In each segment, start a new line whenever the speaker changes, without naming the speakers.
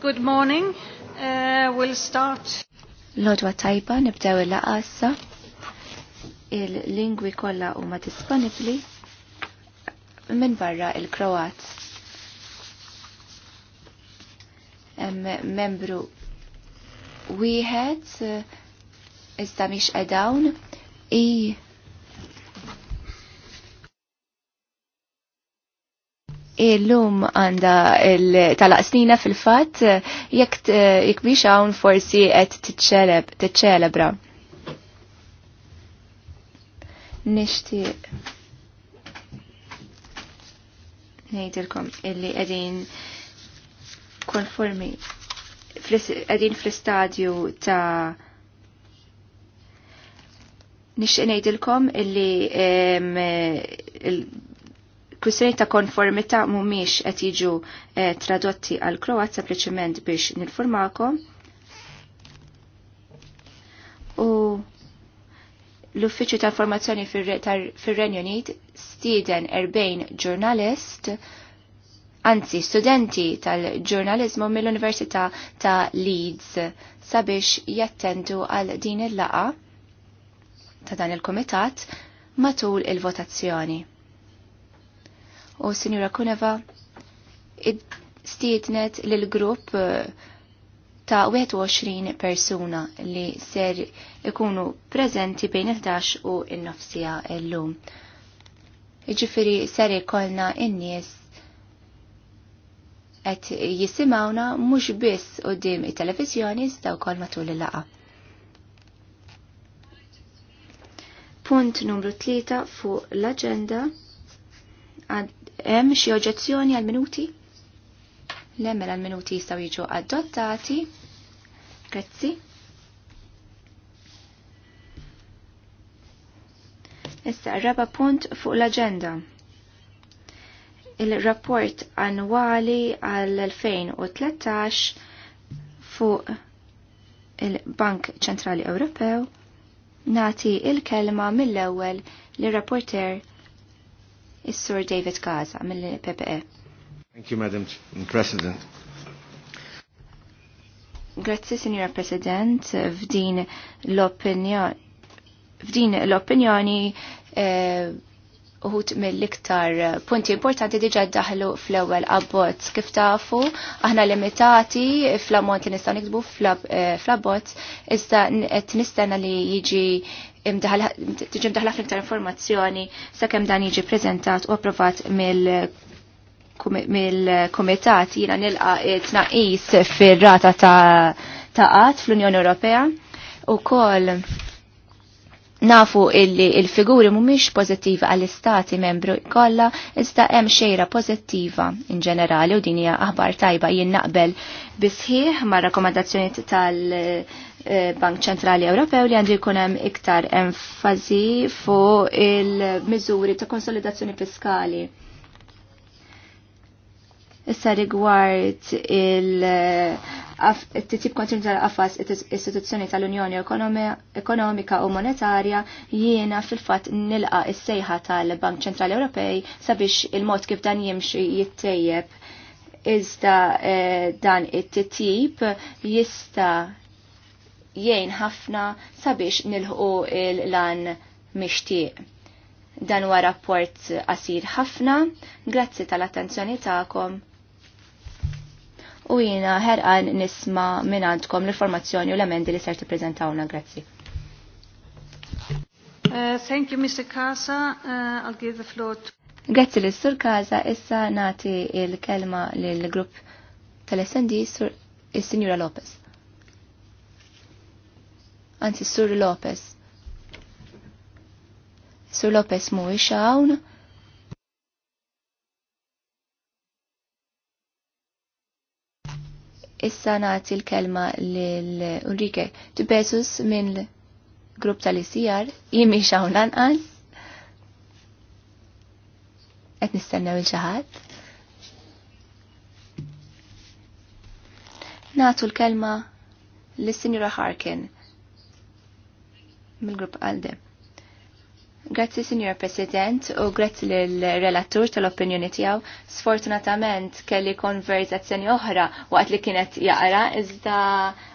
Good morning. Uh, we'll start.
Lodwa tajba, nibdew il-laqassa. Il-lingwi kollha huma disponibbli minn barra il-Kroat. Membru wieħed eh, iżda mhix qedawn i illum għanda il-talaq snina fil-fat jekk jekk biex hawn forsi qed tiċċelebra. Nixtieq ngħidilkom illi għedin konformi qegħdin fl-istadju ta' nixtieq ngħidilkom illi kwistjoni ta' konformità mhumiex qed jiġu eh, tradotti għal Kroat sempliċement biex nilformakom. U l-Uffiċċju ta' Informazzjoni fir-Renju Unit stieden erbejn ġurnalist anzi studenti tal-ġurnalizmu mill-Università ta' Leeds sabiex jattendu għal din il-laqa ta' dan il-komitat matul il-votazzjoni u Sinjura Kuneva stietnet l grupp eh, ta' 21 persuna li ser ikunu prezenti bejn 11 u n-nofsija l-lum. Iġifiri ser ikolna in-nies qed jisimawna mhux biss dim it-televiżjoni iżda wkoll matul il-laqa. Punt numru 3 fuq l agenda għad Hemm xi oġġezzjoni għal minuti? Le mela l-minuti jistgħu jiġu adottati. Grazzi. Issa raba punt fuq l-aġenda. Il-rapport annwali għal 2013 fuq il-Bank Ċentrali Ewropew nati il-kelma mill-ewwel l rapporter Is-Sur David Gaza mill-PPE.
Thank you, Madam President.
Grazzi, Signora President, f'din l-opinjoni f'din l-opinjoni eh, uħut mill-iktar punti importanti diġa daħlu fl-ewel abbozz. Kif tafu, aħna limitati fl-ammont li nistan nikdbu eh, fl-abbozz, iżda qed nista'na li jiġi tiġi mdaħla fl-iktar informazzjoni sakemm dan jiġi prezentat u approvat mill mill-komitat jina nilqa tnaqis fir-rata ta' taqat fl-Unjoni Ewropea u koll Nafu illi il-figuri mumiex pozittiva għall-istati membru kollha iżda hemm xejra pozittiva in ġenerali u din hija aħbar tajba jien naqbel bisħieħ ma' rakkomandazzjoni tal-Bank Ċentrali Ewropew li għandu jkun hemm iktar enfasi fuq il-miżuri ta' konsolidazzjoni fiskali Issa rigward il-titib kontinu tal-qafas istituzzjoni tal-Unjoni Ekonomika u Monetarja jiena fil-fat nilqa is-sejħa tal-Bank Ċentrali Ewropej sabiex il-mod kif dan jimxi jittejjeb. Iżda eh, dan it-titib jista jgħin ħafna sabiex nilħu il-lan mixtieq dan huwa rapport qasir ħafna. Grazzi tal-attenzjoni tagħkom u jina ħerqan nisma minn għandkom l-informazzjoni u l-emendi li ser tippreżentawna. Grazzi.
Uh, thank you, Mr. Casa. Uh, I'll give the floor to...
Grazzi l sur Casa, issa nati il-kelma l-grupp tal-SND il-Signora Lopez. Anzi, sur Lopez. Sur Lopez mu ixawn. Issa nagħti l-kelma lil Ulrike Tibesus minn grupp tal-ICR, jimmi xawn lanqas. Qed nistennew il xi ħadd. Nagħtu l-kelma lis-Sinjura Harkin mill-grupp għaldem. Grazzi, Signor President, u grazzi l-relatur tal-opinjoni tijaw. Sfortunatament kelli konverzazzjoni oħra waqt li kienet jaqra, iżda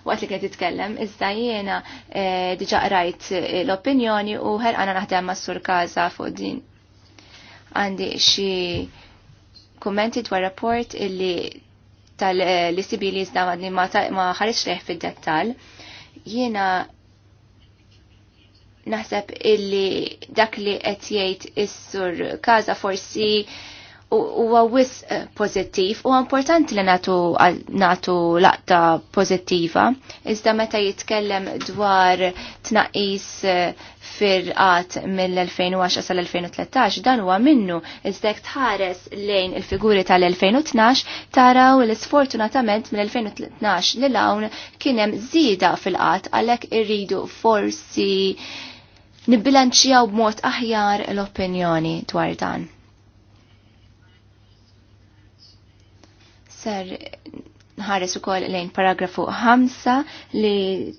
waqt li kienet jitkellem, iżda jiena diġà eh, diġa qrajt eh, l-opinjoni u għana naħdem ma' sur kaza fuq din. Għandi xi kummenti dwar rapport illi tal-li eh, sibili iżda ma ħarġ leħ fid-dettal. Jiena naħseb illi dak li qed jgħid is-sur kaza forsi huwa wis eh, pożittiv u importanti li natu natu laqta pożittiva iżda meta jitkellem dwar tnaqis eh, firqat mill-2010 sal-2013 dan huwa minnu iżda tħares lejn il-figuri tal-2012 taraw l sfortunatament mill-2012 lil hawn kien hemm żieda fil-qat għalhekk irridu forsi nibbilanċjaw b'mod aħjar l-opinjoni dwar dan. Ser nħares ukoll lejn paragrafu 5 li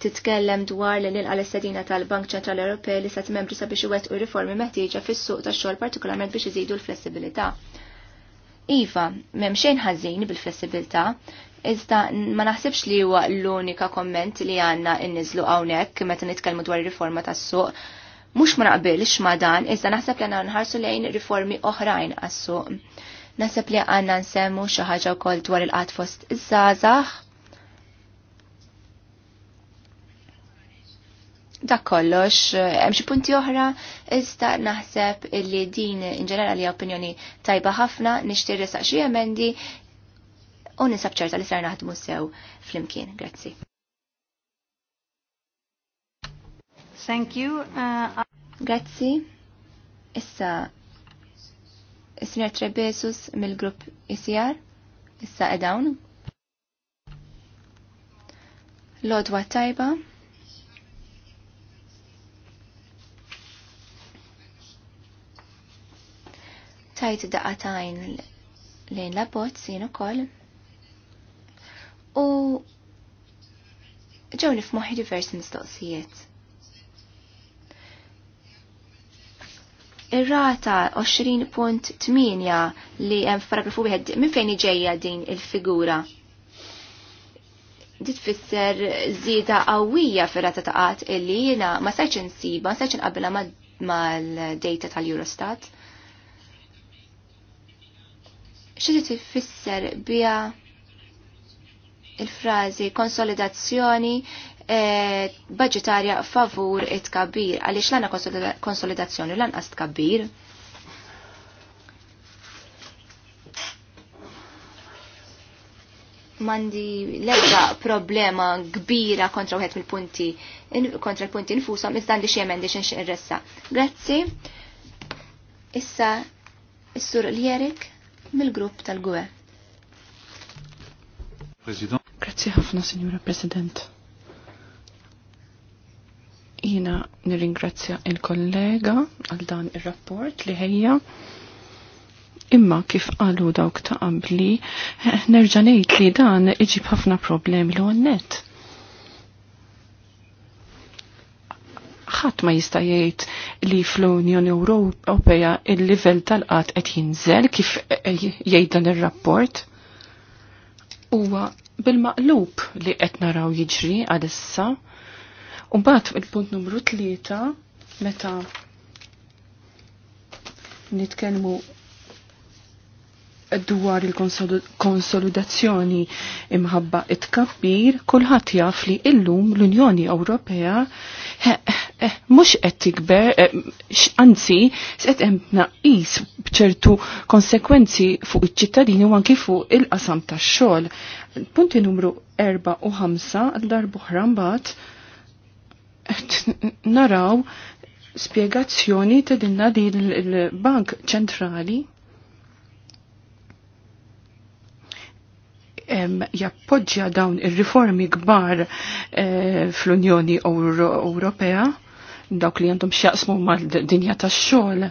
titkellem dwar li nilqa l-istedina tal-Bank Ċentrali Ewropej li sat membri sabiex iwettqu riformi meħtieġa fis-suq tax-xogħol partikolarment biex iżidu l-flessibilità. Iva, m'hemm xejn ħażin bil-flessibilità, iżda ma naħsibx li huwa l-unika komment li għandna nniżlu hawnhekk meta nitkellmu dwar ir-riforma tas-suq mhux ma naqbilx ma dan, iżda naħseb li għandna nħarsu lejn riformi oħrajn għassu. Naħseb li għandna nsemmu xi ħaġa wkoll dwar il-qatt fost iż-żgħażagħ. Dak kollox, hemm xi punti oħra, iżda naħseb li din inġenerali opinjoni tajba ħafna nixtieq resaq xi emendi u nisab ċerta li sar naħdmu sew flimkien. Grazzi. Thank you.
Uh,
Grazzi. Issa, Isnir Trebesus mill-grupp ICR, e issa edawn. Lodwa tajba. Tajt daqatajn lejn la bozz u ukoll. U ġew nifmuħi diversi mistoqsijiet. Ir-rata 20.8 li hemm f'paragrafu wieħed minn fejn iġejja din il-figura. Dit fisser żieda qawwija fir-rata ta' qatt illi jiena ma sajċ insiba, ma sajċ inqabbilha mal-data tal-Eurostat. Xi tifisser biha il-frażi konsolidazzjoni Eh, budgetarja favur it-kabir, għaliex l-għana konsolidazzjoni lanqas tkabbir. Mandi lega problema kbira kontra uħet mill-punti kontra l-punti nfusom, iżda li xi emendi xinx irressa. Grazzi. Issa is-sur Ljerik mill-grupp tal-Gwe.
Grazzi ħafna, Signora President. Jina nirringrazzja il-kollega għal dan il-rapport li ħejja imma kif qalu dawk ta' qabli, nerġa' ngħid li dan iġib ħafna problemi l għonnet. Ħadd ma jista' jgħid li fl-Unjoni Ewropea il-livell tal-qatt qed jinżel kif jgħid dan ir-rapport. Huwa bil-maqlub li qed naraw jiġri għalissa issa U bat il-punt numru tlieta meta nitkellmu dwar il-konsolidazzjoni imħabba it-kabbir, kulħadd jaf li illum l-Unjoni Ewropea mhux qed tikber, eh, anzi qed hemm tnaqqis b'ċertu konsekwenzi fuq iċ-ċittadini u anki fuq il-qasam tax-xogħol. Punti numru 4 u 5 l-darb oħra mbagħad naraw spiegazzjoni ta' dinna di l-Bank ċentrali jappoġġja dawn ir-riformi kbar eh, fl-Unjoni Ewropea dawk li għandhom xjaqsmu mal-dinja tax-xogħol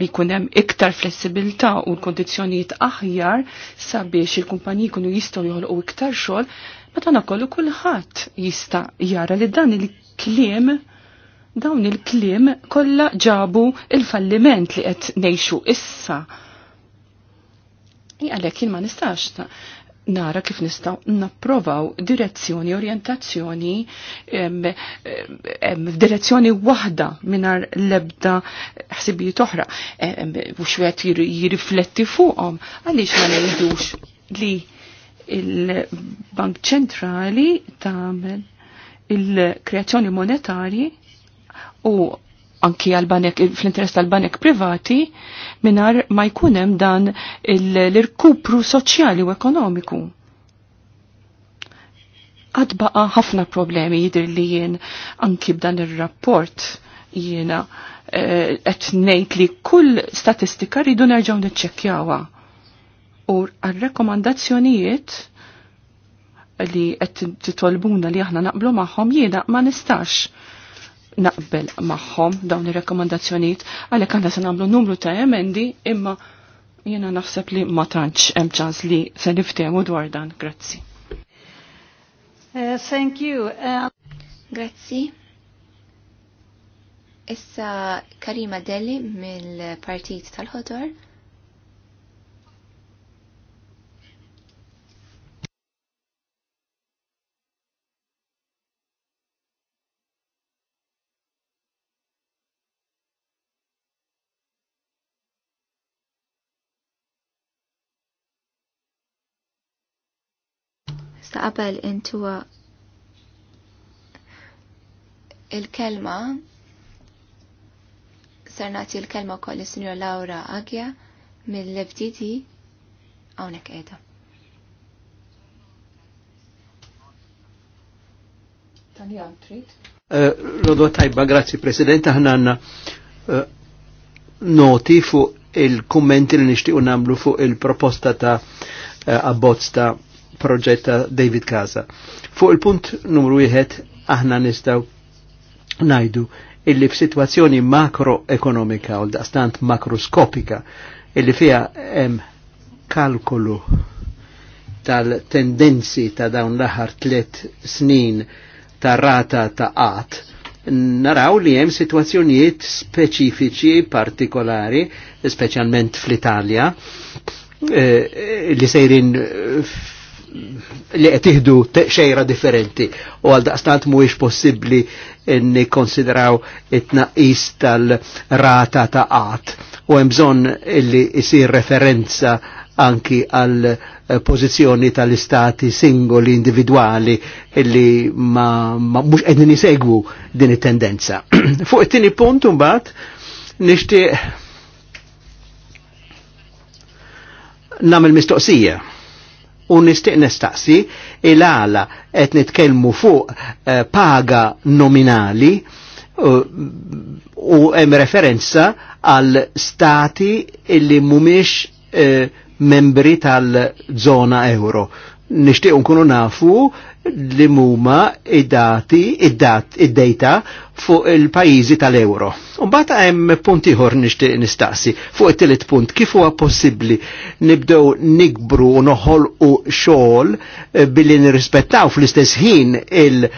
li jkun hemm iktar flessibilità u l kondizjonijiet aħjar sabiex il-kumpaniji jkunu jistgħu joħolqu iktar xogħol, meta kollu kulħadd jista' jara li dan li kliem dawn il-kliem kollha ġabu il-falliment li qed ngħixu issa. Għalhekk jien ma nistax nara kif nistgħu napprovaw direzzjoni, orjentazzjoni f'direzzjoni waħda mingħajr l-ebda ħsibijiet oħra u xwed jirrifletti fuqhom għaliex ma ngħidux li il-Bank Ċentrali tagħmel il-kreazzjoni monetari u anki għal-banek, fl-interess tal-banek privati, minar ma jkunem dan l-irkupru soċjali u ekonomiku. Għadbaqa ħafna problemi jidir li jien anki b'dan il-rapport jiena eh, qed ngħid li kull statistika rridu nerġgħu niċċekkjawha. U għal-rekomandazzjonijiet li qed titolbuna li aħna naqblu magħhom jiena ma nistax naqbel magħhom dawn ir-rakkomandazzjonijiet għalhekk aħna se nagħmlu numru ta' emendi imma jiena naħseb li ma tantx hemm ċans li se niftehmu dwar dan. Grazzi.
Uh, thank you. Uh... Grazzi. Issa
Karima Delli mill-Partit tal-Ħodor. ta' qabel intuwa il-kelma ser nagħti l-kelma kol is-Sinjor Laura Agja mill-FDD għonek qiegħda.
Eh,
Rodo tajba, grazzi President, aħna għanna eh, noti fuq il-kommenti li nixtiequ namlu fuq il-proposta ta' eh, abbozz ta' proġett ta' David Casa. Fuq il-punt numru wieħed aħna nistaw najdu illi f'sitwazzjoni makroekonomika u daqstant makroskopika illi fija hemm kalkolu tal-tendenzi ta' dawn l-aħar tliet snin ta' rata ta' qat naraw li hemm situazzjonijiet speċifiċi partikolari, speċjalment fl-Italja, eh, li sejrin li qed iħdu xejra differenti u għal daqstant mhuwiex possibbli konsidraw it-tnaqqis tal-rata ta' qat u hemm bżonn li jsir referenza anki għal eh, pożizzjoni tal-istati singoli individwali illi ma, ma mhux qegħdin isegwu din it-tendenza. Fuq it-tieni punt imbagħad nixtieq nagħmel mistoqsija u nistiq nistaqsi il-għala qed nitkellmu fuq eh, paga nominali eh, u hemm referenza għal stati illi mhumiex eh, membri tal zona euro. Nixtieq nkunu nafu li muma id-dati, id-data fuq il-pajizi tal-euro. Umbata hemm punti ieħor nixtieq nistaqsi fuq it tilet punt kif huwa possibbli nibdew nikbru u noħolqu xogħol eh, billi nirrispettaw fl-istess ħin il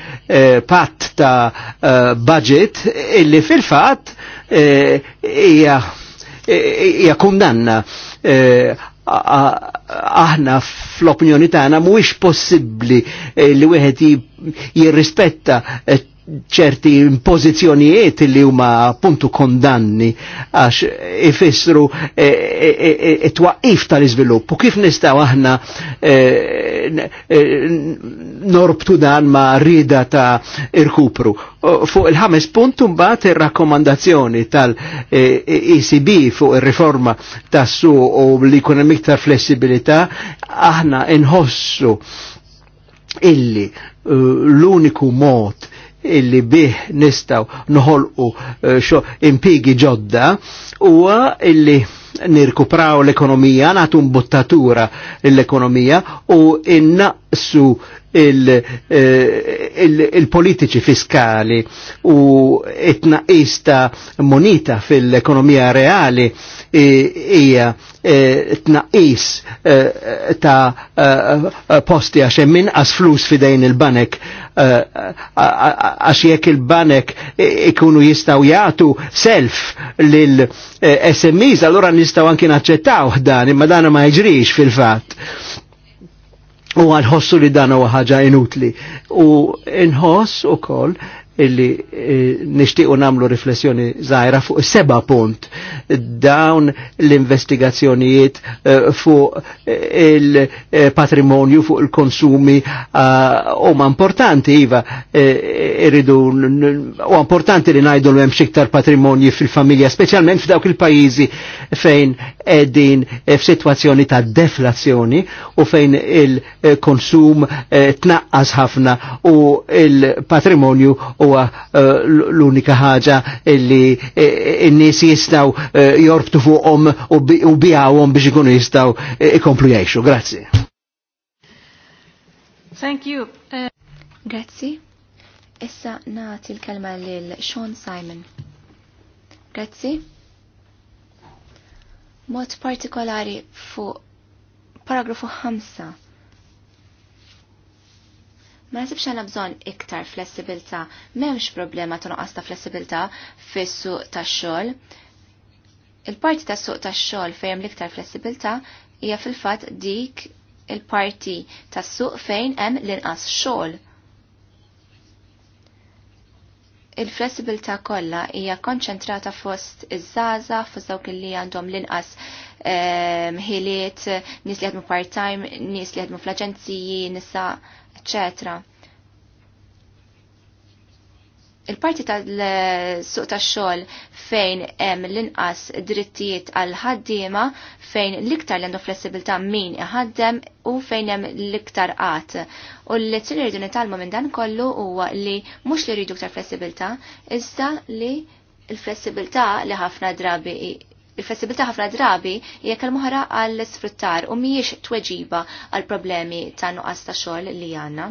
pat ta' eh, budget illi fil-fatt eh, hija kundanna aħna fl-opinjoni tagħna mhuwiex possibbli eh, li wieħed jirrispetta eh, ċerti pozizjonijiet li huma puntu kondanni għax ifissru it-twaqif e, e, e, tal-iżvilupp u kif nistgħu aħna norbtu dan ma' rida ta' irkupru. Fuq il-ħames punt mbagħad ir-rakkomandazzjoni tal-ECB fuq ir-riforma tas-su u li jkun hemm iktar flessibilità aħna inħossu illi l-uniku mod illi bih nistaw nħolqu eh, xo impigi ġodda huwa illi nirkupraw l-ekonomija, natu buttatura l-ekonomija u inna su eh, il-politiċi fiskali u itnaqista ta' monita fil-ekonomija reali hija eh, tnaqis eh, ta' posti għax hemm inqas flus fidejn il-banek għax jekk il-banek ikunu jistaw jagħtu self lill SMEs allura nistgħu anki naċċettaw dan imma dan ma jġrix fil-fatt u għanħossu li dan huwa ħaġa inutli. U u ukoll illi eh, nishtiqu namlu riflessjoni zaħira fuq seba punt dawn l-investigazzjonijiet eh, fuq eh, il-patrimonju, fuq il-konsumi u ma importanti iva irridu u importanti li najdu l xiktar patrimonji fil-familja, specialment f'dawk il-pajizi fejn edin f'sitwazzjoni ta' deflazzjoni u fejn il-konsum tnaqqas ħafna u il-patrimonju huwa eh, l-unika ħaġa illi eh, n-nies jistgħu eh, jorbtu fuqhom u bijawhom biex ikunu jistgħu ikomplu jgħixu. Grazzi.
Thank you. Grazzi.
Issa nagħti l-kelma lil Sean Simon. Grazzi. Mod partikolari fuq paragrafu 5 Ma nasibx għandna bżonn iktar flessibilità, m'hemmx problema ta' noqas ta' flessibilità fis-suq tax-xogħol. Il-parti tas-suq tax-xogħol fejn l-iktar flessibilità hija fil-fatt dik il-parti tas-suq fejn hemm l-inqas xogħol il-flessibilità kollha hija konċentrata fost iż-żaża, fost dawk li għandhom l-inqas ehm, ħiliet, nies li part-time, nies li jaħdmu fl-aġenziji, nisa eccetera. Il-parti tal-suq tax-xogħol fejn hemm l-inqas drittijiet għal ħaddiema fejn l-iktar l-għandu flessibilità min iħaddem u fejn hemm l-iktar qatt. U li t rridu nitalmu minn dan kollu huwa li mhux li rridu iktar flessibilità, iżda li l-flessibilità li ħafna drabi il-flessibilità ħafna drabi hija kalmuħra għall sfruttar u mhijiex tweġiba għal problemi ta' nuqqas ta' xogħol li għandna.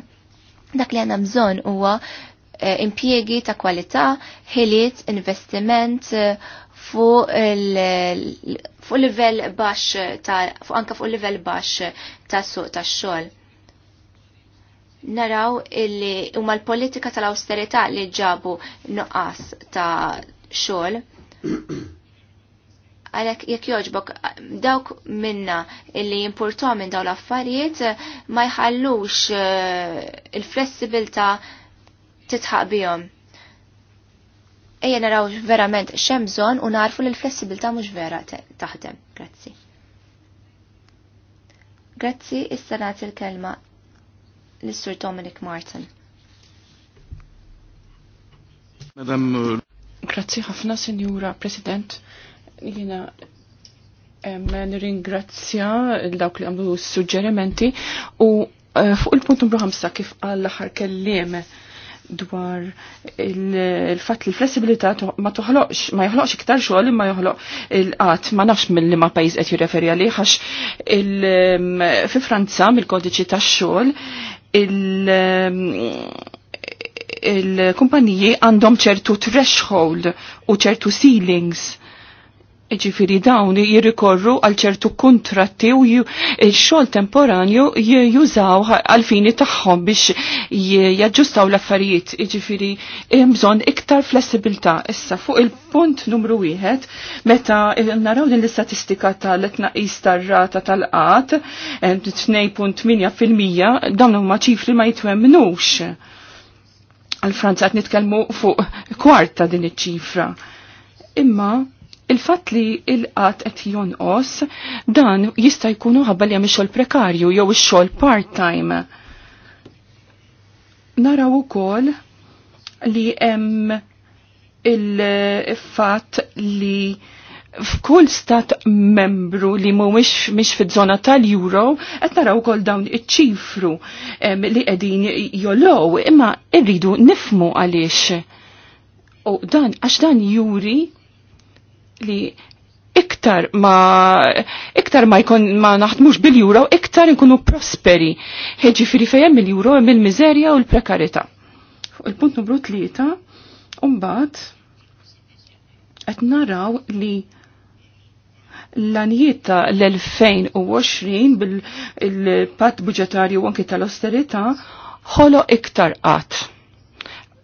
Dak li għandna bżonn huwa eh, impjiegi ta' kwalità, ħiliet, investiment eh, fuq il livell baxx ta' fuq anka fuq livell baxx ta' suq tax-xogħol naraw illi huma l-politika tal-austerità li ġabu nuqqas ta' xogħol għalhekk jekk joġbok dawk minna illi jimpurtom minn dawn l-affarijiet ma jħallux eh, il-flessibilta titħaq bijom. Ejja naraw verament xem bżonn u narfu li l-flessibilta mhux vera taħdem. Grazzi. Grazzi, issa nagħti l-kelma l-Sur Dominic Martin.
Madam eh,
Grazzi ħafna, Sinjura President. Jina nirringrazzja dawk li għamlu suġġerimenti u eh, fuq il-punt numru 5 kif għall-aħħar kelliem dwar il-fat li flessibilità ma toħloqx, ma joħloqx iktar xogħol imma joħloq il-qatt ma nafx mill ma pajjiż qed jirreferi għalih għax fi Franza mill-kodiċi tax-xogħol il-kumpaniji għandhom ċertu threshold u ċertu ceilings ġifiri dawn jirrikorru għal ċertu kontratti u xol temporanju jużaw għalfini taħħom biex jaġġustaw l-affarijiet. Ġifiri bżon iktar flessibilta. Issa fuq il-punt numru wieħed meta naraw din l-istatistika tal-tnaqis tar-rata tal-qat 2.8% dawn huma ċifri ma jitwemnux. Għal-Franza qed nitkellmu fuq kwarta din iċ-ċifra. Imma Il-fatt li il-qat qed jonqos dan jista' jkunu ħabba li hemm ix-xogħol prekarju jew ix-xogħol part-time. Naraw ukoll li hemm il-fatt li f'kull stat membru li mhuwiex mhix fiż-żona tal-euro qed naraw ukoll dawn iċ-ċifru li qegħdin jollow imma rridu nifmu għaliex. U dan għax dan juri li iktar ma iktar ma jkun ma naħdmux bil-juro iktar nkunu prosperi. Ħeġifieri fejn il-juro mill il-miżerja u l-prekarità. Il-punt numru tlieta mbagħad qed naraw li l anjieta ta' l-2020 bil-pat u anki tal-austerita ħolo iktar qatt.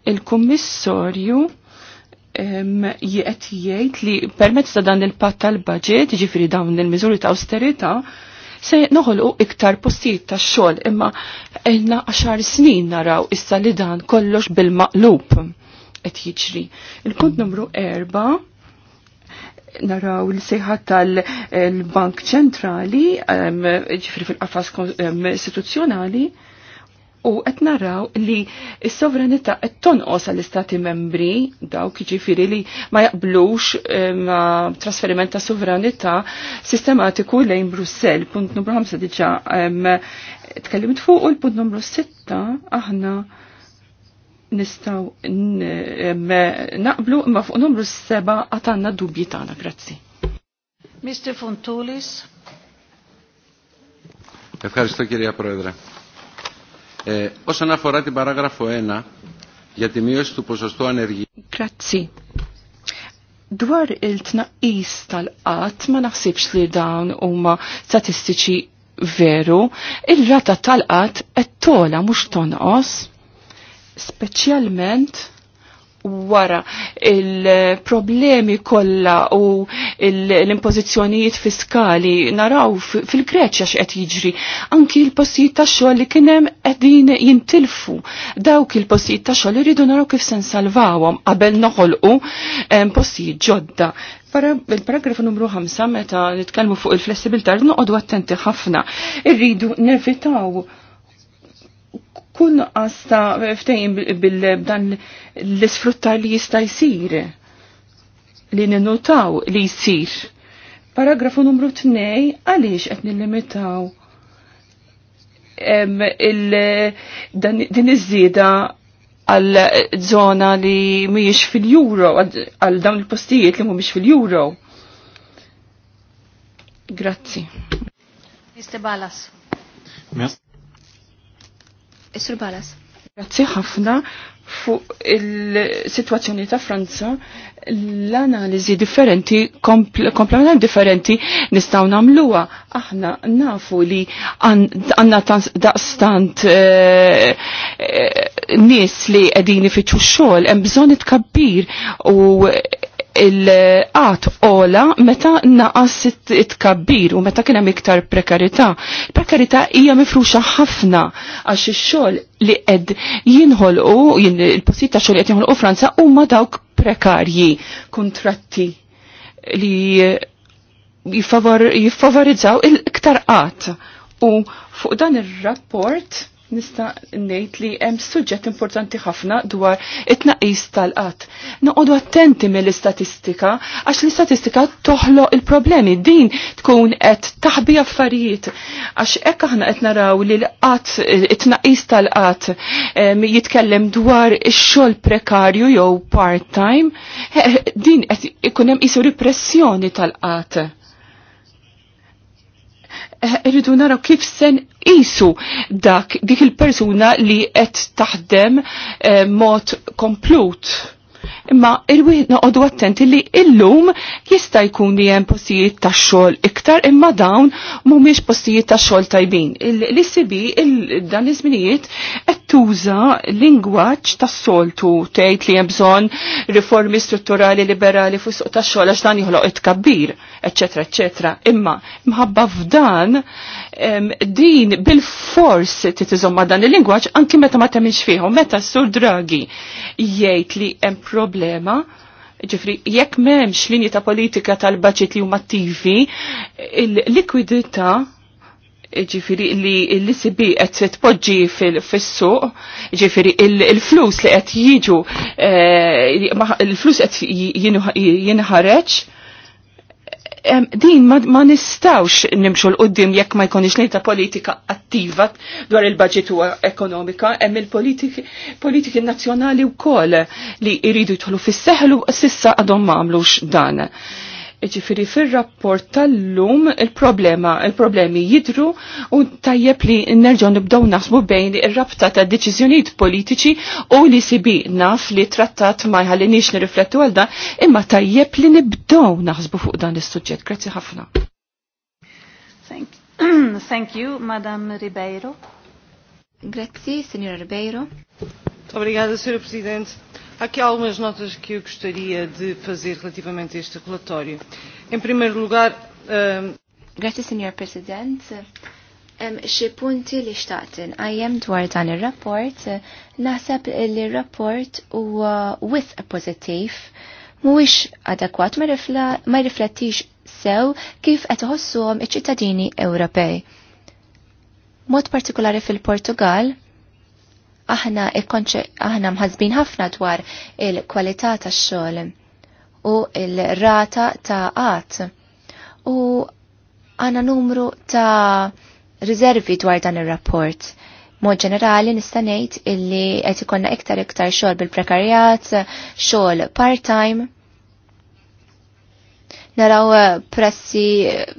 Il-Kummissorju jiet jgħid li permezz ta' dan il-patt tal-budget, ġifiri dawn il-miżuri ta' austerita, se noħolqu iktar postijiet ta' xogħol imma ilna għaxar snin naraw issa li dan kollox bil-maqlub qed jiġri. Il-punt numru erba' naraw il sejħa tal-Bank Ċentrali, ġifri fil-qafas istituzzjonali, U qed naraw li s-sovranità qed tonqos għall-istati membri dawk jiġifieri li ma jaqblux eh, ma trasferiment ta' sovranità sistematiku lejn Brussell. Punt numru 5 diġà tkellimt fuq u l-punt numru 6 aħna nistaw naqblu imma fuq numru 7 għatanna dubji tagħna. Grazzi.
Mr. Fontulis.
Ευχαριστώ κυρία Πρόεδρε. Ε, όσον αφορά την παράγραφο 1 για τη μείωση του ποσοστού ανεργίας.
Κρατσί. Dwar il tnaqqis tal-qat ma naħsibx li dawn huma statistiċi veru, il-rata tal-qat qed tola mhux tonqos, speċjalment wara il-problemi kollha u l-impożizzjonijiet fiskali naraw fil-Greċja x'qed jiġri. Anki l-postijiet ta' xogħol li kien hemm qegħdin jintilfu. Dawk il-postijiet ta' xogħol iridu naraw kif se nsalvawhom qabel noħolqu postijiet ġodda. Il-paragrafu numru 5 meta nitkellmu fuq il-flessibilità noqogħdu attenti ħafna. Irridu nevitaw kun għasta ftejn bil-dan l-isfruttar li jista' jsir li ninnotaw li jsir. Paragrafu numru 2 għaliex qed nillimitaw din iż-żieda għal żona li mhijiex fil-euro għal dawn il-postijiet li mhumiex fil-euro. Grazzi.
Mr. Balas. Yes is Balas. Grazzi ħafna
fuq il-situazzjoni ta' Franza l-analizi differenti, komplementari differenti nistaw namluwa. Aħna nafu li għanna daqstant e, eh, e, eh, nis li għedini fitxu xol, hemm bżon kabbir. u il-qat ola meta naqas it-kabbir u meta kienem iktar prekarità. Prekarità hija mifruxa ħafna għax ix-xogħol li qed jinħolqu il-postijiet ta' xogħol qed jinħolqu Franza huma dawk prekarji, kontratti li jiffavorizzaw il-iktar qat. U fuq dan ir-rapport nista' ngħid li hemm suġġett importanti ħafna dwar it-tnaqqis tal-qatt. Noqogħdu attenti mill-istatistika għax l-istatistika toħloq il-problemi din tkun qed taħbi affarijiet għax hekk aħna qed naraw li l-qatt it-tnaqqis tal-qatt jitkellem dwar ix-xogħol prekarju jew part-time, din qed ikun hemm isu ripressjoni tal-qatt Eh, irridu naraw kif sen isu dak dik il-persuna li qed taħdem eh, mod komplut. Imma irwieħed noqogħdu attenti li illum jista' jkun li hemm postijiet tax xogħol iktar imma dawn mhumiex postijiet tax xogħol tajbin. L-ICB dan iż-żminijiet qed tuża lingwaġġ tas-soltu tgħid li hemm bżonn riformi strutturali liberali fuq suq tax-xogħol għax dan joħloq it-kabbir eccetera, eccetera. Imma, mħabba f'dan, din bil-fors titizom ma dan il-lingwaċ anki meta ma temmix fiħu, meta sur dragi jgħid li hemm problema, ġifri, jekk memx linji ta' politika tal-budget li huma attivi, il-likwidita ġifiri li l-ICB qed podġi fis-suq, ġifiri il-flus li qed jiġu, eh, il-flus qed jinħareġ din ma nistawx nimxu l-qoddim jekk ma jkunix ta' politika attiva dwar il-budget u ekonomika, hemm il-politiki nazzjonali wkoll li jridu jidħlu fis-seħlu sissa għadhom ma għamlux dan. Ġifiri fil-rapport tal-lum il-problema, il-problemi jidru u tajjeb li nerġon nibdow nasbu bejn ir-rabta ta' deċiżjonijiet politiċi u li sibi naf li trattat ma jħallinix nirriflettu għal dan, imma tajjeb li nibdow naħsbu fuq dan is-suġġett. Grazzi ħafna.
Thank, Thank you, Madam Ribeiro. Grazzi, Signora Ribeiro. Obrigada, Sr. Presidente. Há aqui algumas notas que eu gostaria de fazer relativamente a este
relatório. Em primeiro lugar... Um... Grazie, Sr. Presidente.
Hemm xi punti li xtaqtin għajem dwar dan ir-rapport, naħseb li r-rapport huwa wisq pożittiv mhuwiex adekwat ma riflettix sew kif qed iħossuhom iċ-ċittadini Ewropej. Mod partikolari fil-Portugal, aħna aħna mħazbin ħafna dwar il-kwalità tax-xogħol u il-rata ta' qatt u għana numru ta' riservi dwar dan ir-rapport. Mod ġenerali nista' ngħid illi qed ikonna iktar iktar xogħol bil-prekarjat, xogħol part-time. Naraw eh, pressi eh,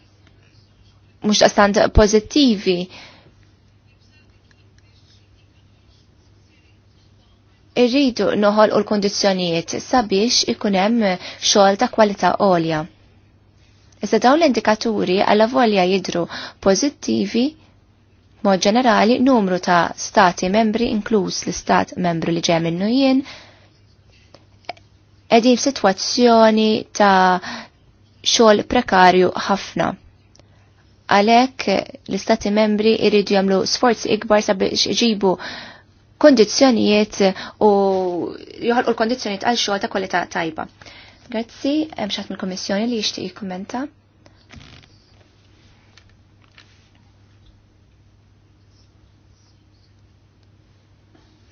mhux qastant pożittivi irridu noħol u l-kondizjonijiet sabiex ikunem xogħol ta' kwalità għolja. Iżda dawn l-indikaturi għalla volja jidru pozittivi mod ġenerali numru ta' stati membri inkluż l-istat membru li ġem minnu jien edin f'sitwazzjoni ta' xogħol prekarju ħafna għalek l-istati membri irridu jamlu sforzi ikbar sabiex iġibu kondizzjonijiet u joħolqu l-kondizzjonijiet għal xogħol ta' kwalità tajba. Grazzi, hemm xatt mill-Kummissjoni li jixtieq jikkummenta.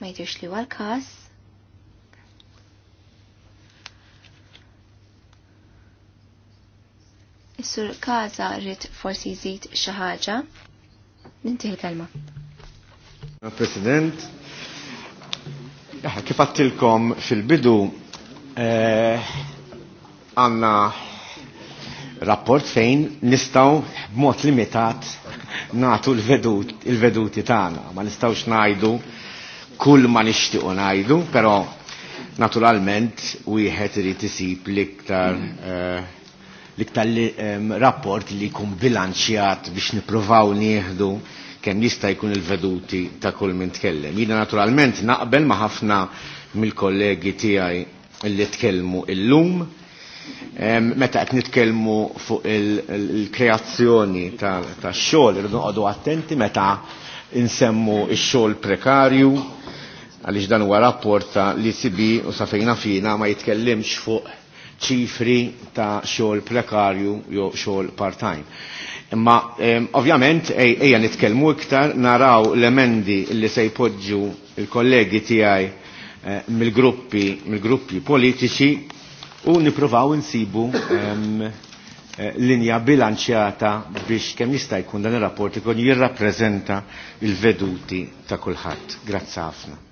Ma jidirx li huwa l-każ. Is-sur Kaza rrid forsi jżid xi ħaġa. Ninti l-kelma.
President, Ah, kif għattilkom fil-bidu eh, għanna rapport fejn nistaw b'mod limitat natu l-veduti tagħna. Ma nistawx ngħidu kull ma nixtiequ ngħidu, però naturalment wieħed irid isib l-iktar eh, l-iktar eh, rapport li jkun bilanċjat biex nippruvaw nieħdu kem jista' jkun il-veduti ta' kull min tkellem. Jiena naturalment naqbel ma' ħafna mill-kollegi tiegħi li tkellmu illum. Meta qed nitkellmu fuq il-kreazzjoni tax-xogħol irridu noqogħdu attenti meta insemmu x-xogħol prekarju għaliex dan huwa rapport li sibi u safejna fina ma jitkellimx fuq ċifri ta' xogħol prekarju jew xogħol part-time. Imma ehm, ovvjament ejja nitkellmu iktar naraw l-emendi li se jpoġġu il-kollegi tiegħi eh, mill-gruppi mill-gruppi politiċi u nipruvaw insibu ehm, eh, linja bilanċjata biex kemm jista' jkun dan ir-rapport ikun jirrappreżenta il-veduti ta' kulħadd. Grazzi ħafna.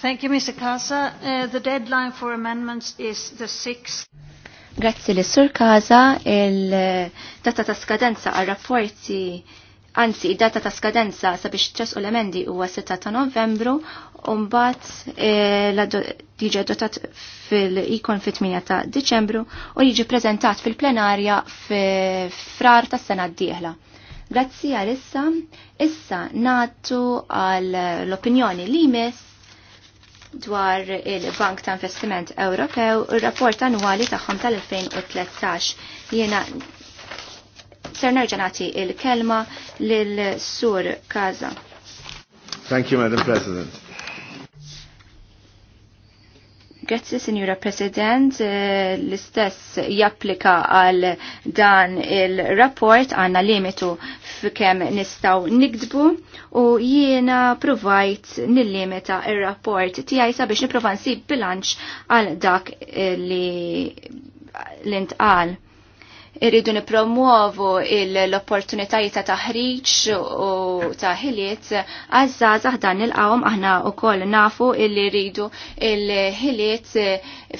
Thank you, Mr. Casa. Uh, the deadline for amendments is the 6th.
Grazzi li sur kaza il-data ta' skadenza għal rapporti Anzi, data ta' skadenza sabiex tres u l-emendi huwa 6 ta' novembru u mbagħad e, jiġi fil-ikon fit-8 ta' Diċembru u jiġi prezentat fil-plenarja frar tas sena d-dieħla. Grazzi għal issa, issa natu għal l-opinjoni li jmiss dwar il-Bank ta' Investiment Ewropew il rapport annwali tagħhom tal-2013. Jiena ser nerġanati nagħti l kelma lil Sur Kaza.
Thank you, Madam President.
Grazzi, Signora President. Eh, l-istess japplika għal dan il-rapport għanna limitu f'kem nistaw nikdbu u jiena provajt nil-limita il-rapport tijaj sabiex niprova nsib bilanċ għal dak li l-intqal irridu nipromuovu l-opportunitajiet ta' taħriġ u ta' ħiliet għazzazah dan il-qawm aħna u koll nafu illi rridu il-ħiliet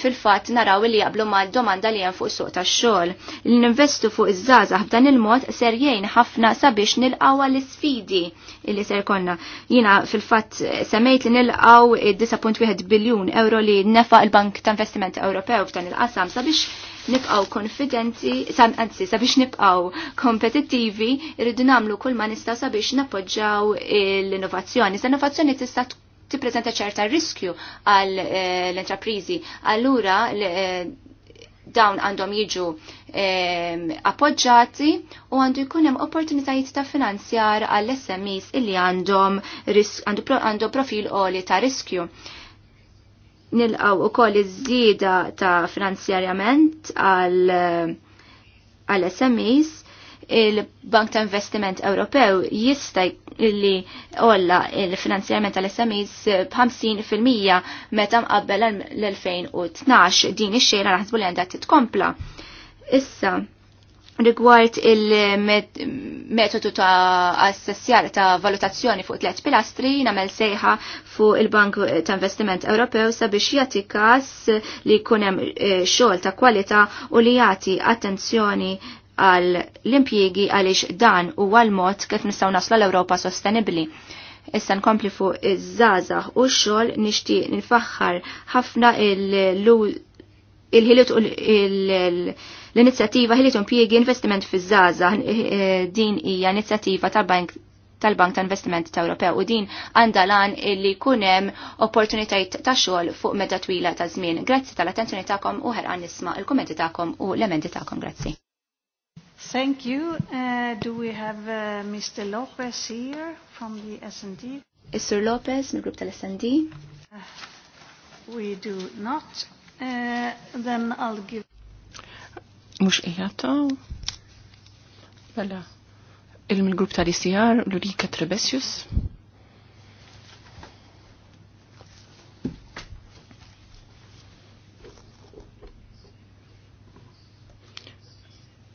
fil-fat naraw li jaqblu ma' domanda li fuq suq ta' xol. L-investu fuq iż-żazah b'dan il-mod ser jgħin ħafna sabiex nilqawa l-sfidi illi ser konna. Jina fil-fat semmejt li nil-qaw 10.1 biljun euro li nefa il-Bank ta' Investiment Ewropew f'dan il-qasam sabiex nibqaw konfidenti, anzi, sabiex nibqaw kompetittivi, irridu namlu kull ma nistaw sabiex nappoġġaw l-innovazzjoni. L-innovazzjoni tista' tippreżenta ċerta riskju għal eh, l-entreprizi. Allura eh, dawn għandhom jiġu eh, appoġġati u għandu jkun hemm opportunitajiet ta' finanzjar għall SMEs illi għandhom għandu profil qoli ta' riskju nilqaw u koll iż-żieda ta' finanzjarjament għal SMEs il-Bank ta' Investiment Ewropew jista' li olla il-finanzjament tal-SMEs b'50% meta mqabbel l-2012 din ix-xejra naħsbu li għandha titkompla. Issa, rigward il-metodu ta' assessjar ta' valutazzjoni fuq tliet pilastri namel sejħa fuq il-Bank ta' Investiment Ewropew sabiex jagħti kas li jkun hemm eh, xogħol ta' kwalità u li jagħti attenzjoni għal l-impjiegi għaliex dan u għal mod kif nistgħu naslu l-Ewropa sostenibbli. Issa nkompli fuq iż-żgħażagħ u x-xogħol nixtieq nifaħħar ħafna il-ħiliet u l L-inizjattiva ħilitum tumpiegi investiment fi zaza eh, eh, din hija inizjattiva tal-Bank tal-Bank ta' Investiment ta' Ewropew u din għandha lan illi kunem opportunitajiet ta' xogħol fuq medda twila ta' żmien. Grazzi tal-attenzjoni tagħkom u ħeran nisma' il-kummenti tagħkom u l-emendi tagħkom. Grazzi.
Thank you. Uh, do we have uh, Mr. Lopez here from the S&D?
Mr. Lopez mill-grupp
tal-S&D? Uh, we do not. Uh, then I'll give
Mux iħata. Bella. Il-grupp tal-ICR, Lurika Trebesius.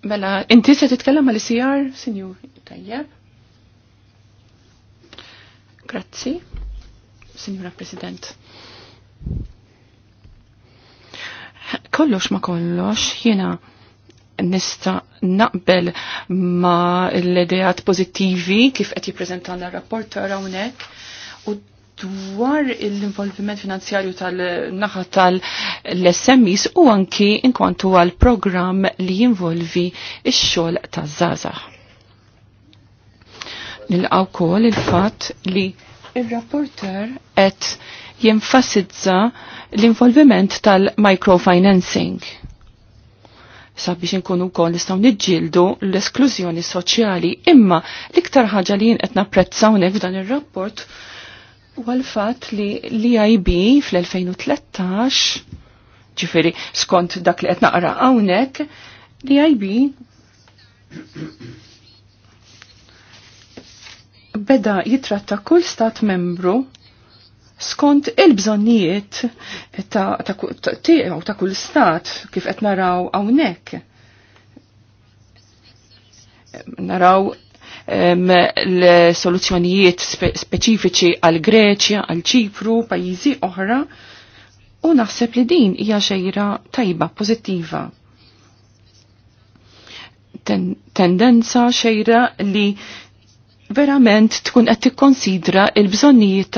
Bella, inti se titkellem għal CR, sinju tajjeb. Grazzi, sinjura President. Kollox ma kollox, jena nista naqbel ma l ideat pozittivi kif qed l r ta' hawnhekk u dwar l-involviment finanzjarju tal-naħa tal-SMIs u anki inkwantu għal program li jinvolvi ix-xogħol taż-żgħażagħ. Nilqgħu wkoll il-fatt li ir-rapporter qed jenfasizza l-involviment tal-microfinancing sabiex inkunu wkoll nistgħu niġġieldu l-esklużjoni soċjali imma l-iktar ħaġa li jien qed napprezza hawnhekk f'dan ir-rapport huwa l-fatt li l-IB fl-2013 ġifiri skont dak li qed naqra hawnhekk li e IB beda jitratta kull stat membru skont il-bżonnijiet ta', ta, ta, ta kull stat kif qed naraw hawnhekk. Naraw l-soluzzjonijiet speċifiċi għal Greċja, għal Ċipru, pajjiżi oħra, u naħseb li din hija xejra tajba, pożittiva. Ten tendenza xejra li verament tkun qed tikkonsidra il-bżonnijiet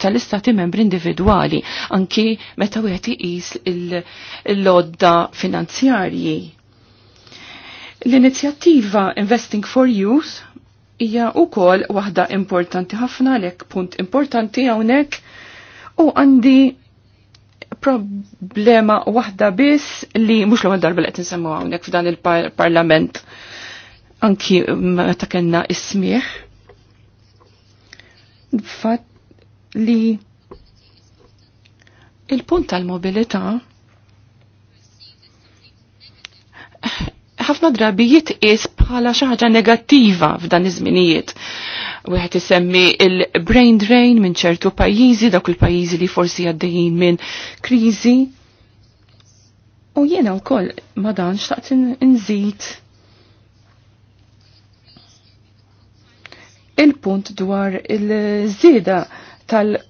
tal-istati membri individwali anki meta wieħed iqis il-lodda finanzjarji. L-inizjattiva Investing for Youth hija wkoll waħda importanti ħafna għalhekk punt importanti hawnhekk u għandi problema waħda biss li mhux l-ewwel darba qed insemmu hawnhekk f'dan il-parlament anki meta kellna ismieħ fatt li il-punt tal-mobilità ħafna drabi jitqis bħala xi ħaġa negattiva f'dan iż-żminijiet. Wieħed isemmi il-brain drain minn ċertu pajjiżi, dawk il-pajjiżi li forsi għaddejjin minn kriżi. U jiena wkoll ma dan xtaqt inżid il-punt dwar il-żieda tal-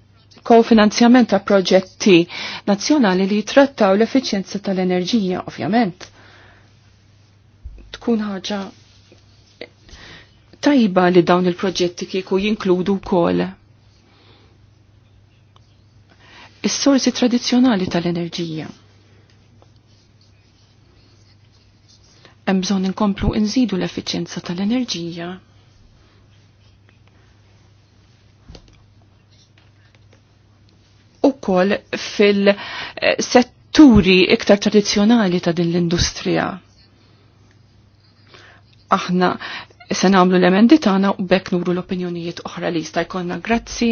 kofinanzjament ta' proġetti nazzjonali li jitrattaw l-effiċjenza tal-enerġija, ovvjament. Tkun ħaġa tajba li dawn il-proġetti kieku jinkludu wkoll is-sorsi tradizzjonali tal-enerġija. Hemm bżonn inkomplu nżidu l-effiċjenza tal-enerġija ukoll fil-setturi iktar tradizjonali ta' din l-industrija. Aħna se nagħmlu l-emendi tagħna u bekk nuru l-opinjonijiet oħra li jista' jkollna grazzi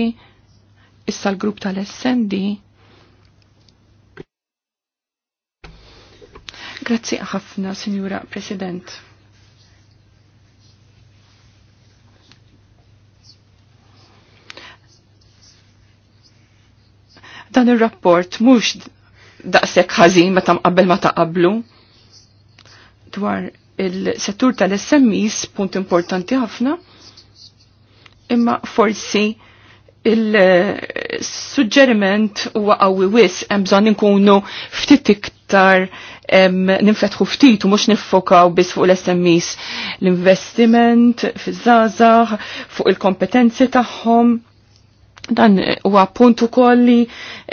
issa l-grupp tal-SND. Grazzi ħafna, Signora President. Dan ir-rapport mhux daqshekk ħażin meta qabbel ma taqablu dwar il-settur tal-SMEs punt importanti ħafna imma forsi il-suġġeriment huwa qawwi wis hemm bżonn inkunu ftit iktar ninfetħu ftit u mhux niffokaw biss fuq l-SMEs l-investiment fiż zazax fuq il-kompetenzi tagħhom dan huwa punt ukoll li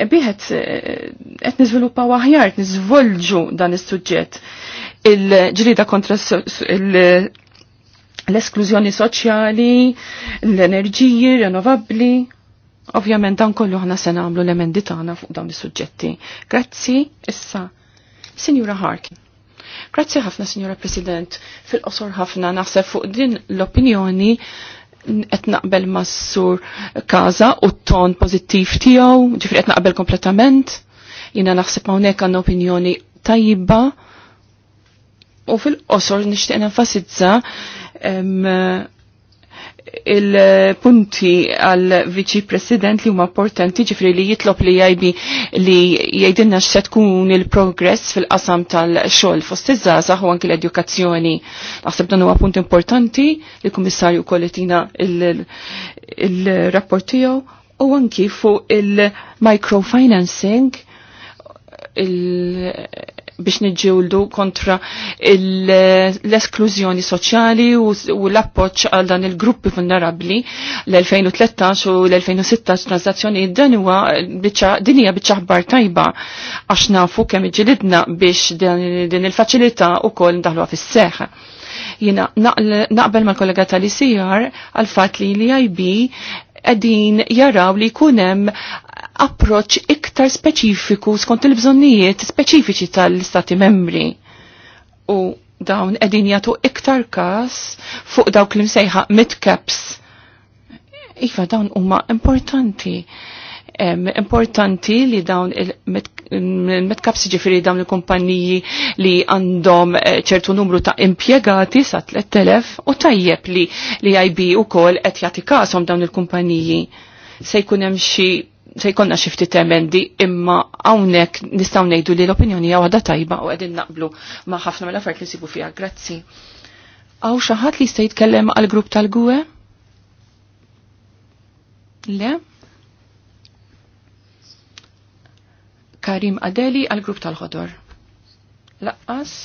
biħet eh, qed niżviluppaw aħjar, niżvolġu dan is-suġġett. Il-ġrida kontra l-esklużjoni soċjali, l-enerġiji rinnovabbli. Ovvjament dan kollu ħana se nagħmlu l-emendi tagħna fuq dawn is-suġġetti. Grazzi issa. Sinjura Harkin. Grazzi ħafna, Sinjura President. Fil-qosor ħafna naħseb fuq din l-opinjoni qed naqbel mas-sur Kaza u t-ton pożittiv tiegħu, ġifri qed naqbel kompletament. Jiena naħseb hawnhekk għandna opinjoni tajba. U fil-qosor nixtieq nenfasizza il-punti għal viċi president li huma importanti ġifri li jitlob li jajbi li jgħidilna x'se tkun il-progress fil-qasam tal-xogħol fost iż-żgħażagħ u anke l-edukazzjoni. Naħseb dan huwa punt importanti li kummissarju kolletina il-rapport tiegħu u anki fuq il-microfinancing il biex nġildu kontra l-esklużjoni soċjali u l-appoċ għal dan il-gruppi vulnerabli l-2013 u l-2016 transazzjoni dan huwa dinija biċċa ħbar tajba għax nafu kemm iġilidna biex din il-faċilità ukoll ndaħluha fis-seħħ jina naqbel mal kollega tal-ICR għal-fat li l-IB edin jaraw li kunem approċ iktar speċifiku skont il-bżonnijiet speċifiċi tal-istati membri. U dawn edin jatu iktar kas fuq dawk li msejħa mid-caps. Iva, dawn huma importanti. importanti li dawn il-mid il-metcaps ġifiri dawn il-kumpanniji li għandhom eh, ċertu numru ta' impiegati sa' 3000 u tajjeb li li IB u kol et jati kasom dawn il-kumpanniji. Se jkunem xi se jkonna xifti temendi imma għawnek nistaw nejdu li l-opinjoni għada tajba u għedin naqblu ma ħafna mill affarijiet li sibu fija. Grazzi. Għaw xaħat li jista' jitkellem għal-grupp tal-gwe? Le? Karim Adeli għal grupp tal-ħodor. Laqqas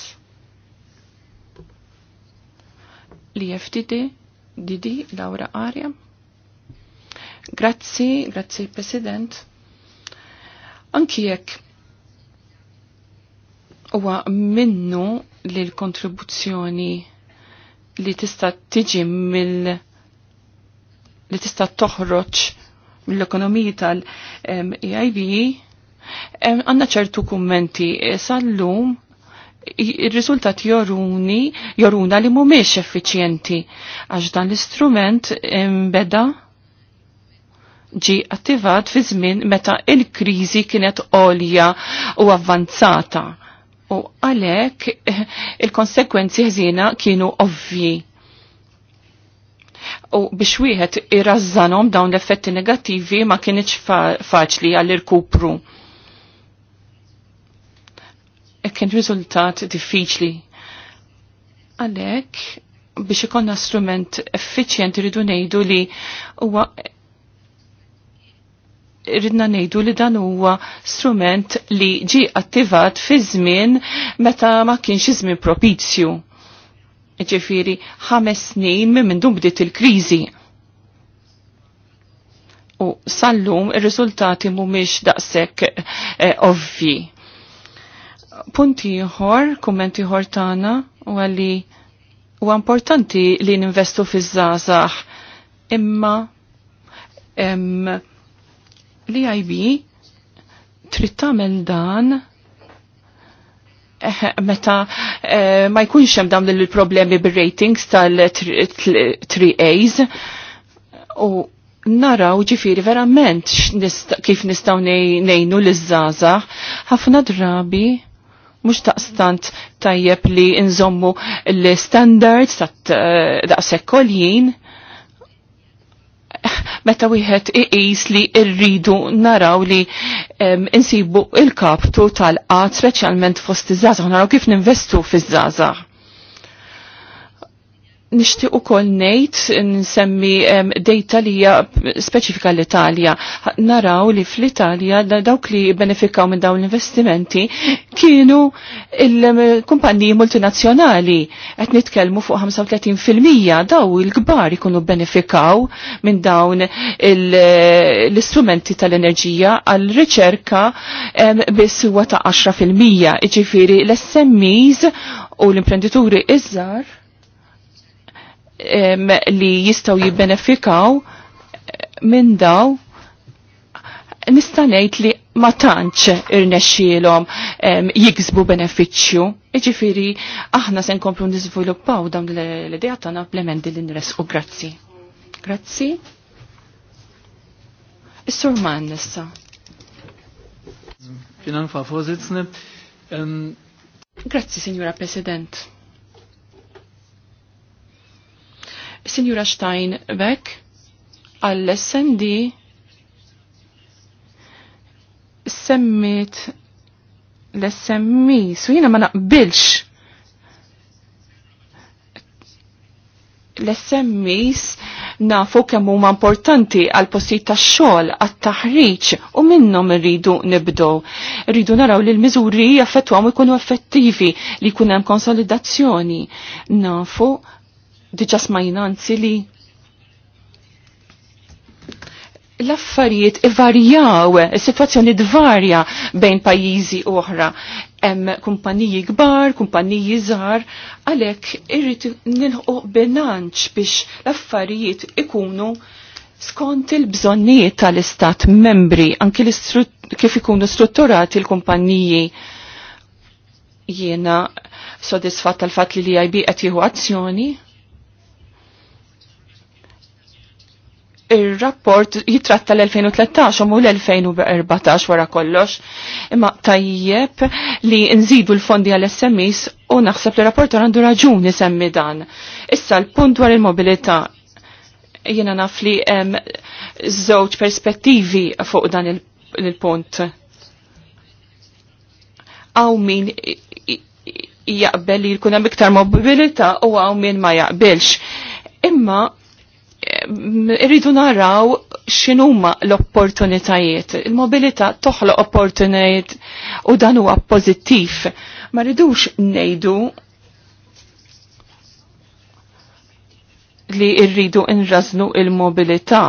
li FTD, Didi Laura Arja. Grazzi, grazzi President. Anki jekk huwa minnu li l-kontribuzzjoni li tista' tiġi mill li tista' toħroġ mill ekonomija tal-EIB Għanna ċertu kummenti e, sal-lum il-rizultat joruni, joruna li mumiex effiċjenti, għax dan l-istrument imbeda ġi attivat fi żmien meta il-kriżi kienet olja u avvanzata. U għalek eh, il-konsekwenzi ħżina kienu ovvji. U biex wieħed irrażżanhom dawn l-effetti negattivi ma kienx faċli għall-irkupru e kien rizultat diffiċli. Għalek, biex ikonna strument effiċjent rridu ngħidu li huwa ridna ngħidu li dan huwa strument li ġi attivat fi żmien meta ma kienx żmien propizju. Ġifieri ħames snin minn dum bdiet il-kriżi. U sallum ir-riżultati mhumiex daqshekk eh, ovvji punti ieħor, kummenti ħor tagħna u għalli u importanti li ninvestu fiż zazax imma em, li IB trid tagħmel dan eh, meta eh, ma jkunx hemm dawn il-problemi bir-ratings tal-3As u naraw ġifiri verament kif nistaw nejnu l-izzaza ħafna drabi mux taqstant tajjeb li nżommu l-standards ta' eh, daqsekoljien meta wieħed iqis li rridu naraw li insibu il-kaptu tal-qat speċjalment fost iż-żazax, naraw kif ninvestu fiż-żazax. Nishtiq u kol nejt nsemmi um, dejta li hija speċifika l-Italja. Naraw li fl-Italja dawk li benefikaw minn dawn l-investimenti kienu il kumpanniji multinazzjonali. Qed nitkellmu fuq 35% daw il-kbar ikunu benefikaw minn dawn l-istrumenti tal-enerġija għal riċerka um, biss huwa ta' 10%. Ġifieri l-SMEs u l-imprenditori iżżar li jistaw jibbenefikaw minn daw nista' ngħid li ma tantx irnexxielhom jiksbu benefiċċju. Jiġifieri aħna se nkomplu niżviluppaw dawn l-idea tagħna b'lementi li nresqu grazzi. Grazzi. Is-sur Man issa. Ähm, signora President. Signora Steinbeck, għall-SND semmit l-SMI, su jina ma naqbilx l-SMIs nafu kemm huma importanti għal postijiet tax-xogħol għat-taħriġ u minnhom ridu nibdo. Rridu naraw li l-miżuri jaffettwaw ikunu effettivi li jkun hemm konsolidazzjoni. Nafu diġa smajna li l-affarijiet varjaw, situazzjoni dvarja bejn pajjiżi oħra. Hemm kumpaniji kbar, kumpaniji żgħar, għalhekk irrid nilħu bilanċ biex l-affarijiet ikunu skont il-bżonnijiet tal-istat membri, anki kif ikunu strutturati l-kumpaniji jiena sodisfatt tal-fatt li li ib qed jieħu azzjoni il-rapport jitratta l-2013 u mu l-2014 wara kollox. Imma tajjeb li nżidu l-fondi għal-SMIs u naħseb li rapport għandu raġuni semmi dan. Issa l-punt dwar il-mobilita jena naf li zoċ perspettivi fuq dan il-punt. Għaw min jaqbel li jkun hemm iktar mobilita u għaw min ma jaqbilx. Imma irridu naraw x'inhuma l-opportunitajiet. Il-mobilità toħloq opportunitajiet u dan huwa pożittiv. Ma rridux ngħidu li rridu nrażnu il-mobilità.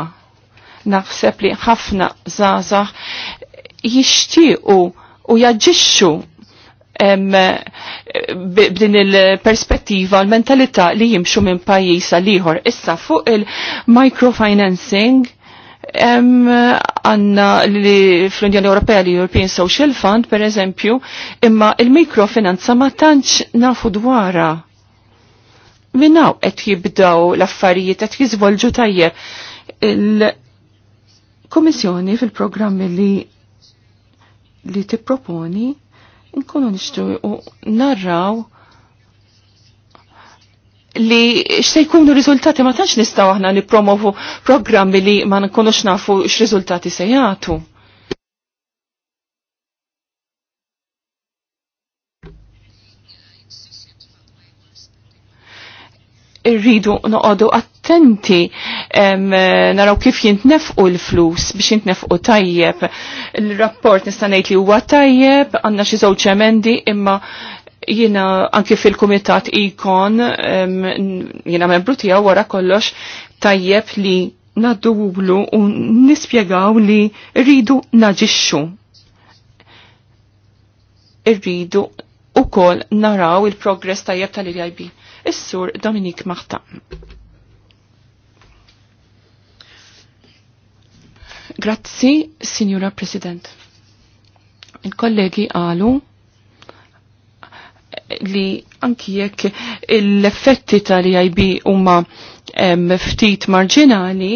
Naħseb li ħafna żgħażagħ jixtiequ u jaġixxu b'din il-perspettiva, l-mentalità li jimxu minn pajjiż għal ieħor. Issa fuq il-microfinancing għanna li fl-Unjoni Ewropea li European Social Fund, per eżempju, imma il-mikrofinanza ma tantx nafu dwara. Minnaw qed jibdaw l-affarijiet qed jiżvolġu tajjeb. Il-Komissjoni fil-programmi li li tipproponi proponi nkunu nixtiequ narraw li x'se jkunu riżultati ma tantx nistgħu aħna nippromovu programmi li ma nkunux nafu x'riżultati se jagħtu. irridu noqodu attenti naraw kif jintnefqu l-flus biex jintnefqu tajjeb. Il-rapport nistanajt li huwa tajjeb, għanna xi żewġ emendi imma jina anki fil-kumitat ikon jina membru tiegħu wara kollox tajjeb li nadduwlu u nispjegaw li rridu naġixxu. Irridu u kol naraw il-progress tajjeb tal-IIB is-sur Dominik Maħta. Grazzi, Signora President. Il-kollegi għalu li anki jekk l-effetti tal-IB huma ftit marġinali,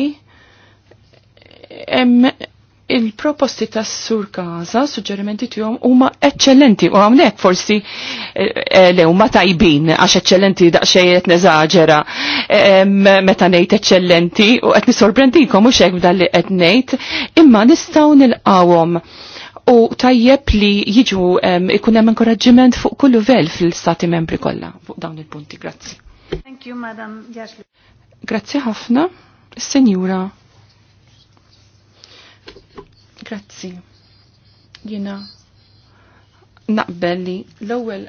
il-proposti ta' Sur kaza, suġġerimenti tijom, huma eccellenti, u għamnek forsi eh, eh, le huma tajbin, għax eccellenti daqxejiet nezaġera, meta nejt eccellenti, u għet nisorprendikom u xejk b'dan li għet nejt, imma nistaw nil u tajjeb li jiġu ikunem inkoraġġiment fuq kull livell fil-stati membri kollha fuq dawn il-punti. Grazzi.
Thank you, Madam
Grazzi ħafna, Senjura Grazzi. Jina naqbel li l-ewwel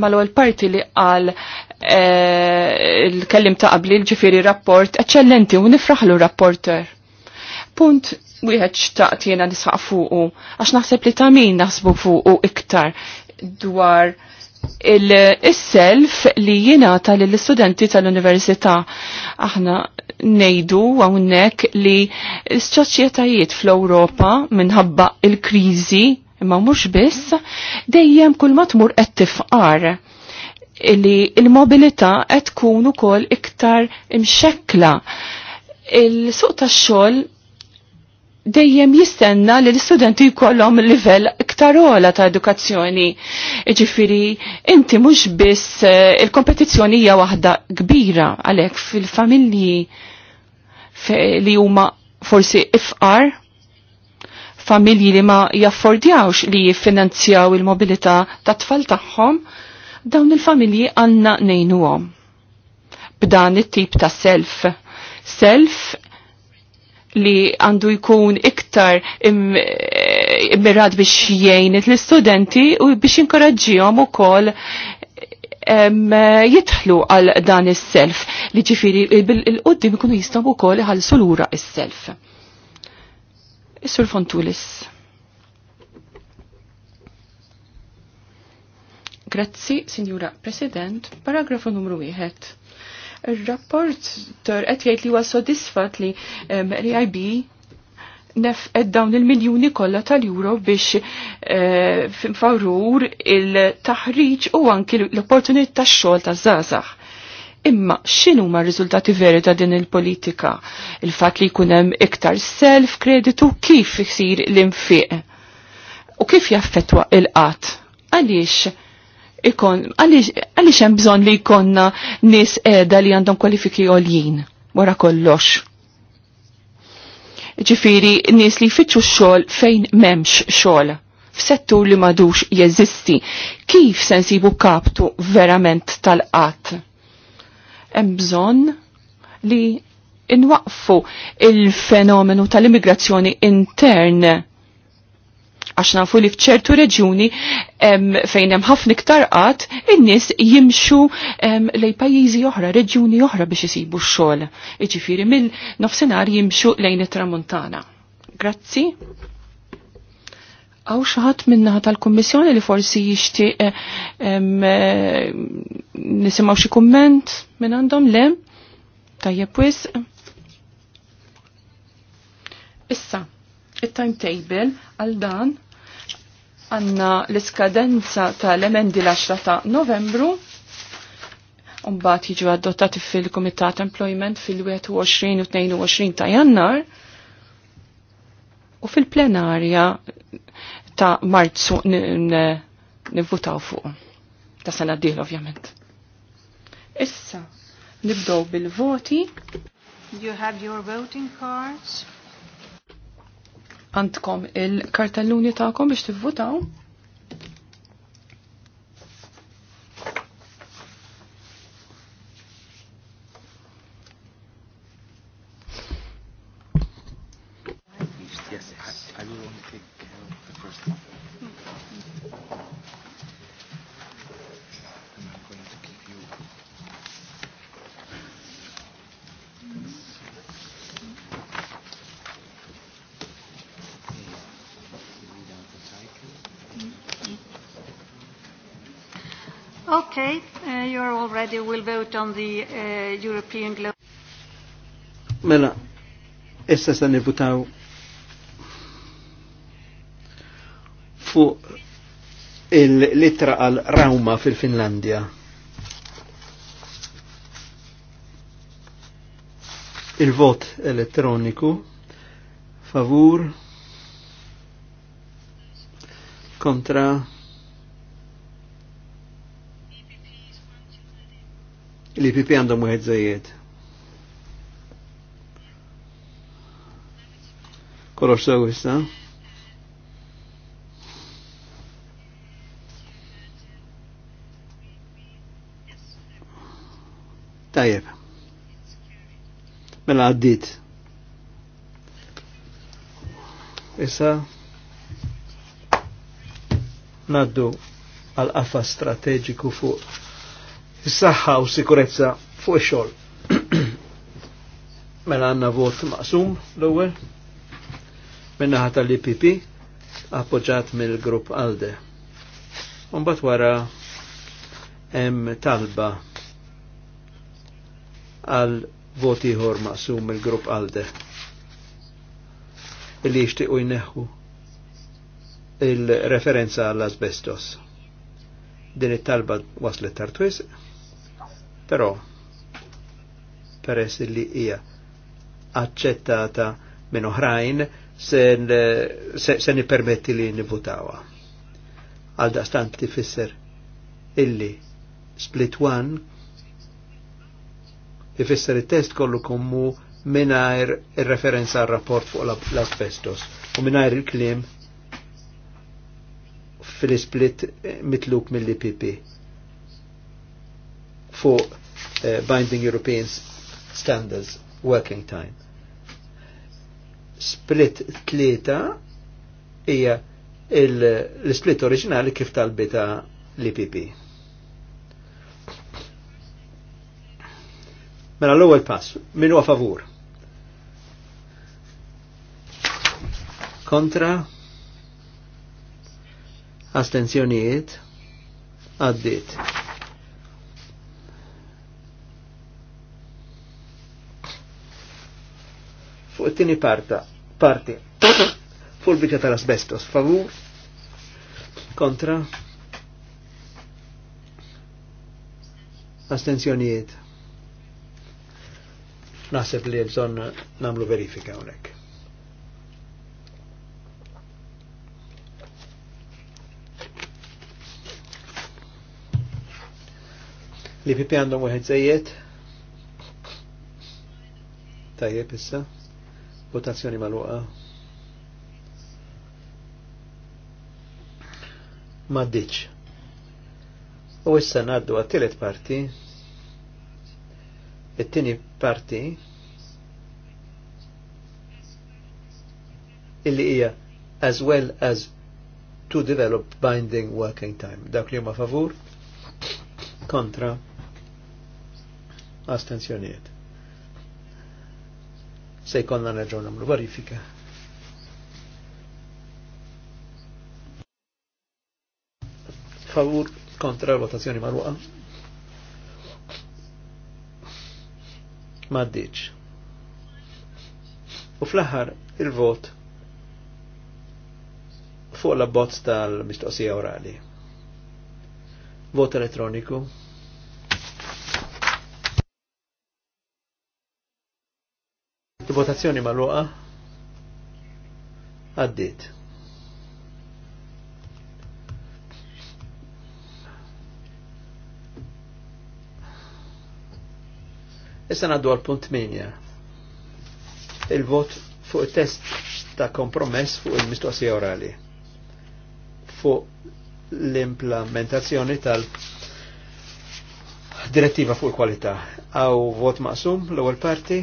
ma l-ewwel parti li qal eh, il-kellim ta' qabli l-ġifieri rapport eċċellenti u nifraħlu rapporter. Punt wieħed xtaqt jiena nisaq fuqu għax naħseb li ta' min naħsbu fuqu iktar dwar il-self li tal l-studenti tal-Università. Aħna nejdu għawnek li s-soċietajiet fl-Europa minħabba il-krizi imma mhux biss dejjem kull ma tmur qed tifqar li il-mobilità qed tkun ukoll iktar imxekkla. Il-suq tax-xogħol dejjem jistenna li l-istudenti jkollhom livell iktar ola ta' edukazzjoni. Ġifiri, inti mhux biss eh, il-kompetizzjoni hija waħda kbira għalhekk fil-familji li huma forsi ifqar familji li ma jaffordjawx li jiffinanzjaw il-mobilità ta' tfal tagħhom, dawn il-familji għanna nejnuhom. B'dan it-tip ta' self. Self li għandu jkun iktar immirat biex jgħinit l-istudenti u biex jinkoraġġihom ukoll jitħlu għal dan is-self li ġifiri il-qoddim ikunu jistgħu wkoll iħallsu lura is-self. Is-sur Fontulis. Grazzi, Signora President, paragrafu numru 1 il tor qed jgħid li huwa sodisfat li l ehm, nef dawn il-miljuni kollha tal-euro biex e, favur il-taħriġ u anki l-opportunità tax-xogħol taż-żgħażagħ. Imma x'inhu ma riżultati veri ta' din il-politika? Il-fatt li jkun hemm iktar self kreditu kif isir l-infiq? U kif jaffetwa il-qatt? Għaliex? ikon, għalix hemm bżonn li jkonna nis edha li għandhom kwalifiki għoljien wara kollox. Ġifiri, nis li jfittxu xol fejn memx xol, f'settur li madux jeżisti, kif sensibu kaptu verament tal-qat? Hemm bżonn li inwaqfu il-fenomenu tal-immigrazzjoni intern għax nafu li fċertu reġuni fejn hemm ħafna iktar qatt in-nies jimxu lej pajjiżi oħra, reġjuni oħra biex isibu x-xogħol. Jiġifieri minn nofsinhar jimxu lejn it-tramuntana. Grazzi. Għaw xaħat minnaħat tal-Kommissjoni li forsi jishti eh, eh, nisimaw xie komment minn għandhom le? Tajjeb wis. Issa, il-timetable għal dan għanna l-iskadenza tal-emendi l-10 ta' novembru Umbat jiġu adottati fil-Komitat Employment fil-21 u 22 ta' jannar u fil-plenarja ta' marzu nivvutaw fuq. Ta' sena d-dil, ovvjament. Issa, nibdow bil-voti.
You have your voting cards
għandkom il-kartelluni ta'kom biex tivvutaw.
earlier we'll vote on the uh, European Global.
Mela, issa se nivutaw fuq il-litra għal Rauma fil finlandia Il-vot elettroniku favur kontra li PP għandhom wieħed żejjed. Kollox sew issa. Tajjeb. Mela għaddit. Issa naddu għal-qafa strateġiku fuq saħħa u sikurezza fuq ix-xogħol. mela għandna vot maqsum l-ewwel minnaħa tal-IPP appoġġat mill-grupp ALDE. Mbagħad wara hemm talba għal voti ieħor maqsum mill-grupp ALDE li jixtiequ jneħħu il-referenza għall-asbestos. Din it-talba waslet twisq. Però peress li hija aċċettata minn oħrajn se nippermetti li nivutawa. Għal daqstant tifisser illi split one ifisser il-test kollu kommu minnajr il-referenza għal rapport fuq l-asbestos u minnajr il-klim fil-split mitluk mill-IPP for uh, eh, Binding European Standards Working Time. Split tlieta hija l-split oriġinali kif talbita l-IPP. Mela l-ewwel pass, min huwa favur? Kontra? Astenzjonijiet? Għaddiet. tini parta, parti. Fulbita tal-asbestos, favur, kontra, astenzjoniet. Naħseb li jibżon namlu verifika unek. Li pipi għandhom u għedżajiet? Tajjeb issa? Votazzjoni maluqa. Maddiċ. U issa naddu għat-tielet parti. It-tieni parti illi hija as well as to develop binding working time. Dak li huma favur kontra astensjonijiet se jkollna nerġgħu nagħmlu verifika. Favur kontra votazzjoni marruqa. Maddiċ. U fl-aħħar il-vot fuq la bozz tal-mistoqsija orali. Vot elettroniku. Votazzjoni maluqa. Għaddit. Issa naddu għal punt minja. Il-vot fuq il-test ta' kompromess fuq il-mistoqsija orali. Fuq l-implementazzjoni tal- direttiva fuq il-kwalità. Għaw vot maqsum l-ewwel parti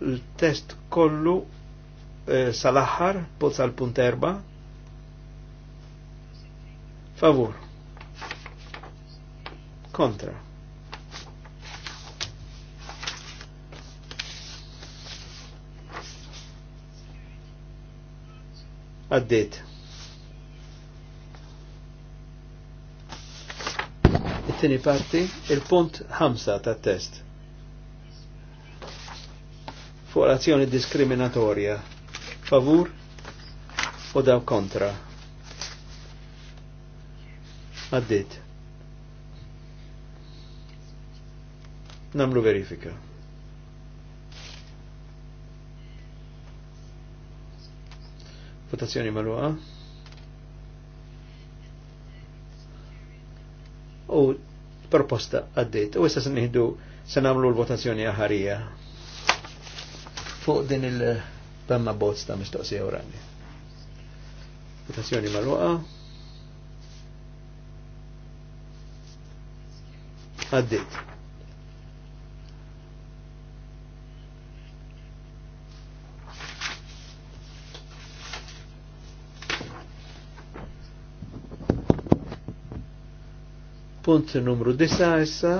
l-test kollu eh, sal-axħar, sal punt erba. Favur. Kontra. Għaddit. It-tini parti, il-punt 5 tat-test fuq l-azzjoni diskriminatorja. Favur u daw kontra. Għaddit. Namlu verifika. Votazzjoni maluqa. U proposta għaddit. U issa se nieħdu se nagħmlu l-votazzjoni aħarija fuq din il-pemma bozz ta' mistoqsija rani. Votazzjoni marruqa. Għaddit. Punt numru 9 issa.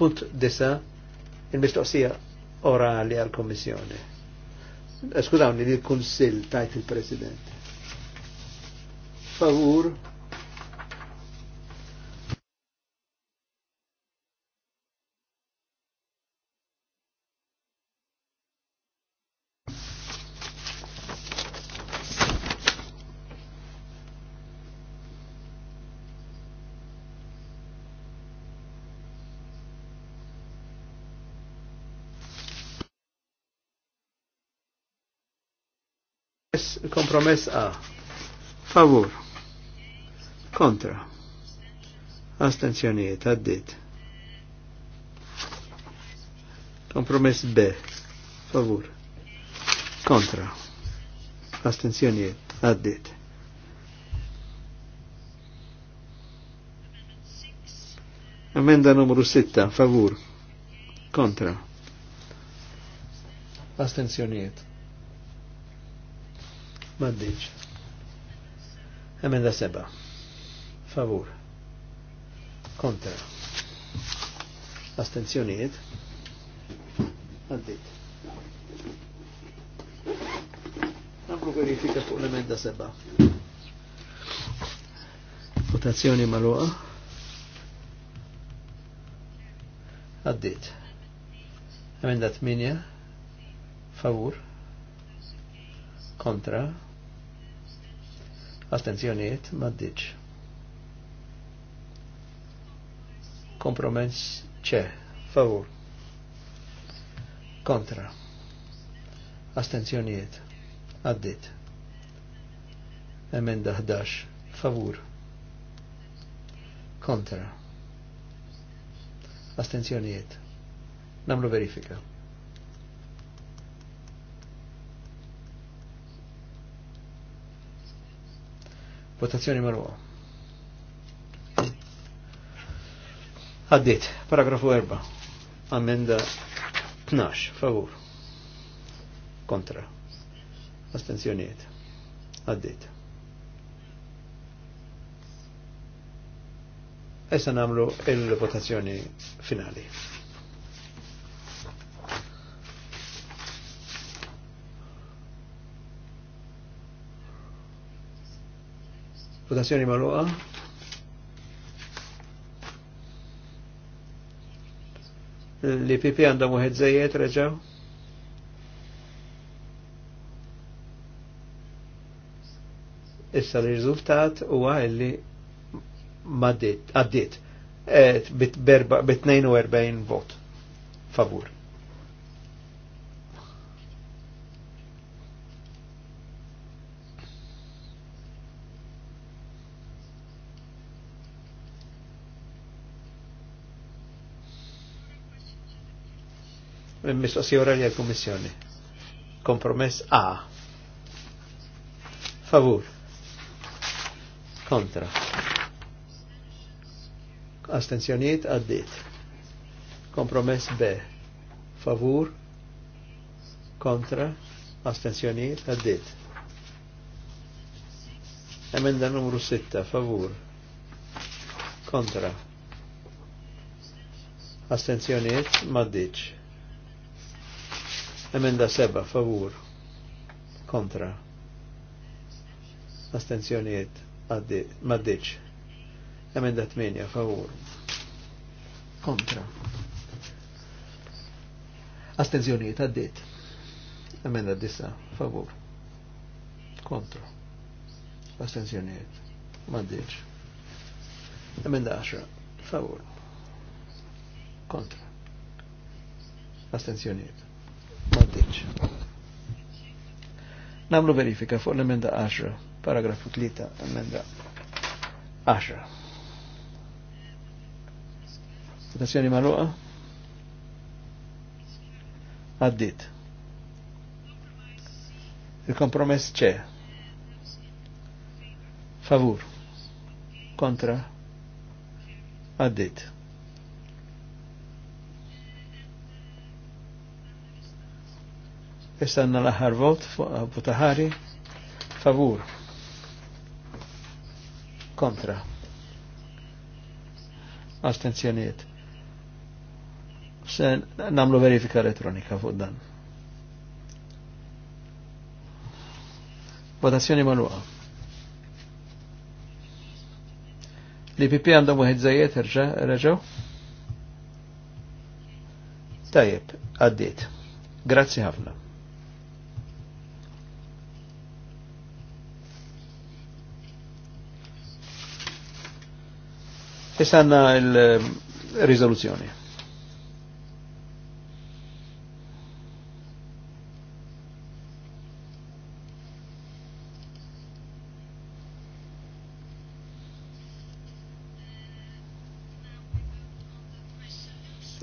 Punt disa, il-mistoqsija orali għal-Komissjoni. Eskudawni li l-Kunsil tajt il-President. Favur Kompromess A. Favur. Kontra. Astenzjoniet, għaddit. Kompromess B. Favur. Kontra. Astenzjoniet, għaddit. Amenda numru 6. Favur. Kontra. Astenzjoniet. Maddiċ. Emenda seba. Favur. Kontra. Astenzjoniet. Għaddit. Namlu verifika fuq l-emenda seba. Votazzjoni maluqa. Għaddit. Emenda 8. Favur. Kontra astenzjoniet maddiċ. Kompromess ċe, favur. Kontra. Astenzjoniet. Addit. Emenda 11. Favur. Kontra. Astenzjoniet. Namlu verifika. Votazzjoni marwa. Għaddit, paragrafu 4. Amenda 12, favur. Kontra. Astenzjoniet. Għaddit. Essa namlu il-votazzjoni finali. Votazzjoni maluqa. Li PP għanda muħed zejiet reġaw. Issa l rizultat eh, u għalli maddit, għaddit, bit 42 vot favur. mistoqsija li għal komissjoni Kompromess A. Favur. Kontra. Astenzjoniet għaddit. Kompromess B. Favur. Kontra. Astenzjoniet għaddit. Emenda numru 6. Favur. Kontra. Astenzjoniet maddiċ. Emenda seba, favur. Kontra. Astenzjoniet, maddiċ. Emenda 8, favur. Kontra. Astenzjoniet, għaddit. Emenda disa, favur. Kontra. Astenzjoniet, maddiċ. Emenda 10, favur. Kontra. Astenzjoniet taħtieġ. Namlu verifika fuq l-emenda 10, paragrafu 3, emenda 10. Votazzjoni maluqa? Għaddit. Il-kompromess ċe. Favur. Kontra. Għaddit. Issa l-aħħar vot fuq Abu Tahari. Favur. Kontra. Astenzjoniet. Se namlu verifika elettronika fuq dan. Votazzjoni manuqa. Li PP għandhom wieħed żejjed reġgħu? Tajjeb, għaddiet. Grazzi ħafna. Isanna e il ehm, rizoluzjoni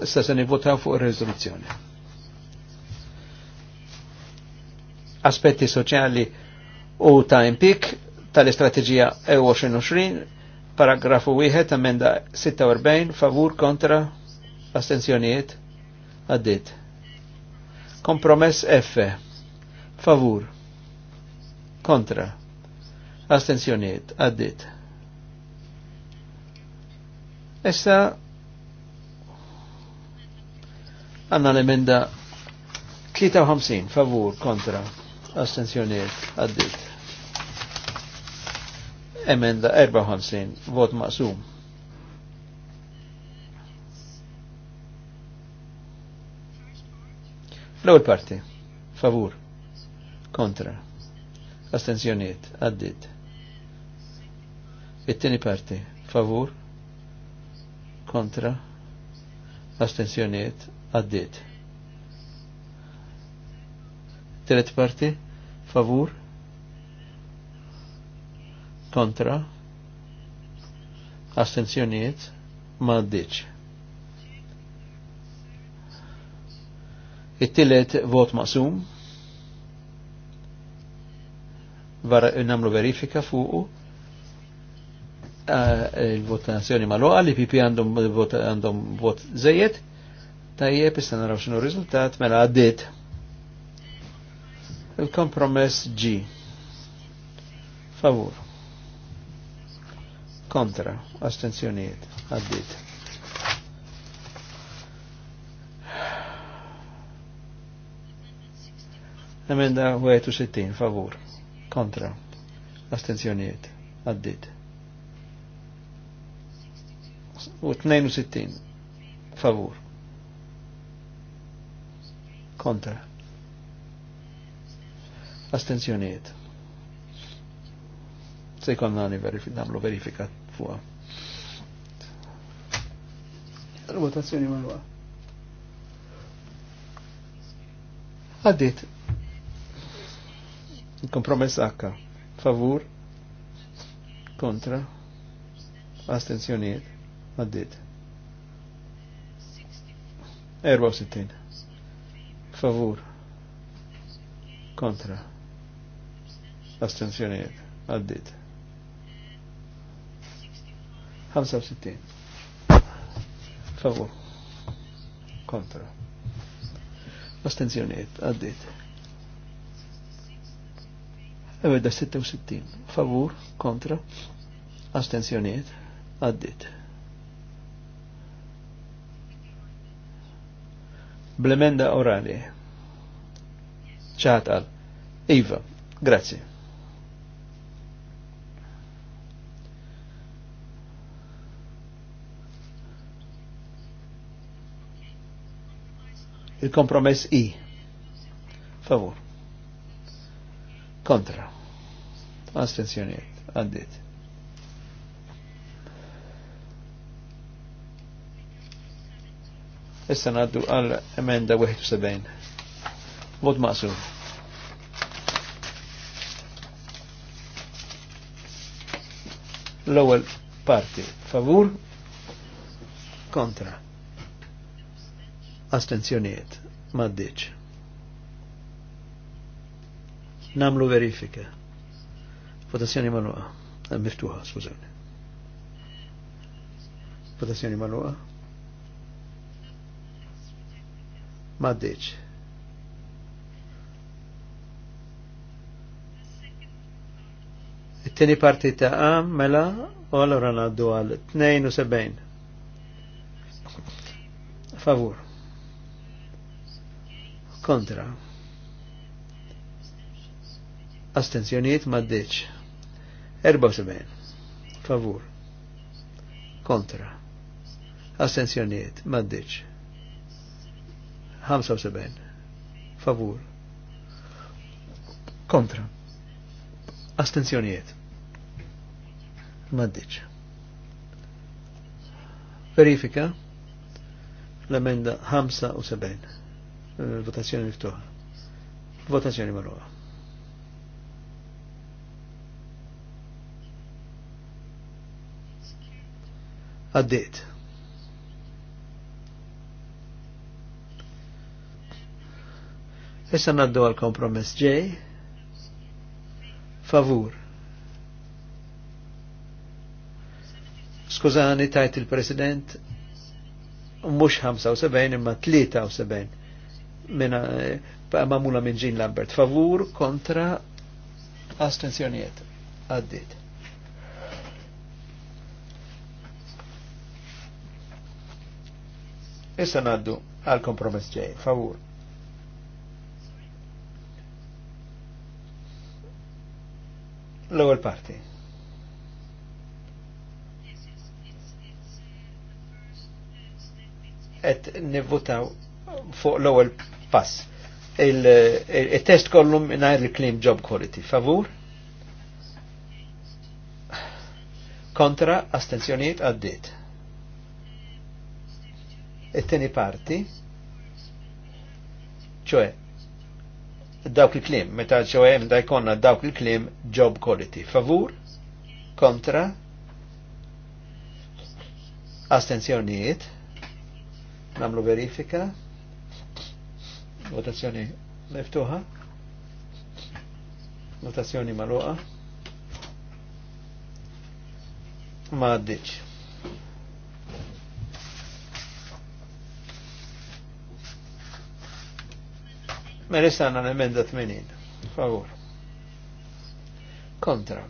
Issa se nivvotaw fuq ir-riżoluzzjoni. Aspetti soċjali u ta' impik tal-istrateġija EU 2020 Paragrafu 1, amenda 46, favur kontra astenzjonijiet għaddit. Kompromess F, favur kontra astenzjonijiet għaddit. Issa għanna l-emenda 53, favur kontra astenzjonijiet għaddit. Emenda 54, vot maqsum. L-ewwel parti, favur, kontra, astenzjoniet, għaddit. It-tieni parti, favur, kontra, astenzjoniet, għaddit. Tret parti, favur, kontra, kontra astenzjoniet ma ddiċ. It-tillet vot maqsum var namlu verifika fuqu ah, il-votazzjoni ma loqa li pipi għandhom vot, vot zejiet tajjeb issa naraw xinu riżultat mela għaddit il-kompromess G favur kontra, astenzjoniet, għaddit. Emenda 61, favur, kontra, astenzjoniet, għaddit. U 62, favur, kontra, astenzjoniet, Se jkollna namlu verifika fuqa. Il-votazzjoni manwa. Għaddit. Kompromess H. Favur. Kontra. Astenzjoniet. Għaddit. 64. Favur. Kontra. Astenzjoniet. Għaddit. 64. 65. Favur. Kontra. Astenzjoniet, għaddit. Ebeda 66. Favur, kontra. Astenzjoniet, għaddit. Blemenda orali. ċaħat għal Iva, grazie. Il-kompromess I. Favur. Kontra. Astenzjoniet. Għaddit. Issa naddu għal emenda 71. Vot maqsu. l ewel parti favur kontra Astenzjoniet. Maddiċ. Namlu verifika. Votazzjoni manuqa. Eh, miftuħa, skużani. Votazzjoni manuqa. Maddiċ. it-tini parti ta' A mela u għallura naddu għal 72. Favur kontra astenzjoniet maddeċ 74 favur kontra astenzjoniet maddeċ 75 favur kontra astenzjoniet maddeċ verifika l-emenda 75 Votazzjoni miftuħa. Votazzjoni marruħa. Għaddit. Issa naddu għal kompromess ġej. Favur. Skużani tajt il-President mux 75 imma 73. Eh, mamula minn Jean Lambert. Favur kontra astenzjonijiet. Għaddit. Issa naddu għal kompromess ġej. Favur. L-ewwel parti. Et nivvutaw fuq l-ewwel pass. Il-test kollum minnajr il-claim job quality. Favur? Kontra, astenzjoniet għaddit. il teni parti, ċoħe, dawk il-klim, meta ċoħe mda jkonna dawk il-klim job quality. Favur? Kontra? Astenzjoniet? Namlu verifika? Votazzjoni meftuħa Votazzjoni maluqa. Ma għaddiċ. Merissa mela l-emenda 80. Favor. Kontra.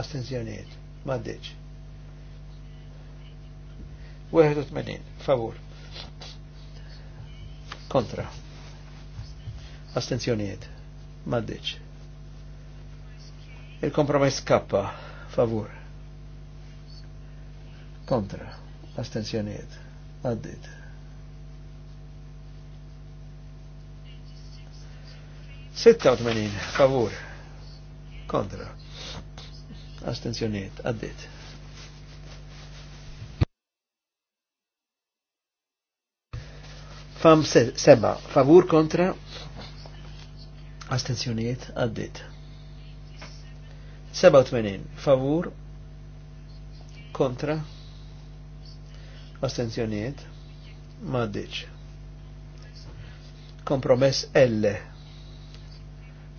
Astenzjoniet. Maddeċ. 81. Favor kontra astenzjoniet maddeċ il-kompromess kappa favur kontra astenzjoniet għaddit 86 favur kontra astenzjoniet addit. Fam seba, favur kontra astenzjoniet għaddit. 87, favur kontra astenzjoniet maddiċ. Kompromess L,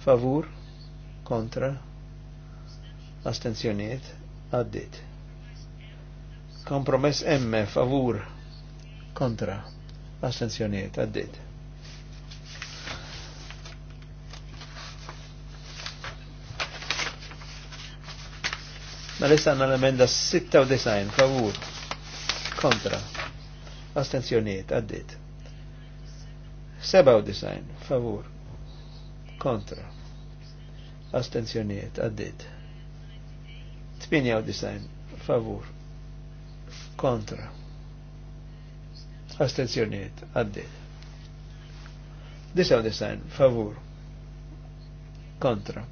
favur kontra astenzjoniet għaddit. Kompromess M, favur kontra Astenzjoniet, għaddit. Ma Nalissa għanna l-emenda 96, favur, kontra, astenzjoniet, għaddit. 97, favur, kontra, astenzjoniet, għaddit. 98, favur, kontra, astenzjoniet għaddit. disajn, favur kontra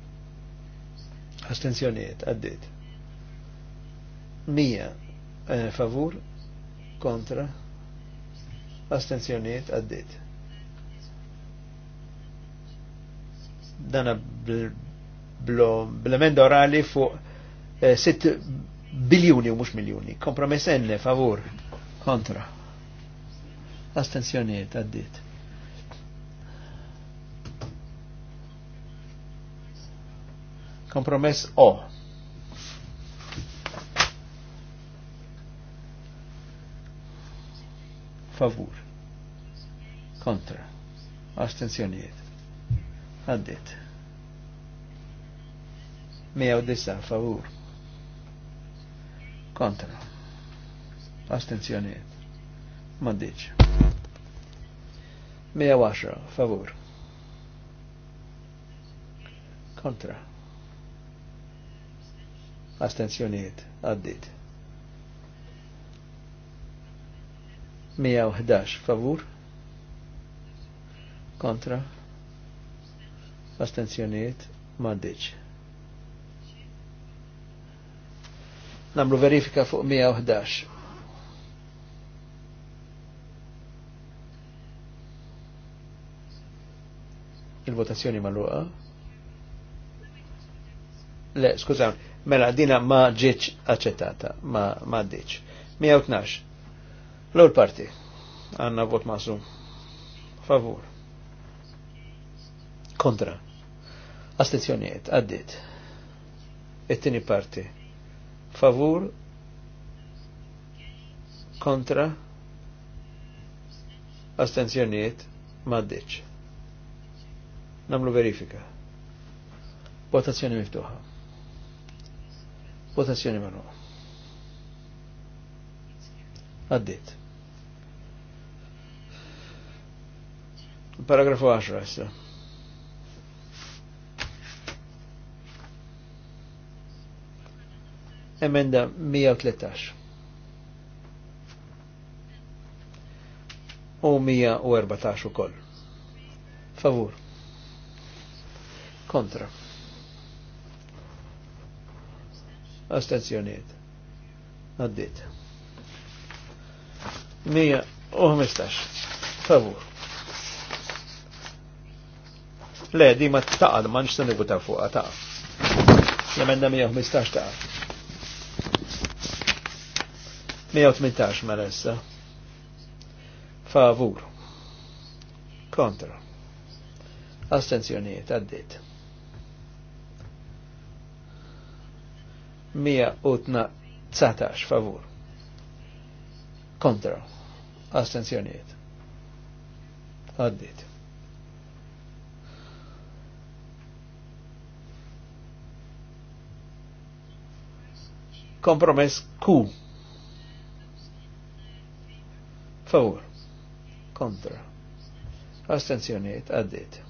astenzjoniet għaddit. Mija. eh, favur kontra astenzjoniet għaddit. Dana bl-emenda orali fuq 6 eh, biljuni u mux miljoni. Kompromessenne. favur kontra astensjoniet għaddit. Kompromess O. Favur. Kontra. Astensjoniet. Għaddit. 109 favur. Kontra. Ma Maddiċ. 110 favur. Kontra. Astenzjoniet għaddit. 111 favur. Kontra. Astenzjoniet maddiċ. Namlu verifika fuq 111. Il-votazzjoni mal-luqa? Le, skuza, mela dina ma ġietx aċċettata, ma ma 112. L-ewwel parti għandna vot mażum. Favur. Kontra. Astenzjonijiet, għaddit. It-tieni parti. Favur. Kontra. Astenzjonijiet, ma ddiċ. Namlu verifika. Votazzjoni miftuħa. Votazzjoni Manu. Għaddit. Paragrafu 10 Emenda 113. U 114 ukoll. Favur kontra. Astenzjoniet. Għaddit. uħmistax. Favur. Le, di ma taqad, ma nix tanibu ta' fuqa ta' l-emenda 115 ta' 118 ma' l-essa. favur kontra astenzjoniet għaddit 119 favur. Kontra. Astenzjoniet. Għaddit. Kompromess Q. Favur. Kontra. Astenzjoniet. Għaddit.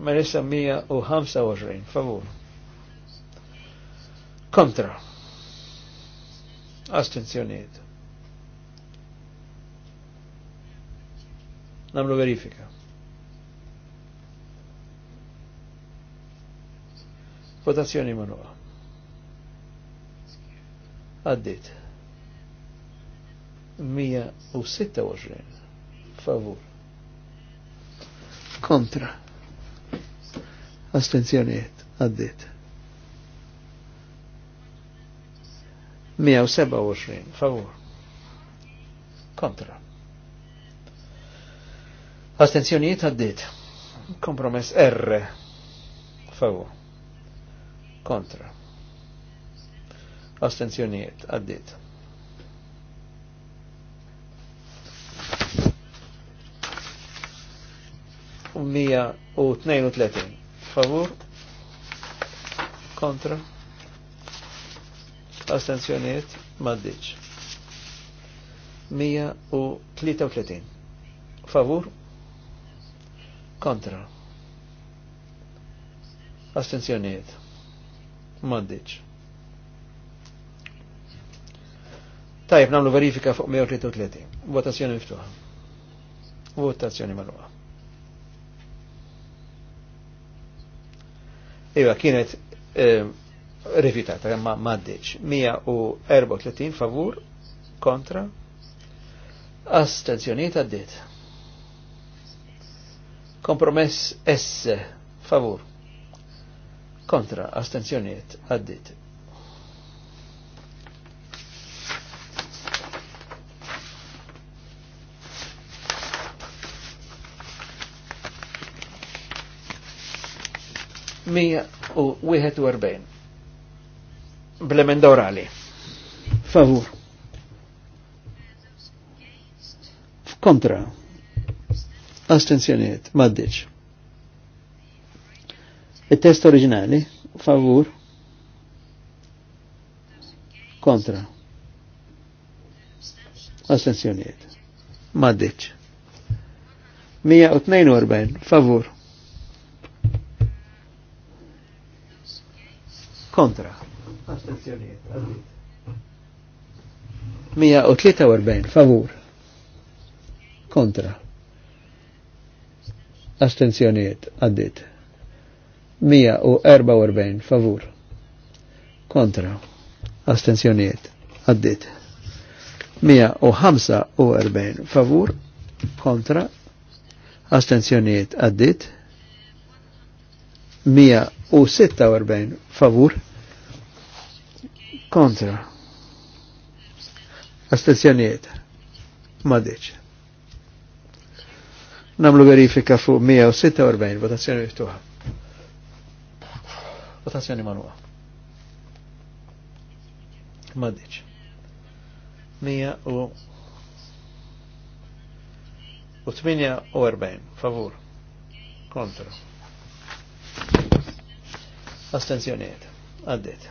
ma nisa 125, favur. Kontra. Astenzjoniet. Namlu verifika. Votazzjoni manuqa. Għaddit. 126 favur. Kontra astenzjoniet għaddit. 127 favur kontra. Astenzjoniet għaddit. Kompromess R favur kontra. Astenzjoniet għaddit. u 132 favur kontra astenzjoniet maddiċ 133 favur kontra astenzjoniet maddiċ Tajb, namlu verifika fuq 133. Votazzjoni miftuħa. Votazzjoni maluqa. Iva, kienet eh, rifjutata, eh, ma maddeċ. 134 favur kontra astenzjoniet għaddit. Kompromess S favur kontra astenzjoniet għaddit. 141. Blemenda orali. Favur. Kontra. Astenzjoniet. Maddiċ. Il-test oriġinali. Favur. Kontra. Astenzjoniet. Maddiċ. 142. Favur 142. kontra. Astenzjoniet, għaddit. 143 favur kontra astenzjoniet għaddit 144 favur kontra astenzjoniet għaddit 145 favur kontra astenzjoniet għaddit 146 favur kontra astenzjoniet maddiċ namlu verifika fu 146 votazzjoni miftuħa votazzjoni Ma manuqa u 148 favur kontra astenzjoniet għaddit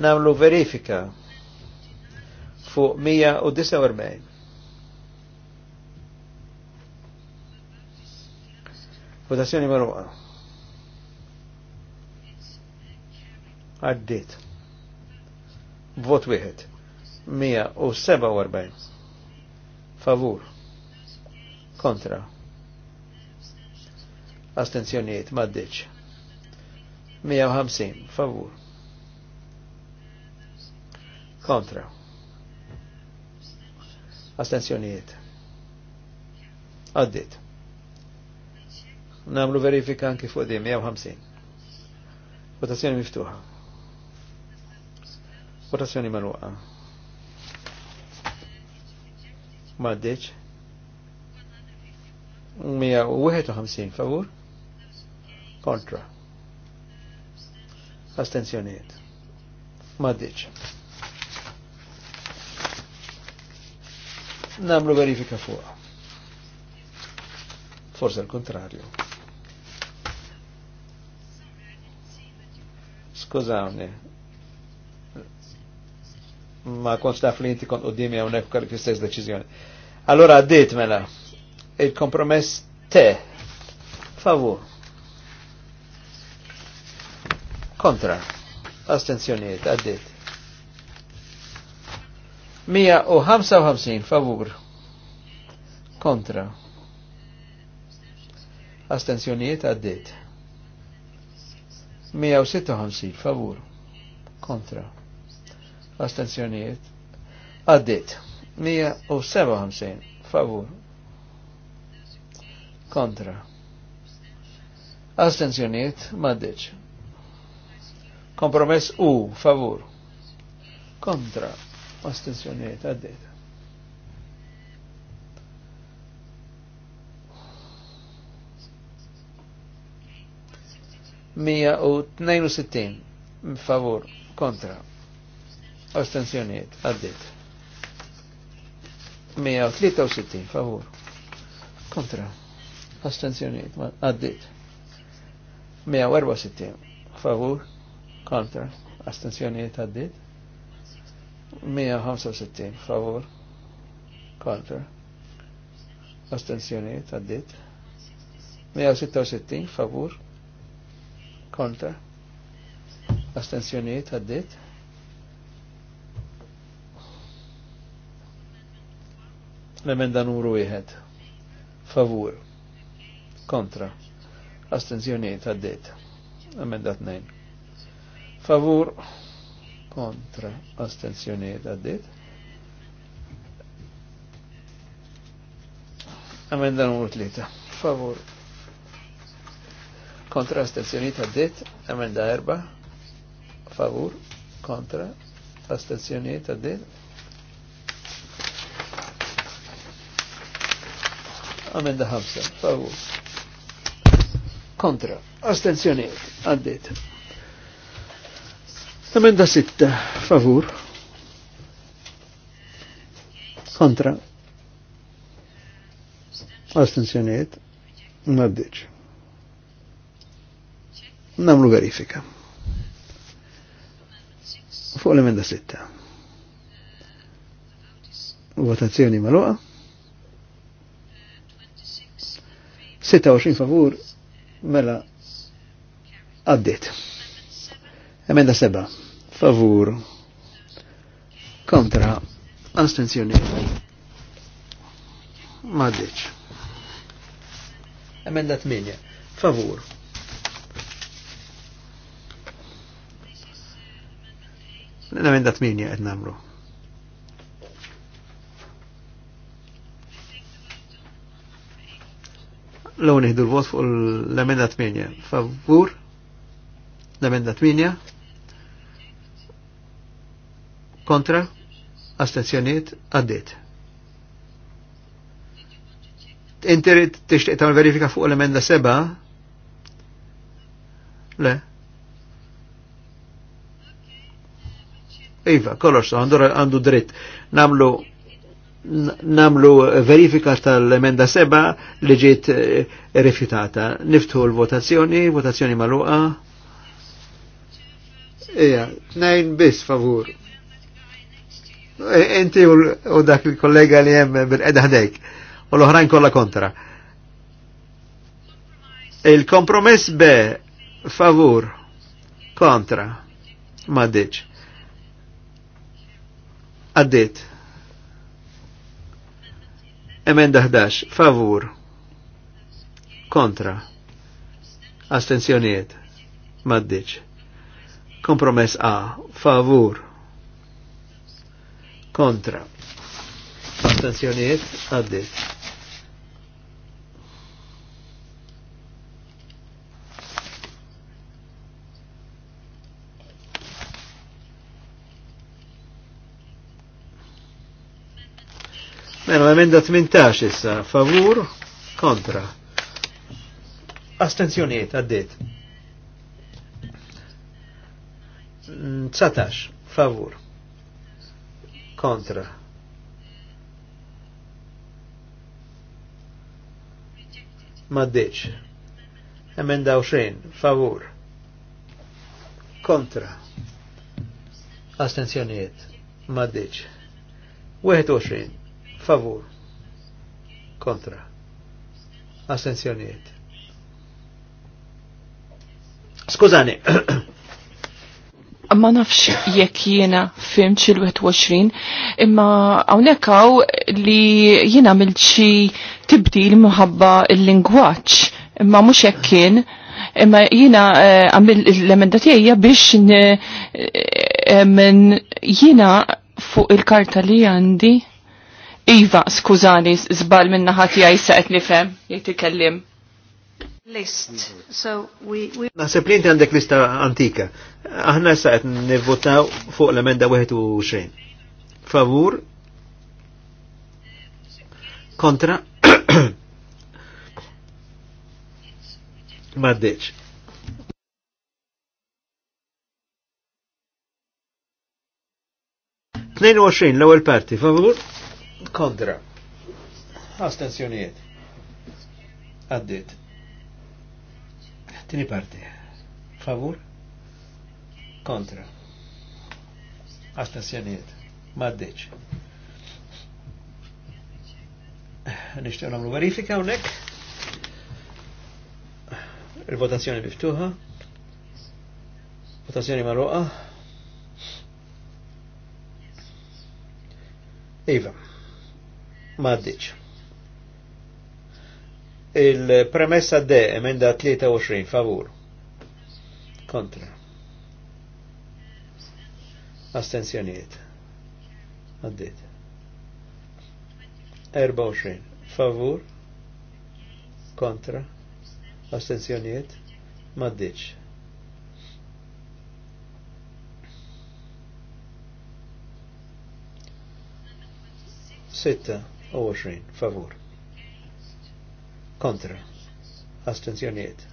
namlu verifika fuq 149. Votazzjoni marruqa. Għaddit. Vot wieħed. 147. Favur. Kontra. Astenzjonijiet maddiċ. 150. Favur Kontra. Astenzjonijiet. Għaddit. Namlu verifika anki fuq dim, 150. Votazzjoni miftuħa. Votazzjoni maluqa. Maddiċ. 151 favur. Kontra. Astenzjonijiet. Maddiċ. namlu verifika fuq. Forse l-kontrarju. Skużawni. Ma kont taf li inti kont qoddimi għonek u kalli l deċizjoni. Allora għaddit mela il-kompromess te. Favur. Kontra. Astenzjoniet, għaddit. 155 favur kontra astenzjonijiet għaddit 156 favur kontra astenzjonijiet għaddit 157 favur kontra astenzjonijiet maddeċ kompromess u favur kontra astensjoniet għaddejt. Mija u 62 favor kontra astensjoniet u 163 favor kontra astensjoniet u 164 favor kontra astensjoniet għaddejt. 165 favor. kontra astensjoniet għaddit 166 favor. kontra astensjoniet għaddit l-emenda numru 1 Favor. kontra astensjoniet għaddit emenda 2 Favor. kontra kontra astenzjoniet għaddit. Amenda numru 3. Favur. Kontra astenzjoniet għaddit. Amenda erba. Favur. Kontra astenzjoniet għaddit. Amenda 5. Favur. Kontra. Astenzjoniet għaddit. Emenda sitta, favur. Kontra. Astenzjoniet. Maddiċ. Namlu verifika. Fuq l-emenda sitta. Votazzjoni maluqa. 26 favur, mela Addit. Emenda seba. Favur. Kontra. Astenzjoniet. Maddeċ. Emenda 8. Favur. L-emenda 8 għed namlu. Law nieħdu l-vot fuq l-emenda 8. Favur. L-emenda 8 kontra, astenzjoniet, għaddit. Inti tixtieq tagħmel verifika fuq l-emenda seba? Le. Iva, kollox għandu dritt. Namlu namlu verifika tal-emenda seba li ġiet eh, rifjutata. Niftu l-votazzjoni, votazzjoni maluqa.
Ija, nejn
bis favur inti u dak il-kollega li jem bil-edha ħdejk, u l-oħrajn kolla kontra. Il-kompromess be favur kontra ma deċ. Għaddit. Emen daħdax, favur kontra astenzjoniet ma deċ. Kompromess A, favur kontra kontra. Astenzjoniet għaddit. Mela, emenda 18 issa, favur, kontra. Astenzjoniet għaddit. 19, favur kontra. Maddiċ. Emenda xejn. favur. Kontra. Astenzjonijiet. Maddiċ. 21, favur. Kontra. Astenzjoniet. Skużani, ma nafx
jekk jiena fim il-21, imma hawnhekk hawn li jiena milċi tibdi tibdil minħabba l-lingwaġġ, imma mhux hekk jien, imma jiena eh, għamil l-emenda tiegħi biex eh, eh, jiena fuq il-karta li għandi. Iva, skużani, zbal minna ħati għaj saqet nifem, jitikellim.
List, so we... Naħseb
li inti għandek lista antika. Aħna saqet qed nivvotaw fuq l-emenda 21. Favur kontra maddeċ. l-ewwel parti favur kontra. Astenzjonijiet. Għaddit. Tini parti. Favur? kontra. Astensjoniet. Maddeċ. Nishtiq namlu verifika unnek. Il-votazzjoni biftuħa. Votazzjoni marruqa. Iva. Maddeċ. Il-premessa D, emenda 23, favur. Kontra astensjoniet. Għaddit. 24 favur kontra astensjoniet maddiċ. Sitta u 20 favur kontra astenzjoniet.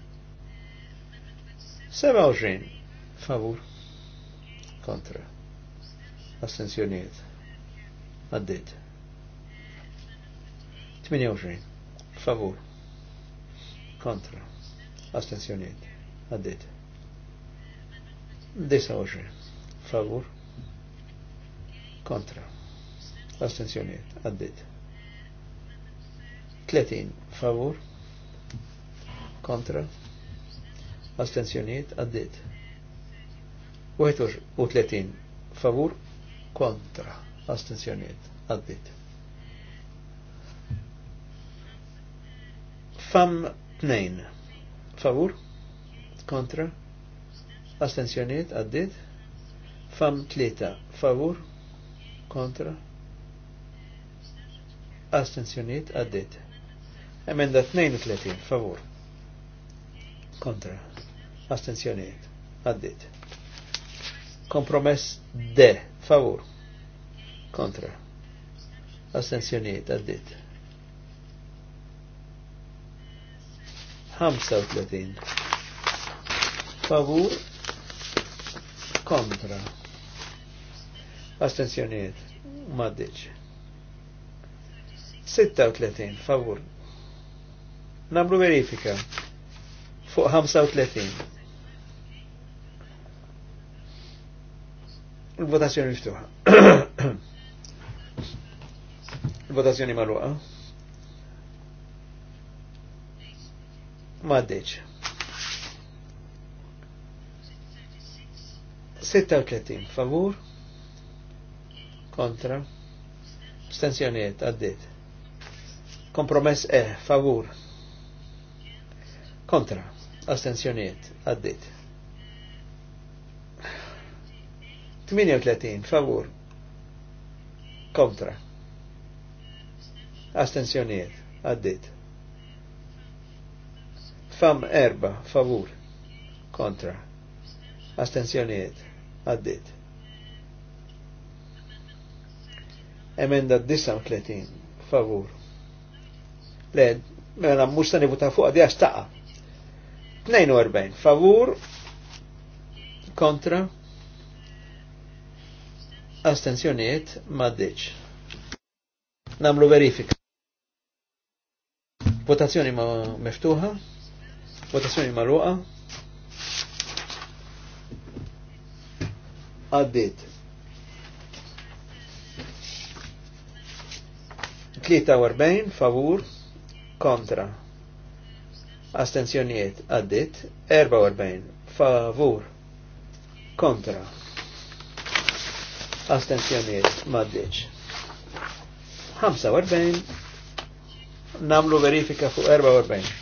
Seba 27 favur kontra l-assenzjoniet Għaddit. 28. Favur. Kontra. Astenzjoniet. Għaddit. 29. Favur. Kontra. Astenzjoniet. Għaddit. 30. Favur. Kontra. Astenzjoniet. Għaddit. 31. Favur kontra astenzjoniet għaddit. Fam tnejn. favur kontra astenzjoniet għaddit. Fam tlieta. favur kontra astenzjoniet għaddit. Emenda tletin. favur kontra astenzjoniet għaddit kompromess D favur kontra astensjoniet għaddit 35 favur kontra astensjoniet maddiċ 36 favur namlu verifika fuq 35 Il-votazzjoni miftuħa. Il-votazzjoni marruqa. Maddeċ. 36 favur kontra stenzjoniet għaddit kompromess E favur kontra astenzjoniet għaddit 38 favur kontra astensjoniet għaddit fam erba favur kontra astensjoniet għaddit emenda 39 favur le mela mux tani vota fuq għadja staqa 42 favur kontra astenzjoniet maddiċ. Namlu verifika. Votazzjoni ma meftuħa, votazzjoni ma ruqa. Għaddit. 43 favur kontra. Astenzjoniet għaddit. 44 favur kontra astenzjoniet maddeċ. 45 namlu verifika fuq 44.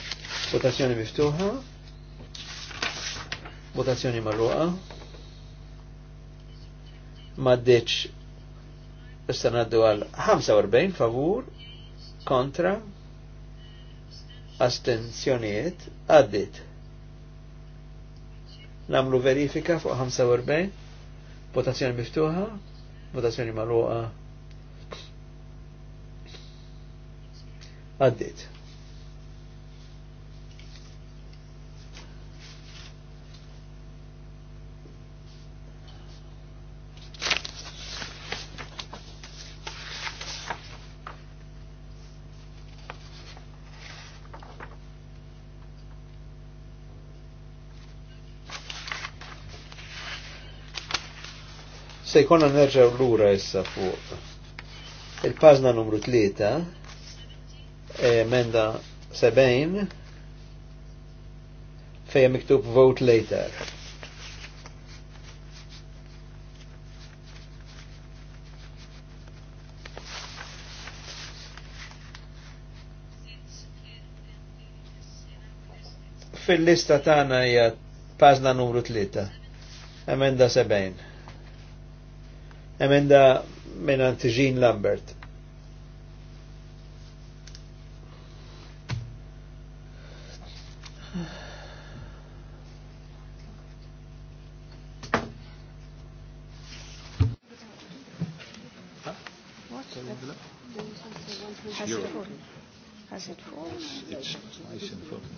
Votazzjoni miftuħa. Votazzjoni marruqa. maddeċ istanaddu għal 45 favur kontra astenzjoniet għaddit. Namlu verifika fuq 45 votazzjoni miftuħa votazzjoni maluqa għaddit. Issa jkonna nerġaw l-ura issa fuq il pazna numru 3 eh, emenda 70 fejja miktub vote later. fil-lista tagħna hija pażna numru 3. Emenda 70. Emenda menant Jean Lambert.
Has it fallen? It's
twice and fallen.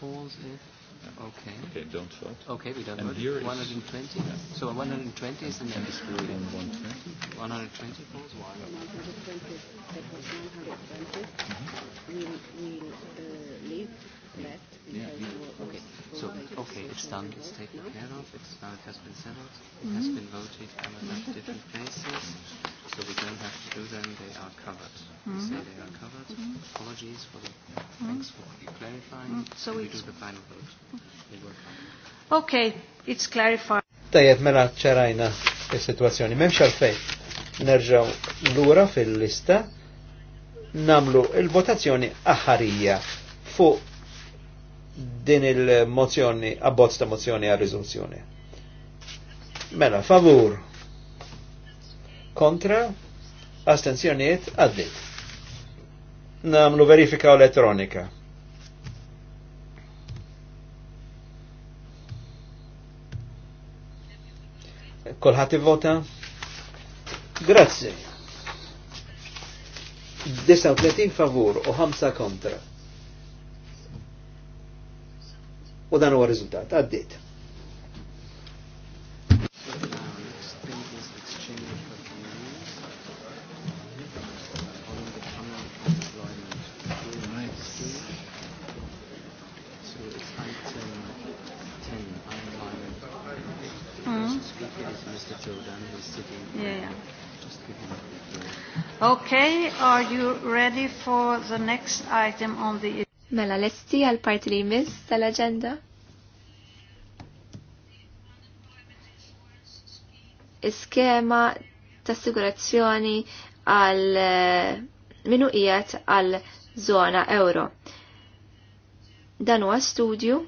Falls if
Okay. Okay, don't vote. Okay, we don't and vote. 120? yeah. So 120
is the next. Is 120? 120 falls one.
120, that was 120. Mm -hmm. We, we uh, leave Yeah, yeah. Okay. So, okay, it's done, it's taken
care of, it's now it has been settled, it has been voted at different places, so we don't have to do them, they are covered. We mm-hmm. say they are covered.
Apologies for the, thanks for clarifying, mm-hmm. so we do the final vote.
Okay, it's clarified.
Tajjeb, mela ċerajna il-situazzjoni, memx għalfej. Nerġaw l-ura fil-lista, namlu il-votazzjoni aħarija fuq din il-mozzjoni, abbozz ta' mozzjoni għal rizoluzzjoni. Mela, favur. Kontra. Astenzjoniet għaddit. Namlu verifika elettronika. Kolħat vota? Grazzi. 39 favur u 5 kontra. u dan huwa riżultat. Għaddiet.
Mm-hmm.
Okay, are you ready for the next item on the Mela lesti għal parti li jmiss
tal-agenda? Iskema ta' assigurazzjoni għal eh, minu qiegħed għal zona euro. Dan huwa studju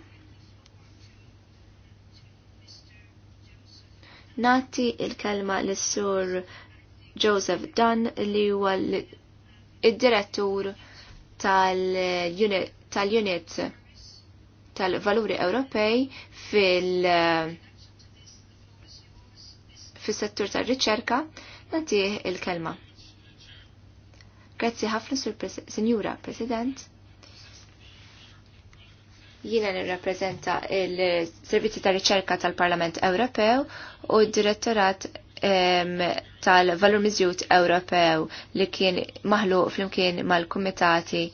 Nati il-kelma l-sur Joseph Dunn li huwa id-direttur tal-unit tal-unit tal-valuri Ewropej fil- fil-settur tal-riċerka, natih il-kelma. Grazzi ħafna sur President. Jiena nirrappreżenta il-Servizzi tal Riċerka tal-Parlament Ewropew u d-Direttorat tal-Valur Miżjut Ewropew li kien maħluq flimkien mal-Kumitati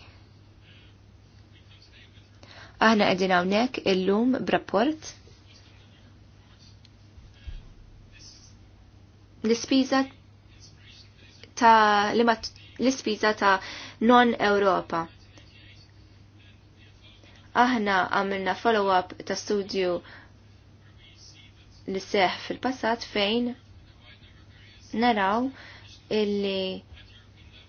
Aħna qegħdin hawnhekk illum b'rapport. L-ispiża ta' l-ispiża ta' non-Europa. Aħna għamilna follow-up ta' studju li seħ fil-passat fejn naraw illi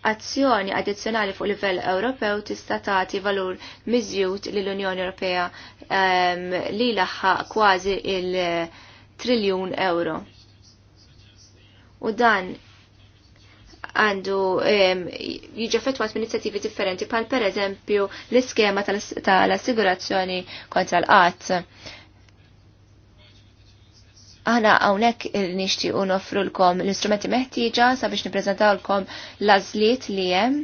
azzjoni addizzjonali fuq livell Ewropew tista' tagħti valur miżjud lill unjoni Ewropea um, li laħħa kważi il-triljun euro. U dan għandu um, jiġi effettwat minn inizjattivi differenti bħal pereżempju l-iskema tal-assigurazzjoni kontra l-qatt Aħna hawnhekk nixtiequ noffrulkom l-istrumenti meħtieġa sabiex nippreżentawlkom l lażliet li hemm.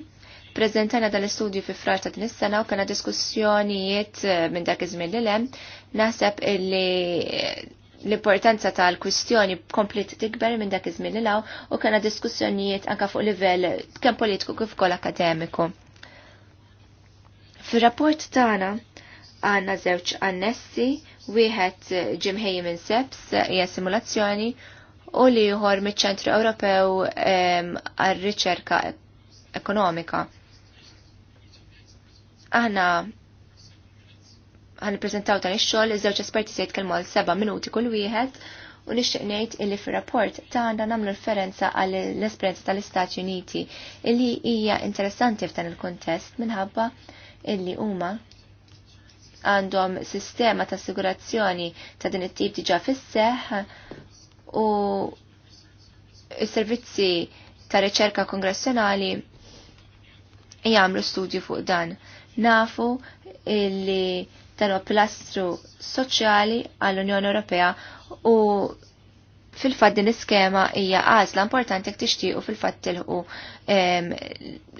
Prezentajna dal-istudju fi frar ta' din is-sena u kellna diskussjonijiet eh, minn dak iż-żmien li hemm. Naħseb li eh, l-importanza tal-kwistjoni komplet tikber minn dak iż-żmien li law u kena diskussjonijiet anka fuq livell kemm politiku kif ukoll akademiku. Fir-rapport tagħna għandna żewġ annessi wieħed eh, ġimħej minn SEPS eh, hija simulazzjoni u li jħor miċ-ċentru Ewropew ehm, għar-riċerka ekonomika. Aħna għan prezentaw tan ix-xogħol iż-żewġ esperti se jitkellmu għal seba' minuti kull wieħed u nixtieq ngħid illi fir-rapport tagħna nagħmlu referenza għal l-esperjenza tal-Istati Uniti illi hija interessanti f'dan il-kuntest minħabba illi huma għandhom sistema ta' assigurazzjoni ta' din it-tip diġa fisseħ u s-servizzi ta' riċerka kongressjonali jagħmlu studju fuq dan. Nafu li dan plastru soċjali għall-Unjoni Ewropea u fil-fatt din iskema hija għażla importanti jekk tixtiequ fil-fatt tilħu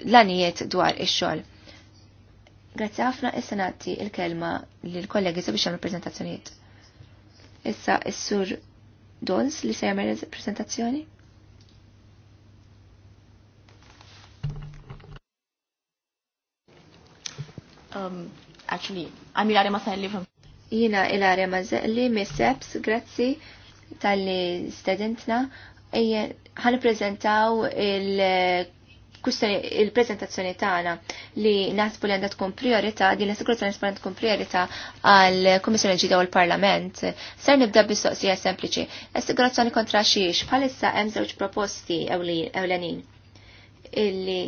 l-anijiet dwar ix-xogħol. Grazzi ħafna issa nagħti il-kelma lil kollegi sabiex jagħmlu preżentazzjonijiet. Issa is-sur Dons li se jagħmel preżentazzjoni. Um, actually, ma Jina il-għare ma saħli, mis-seps, grazzi tal-li stedentna. Għan prezentaw il- kustjoni il-prezentazzjoni tagħna li naħsbu li għandha tkun priorità din l-assikurazzjoni tkun tkun priorità għal Kummissjoni ġida u l-Parlament. Ser nibda bistoqsija sempliċi. Assikurazzjoni kontra xiex bħalissa hemm żewġ proposti ewlenin illi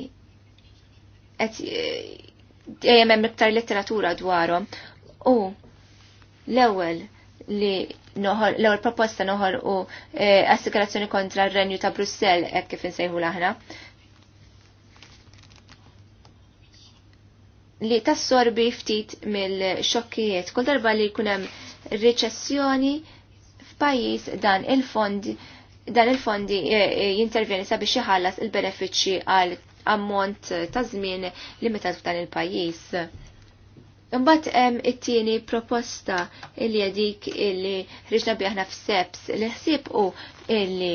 qed eh, hemm iktar letteratura dwarhom u l-ewwel li noħor, l-ewwel proposta noħor u eh, assikurazzjoni kontra r-renju ta' Brussell hekk kif insejħu l aħna li tassorbi ftit mill-xokkijiet. Kull darba li kunem reċessjoni f'pajis dan il fondi dan il-fondi eh, eh, jintervjeni sabiex iħallas il-benefiċċji għal ammont ta' żmien limitat f'dan il-pajjiż. Imbagħad hemm it-tieni proposta li dik illi ħriġna biħna f'seps li ħsieb u illi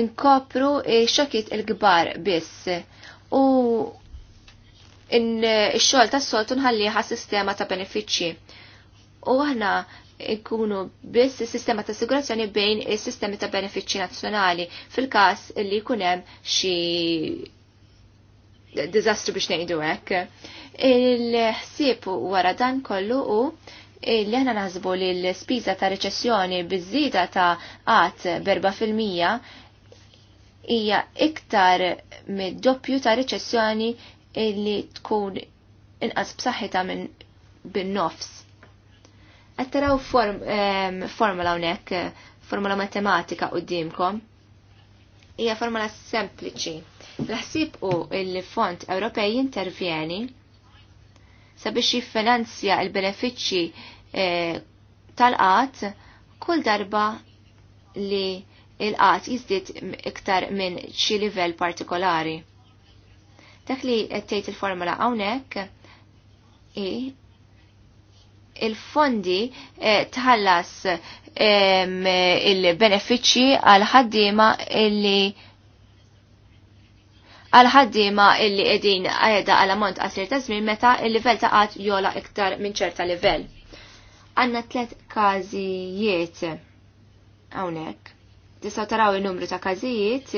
inkopru xokit il-kbar biss u in eh, xogħol tas-soltu nħalliha sistema ta' benefiċċji. U aħna ikunu biss sistema ta' assigurazzjoni bejn is-sistemi ta' benefiċċji nazzjonali fil-każ li jkun hemm xi diżastru biex ngħidu hekk. Il-ħsieb wara dan kollu u li aħna naħsbu li l ispiża ta' reċessjoni biż ta' għat berba fil-mija hija iktar mid-doppju ta' reċessjoni illi tkun inqas b'saħħitha minn bin-nofs. Qed taraw ehm, formula hawnhekk, formula matematika qudiemkom. Hija formula sempliċi. L-ħsieb u l-Fond Ewropej jintervjeni sabiex jiffinanzja l-benefiċċji eh, tal-qat kull darba li il-qat jizdit iktar minn xi livell partikolari. Dak li qed tgħid il-formula hawnhekk i il-fondi eh, tħallas il-benefiċċji għal ħaddiema illi għal ħaddiema illi qegħdin għajda għal amont għasir ta' żmien meta il-livell ta' qatt jola iktar minn ċerta livell. Għandna tliet każijiet hawnhekk. Tistgħu taraw in-numru ta' każijiet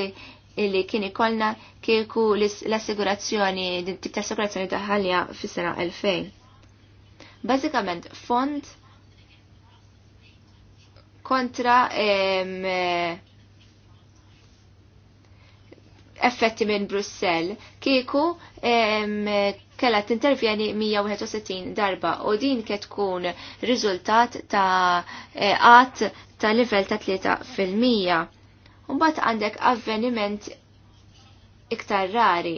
illi kien ikollna kieku l-assigurazzjoni, tip ta' assigurazzjoni ta' ħalja fis-sena 2000. Bażikament fond kontra em, eh, effetti minn Brussell kieku kella t-intervjeni 161 darba u din ket tkun riżultat ta' eh, għat ta' livell ta' 3 fil-mija. Umbat għandek avveniment iktar rari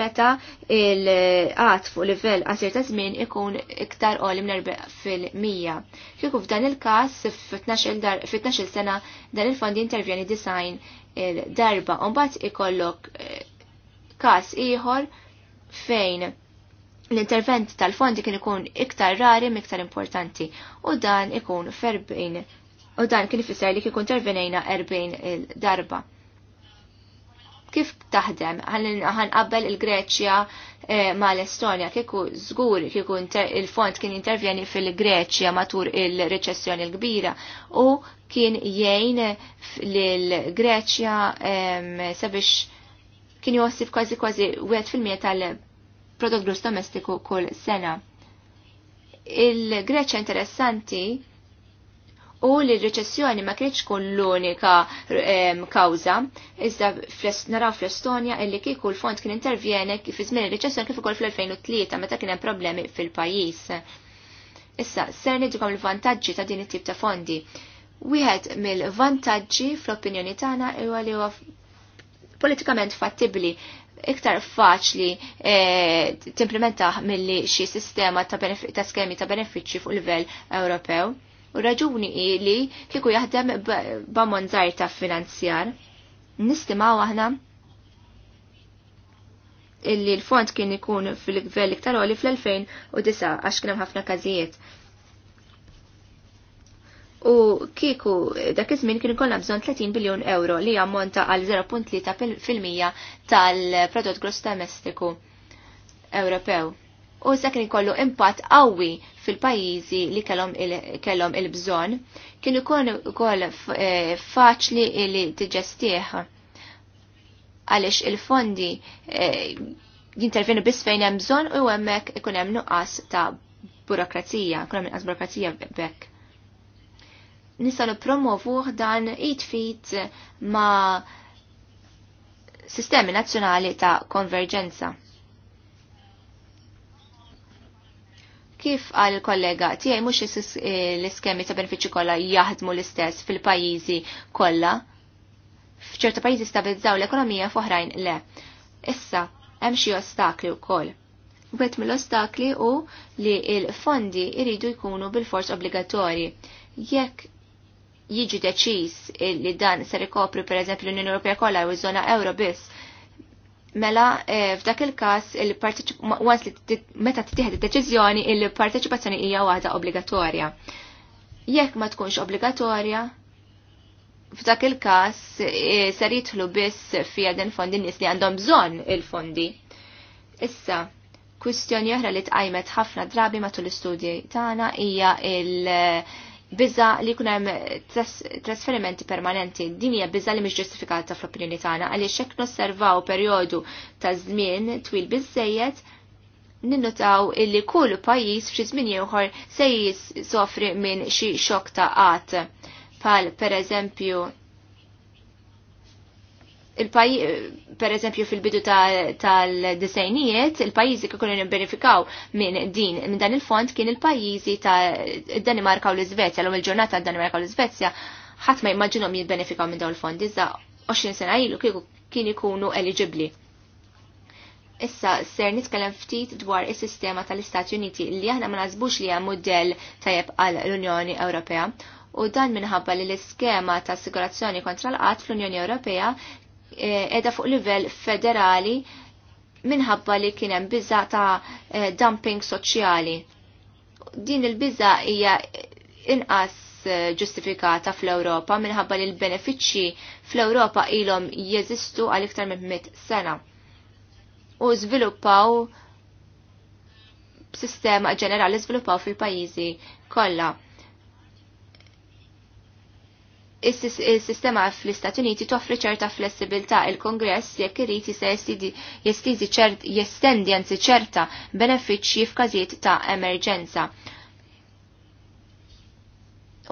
meta il-qat fuq livell għasir ta' żmien ikun iktar qoli minn fil-mija. Kieku f'dan il-każ fit-12 sena dan il fondi intervjeni design il-darba u mbagħad ikollok eh, każ ieħor fejn l-intervent tal-fondi kien ikun iktar rari miktar importanti u dan ikun ferbin u dan kien ifisser li kien intervenejna 40 darba. Kif taħdem? qabbel il-Greċja eh, ma l-Estonja, kieku zgur kieku il-fond kien intervjeni fil-Greċja matur il-reċessjoni l-kbira u kien jgħin l-Greċja sabiex kien jwassif kważi kważi fil-miet tal-prodott gross domestiku kull sena. Il-Greċja interessanti u li r-reċessjoni ma kienx kun l-unika kawza. Iżda naraw fl-Estonja illi kieku l-fond kien intervjene kif żmien ir-reċessjoni kif ukoll fl-2003 meta kien hemm problemi fil-pajjiż. Issa, ser nidikom l-vantaġġi ta' din it-tip ta' fondi. Wieħed mill-vantaġġi fl-opinjoni tagħna huwa li huwa politikament fattibli iktar faċli e, mill milli xi sistema ta' skemi ta' benefiċċji fuq livell Ewropew U raġuni li kieku jaħdem b'ammont żgħar ta' finanzjar. Nistimaw aħna illi l-fond kien ikun fil-gvell iktar oli fl-2009 għax kien hemm ħafna każijiet. U kiku dak iż-żmien kien ikollna bżonn 30 biljun euro li jammonta għal 0.3% tal-prodott gross domestiku Ewropew. U se kien ikollu impatt qawwi fil-pajjiżi li kellhom il-bżonn kien ikun ukoll eh, faċli li tiġestieħ għaliex il-fondi eh, jintervenu biss fejn hemm bżonn u hemmhekk ikun hemm nuqqas ta' burokrazija, ikun hemm nuqqas burokrazija bekk. Nistgħu nippromovuh dan jitfit ma' sistemi nazzjonali ta' konverġenza. Kif għal kollega tiegħi mhux eh, l-iskemi ta' benefiċċju kollha jaħdmu l-istess fil-pajjiżi kollha. F'ċerta pajjiżi stabilizzaw l-ekonomija f'oħrajn le. Issa hemm xi ostakli wkoll. Wet mill-ostakli u li l-fondi iridu jkunu bil-fors obbligatorji. Jekk jiġi deċiż li dan ser ikopri pereżempju l-Unjoni Ewropea kollha u ż-żona euro biss, Mela, eh, f'dak il-kas, meta tittieħed id-deċiżjoni, il-parteċipazzjoni hija waħda obbligatorja. Jekk ma tkunx obbligatorja, f'dak il-kas eh, ser jidħlu biss fija din fondi nies li għandhom bżonn il-fondi. Issa, kwistjoni oħra li tqajmet ħafna drabi matul l-istudji tagħna hija il- Biza' li kun hemm trasferimenti permanenti. Din hija biża li mhix ġustifikata fl-opinjoni tagħna għaliex xek nosservaw perjodu ta' żmien twil biżejjed ninnotaw illi kull pajjiż f'xi żmien ieħor se jisofri minn xi xokk ta' qatt pal pereżempju il per eżempju fil-bidu tal-disajnijiet, ta il-pajizi kienu nibbenifikaw minn din, minn dan il-fond kien il-pajizi ta' Danimarka u l-Svezja, l-om il-ġurnata Danimarka u l-Svezja, ħat ma jimmaġinom jibbenifikaw minn dawn il fond iżda 20 sena ilu kien ikunu eligibli. Issa, ser nitkellem ftit dwar is-sistema tal-Istati Uniti li aħna ma nazbux li hemm mudell tajjeb għal l-Unjoni Ewropea u dan minħabba li l-iskema ta' assigurazzjoni kontra l-qatt fl-Unjoni Ewropea Eh, edha fuq livell federali minħabba li kienem bizza ta' eh, dumping soċjali. Din il-bizza hija inqas eh, ġustifikata fl-Ewropa minħabba li l-benefiċċji fl-Ewropa ilhom jeżistu għal iktar minn mit sena u żviluppaw sistema ġenerali żviluppaw fil-pajjiżi kollha. Is-sistema fl-Istati Uniti toffri ċerta flessibilità il-Kongress jekk irid jista' jestiżi ċert jestendi anzi ċerta benefiċċji f'każijiet ta' emerġenza.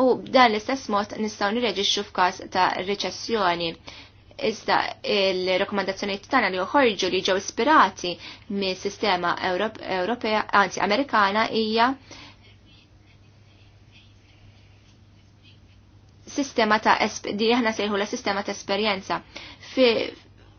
U b'dan l-istess mod nistgħu nirreġixxu f'każ ta' riċessjoni iżda il-rekomendazzjoniet tagħna li joħorġu li ġew ispirati mis-sistema Ewropea, anzi Amerikana hija sistema ta' di aħna sejħu la sistema ta' esperjenza.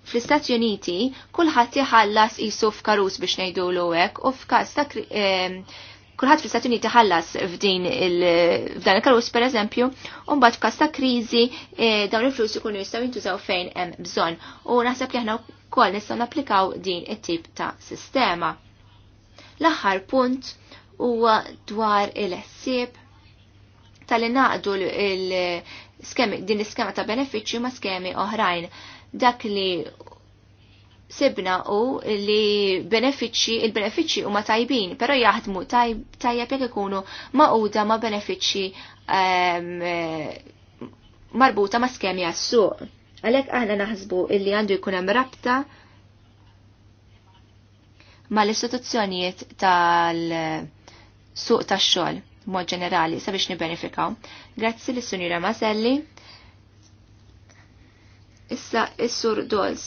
Fl-Istati Uniti kulħadd iħallas isu f'karus biex ngħidulu hekk u f'każ ta' kulħadd fl-Istati Uniti ħallas f'din f'dan il-karus pereżempju, u mbagħad f'każ ta' kriżi e, dawn il-flus ikunu jistgħu jintużaw fejn hemm bżonn. U naħseb li aħna wkoll nistgħu napplikaw din it-tip ta' sistema. L-aħħar punt huwa dwar il-ħsieb tal-li naqdu din l-iskema ta' beneficju ma' skemi oħrajn. Dak li sibna u li benefiċi, il-benefiċi u ma tajbin, pero jaħdmu tajjeb jek ikunu uda ma benefiċi ehm, marbuta ma skemi għas-suq. Għalek aħna naħsbu illi għandu jkun hemm rabta ma l-istituzzjonijiet tal-suq tax-xogħol mod ġenerali sabiex nibenefikaw. Grazzi lis sunira Maselli. Issa is-sur Dolz.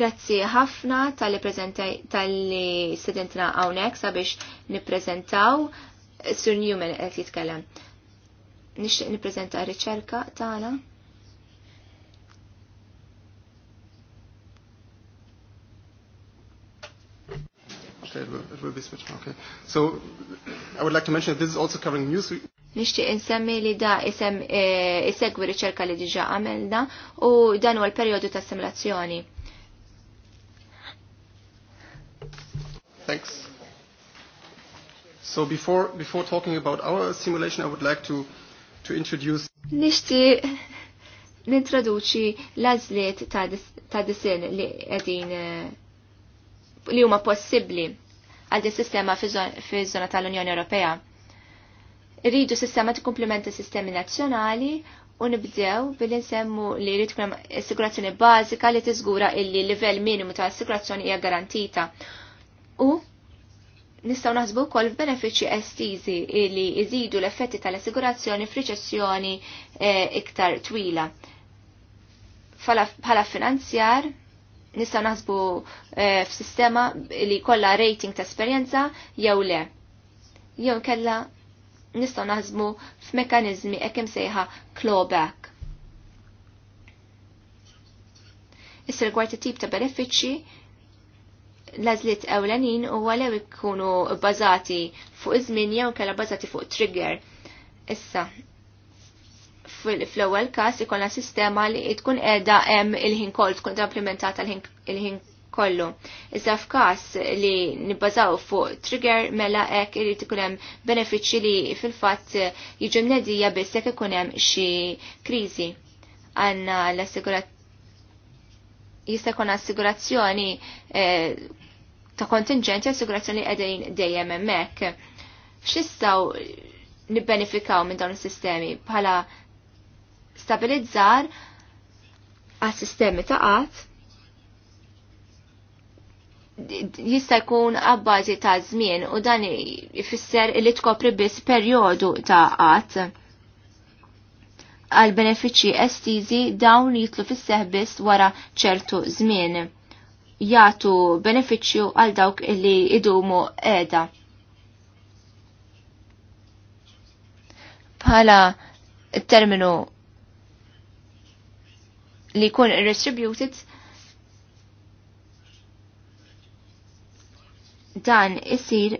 Grazzi ħafna tal-li tal-li sedentna għawnek sabiex niprezentaw eh, sur Newman qed jitkellem. Nixtieq nippreżenta r-riċerka tagħna.
Okay, it will, it will be switched. Okay. So I would like to mention that this is also covering news.
Nishtiq insemmi li da isem eh, isegwi riċerka li diġa għamilna u dan huwa l-perjodu ta' simulazzjoni.
Thanks. So before before talking about our simulation I would like to to introduce
Nishti nintroduċi lazlet ta' disin li qegħdin eh, li huma possibbli għal din sistema fi żona tal-Unjoni Ewropea. Rridu sistema tikkumplimenta sistemi nazzjonali u nibdew billi nsemmu li jrid tkun assigurazzjoni bażika li tiżgura illi livell minimu ta' assigurazzjoni hija garantita. U nistgħu naħsbu wkoll benefiċċji estiżi li jżidu l-effetti tal-assigurazzjoni f'riċessjoni eh, iktar twila. Bħala finanzjar, nista' naħsbu f eh, f'sistema li kolla rating ta' esperjenza jew le. Jew kella nistgħu naħsbu f-mekanizmi ekkim sejħa clawback. Issa rigward tip ta' benefiċċji l ewlenin huwa lew ikunu bbażati fuq iż jew kellha bazati fuq trigger. Issa, fl-ewwel każ ikollna sistema li tkun qiegħda hemm il-ħin kollu tkun implementata il-ħin kollu. Iżda f'każ li nibbażaw fuq trigger mela hekk irid ikun hemm benefiċċji li fil-fatt jiġu mnedija biss jekk ikun hemm xi kriżi. Għandna l assigurazzjoni jista' jkun assigurazzjoni eh, ta' kontingenti assigurazzjoni qegħdin dejjem hemmhekk. X'istgħu nibbenefikaw minn dawn is-sistemi bħala stabilizzar għas sistemi ta' qatt jista' jkun abbażi ta' żmien u dan ifisser li tkopri biss perjodu ta' qatt għal benefiċċji estiżi dawn jitlu fis seħħ biss wara ċertu żmien jagħtu benefiċċju għal dawk li idumu qiegħda. Bħala terminu li jkun redistributed dan isir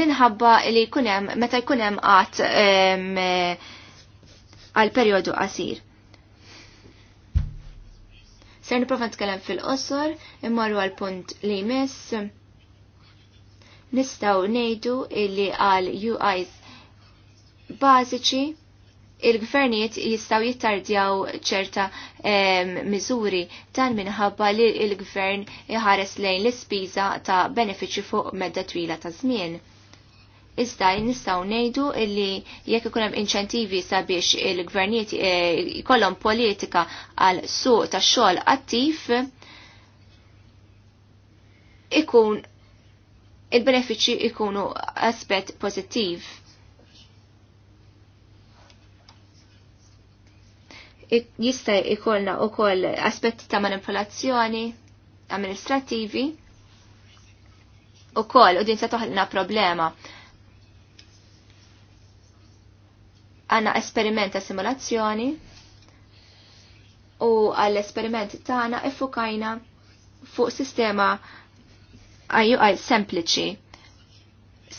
minħabba li hemm meta jkunem għat għal periodu qasir. Ser niprofa nitkellem fil-qosor, immorru għal punt li jmiss. Nistaw nejdu illi għal UIs bażiċi il-gvernijiet jistaw jittardjaw ċerta miżuri dan minħabba li il-gvern iħares lejn l-ispiża ta' benefiċi fuq medda twila ta' żmien. Iżda nistaw nejdu illi jekk ikun hemm inċentivi sabiex il-gvernijiet e, jkollhom politika għal suq ta' xogħol attiv ikun il-benefiċi ikunu aspett pożittiv jista' jkollna wkoll aspetti ta' manipolazzjoni amministrativi ukoll u din se toħlna problema. Għanna esperiment ta' simulazzjoni u għall esperimenti tagħna effukajna fuq sistema IUI sempliċi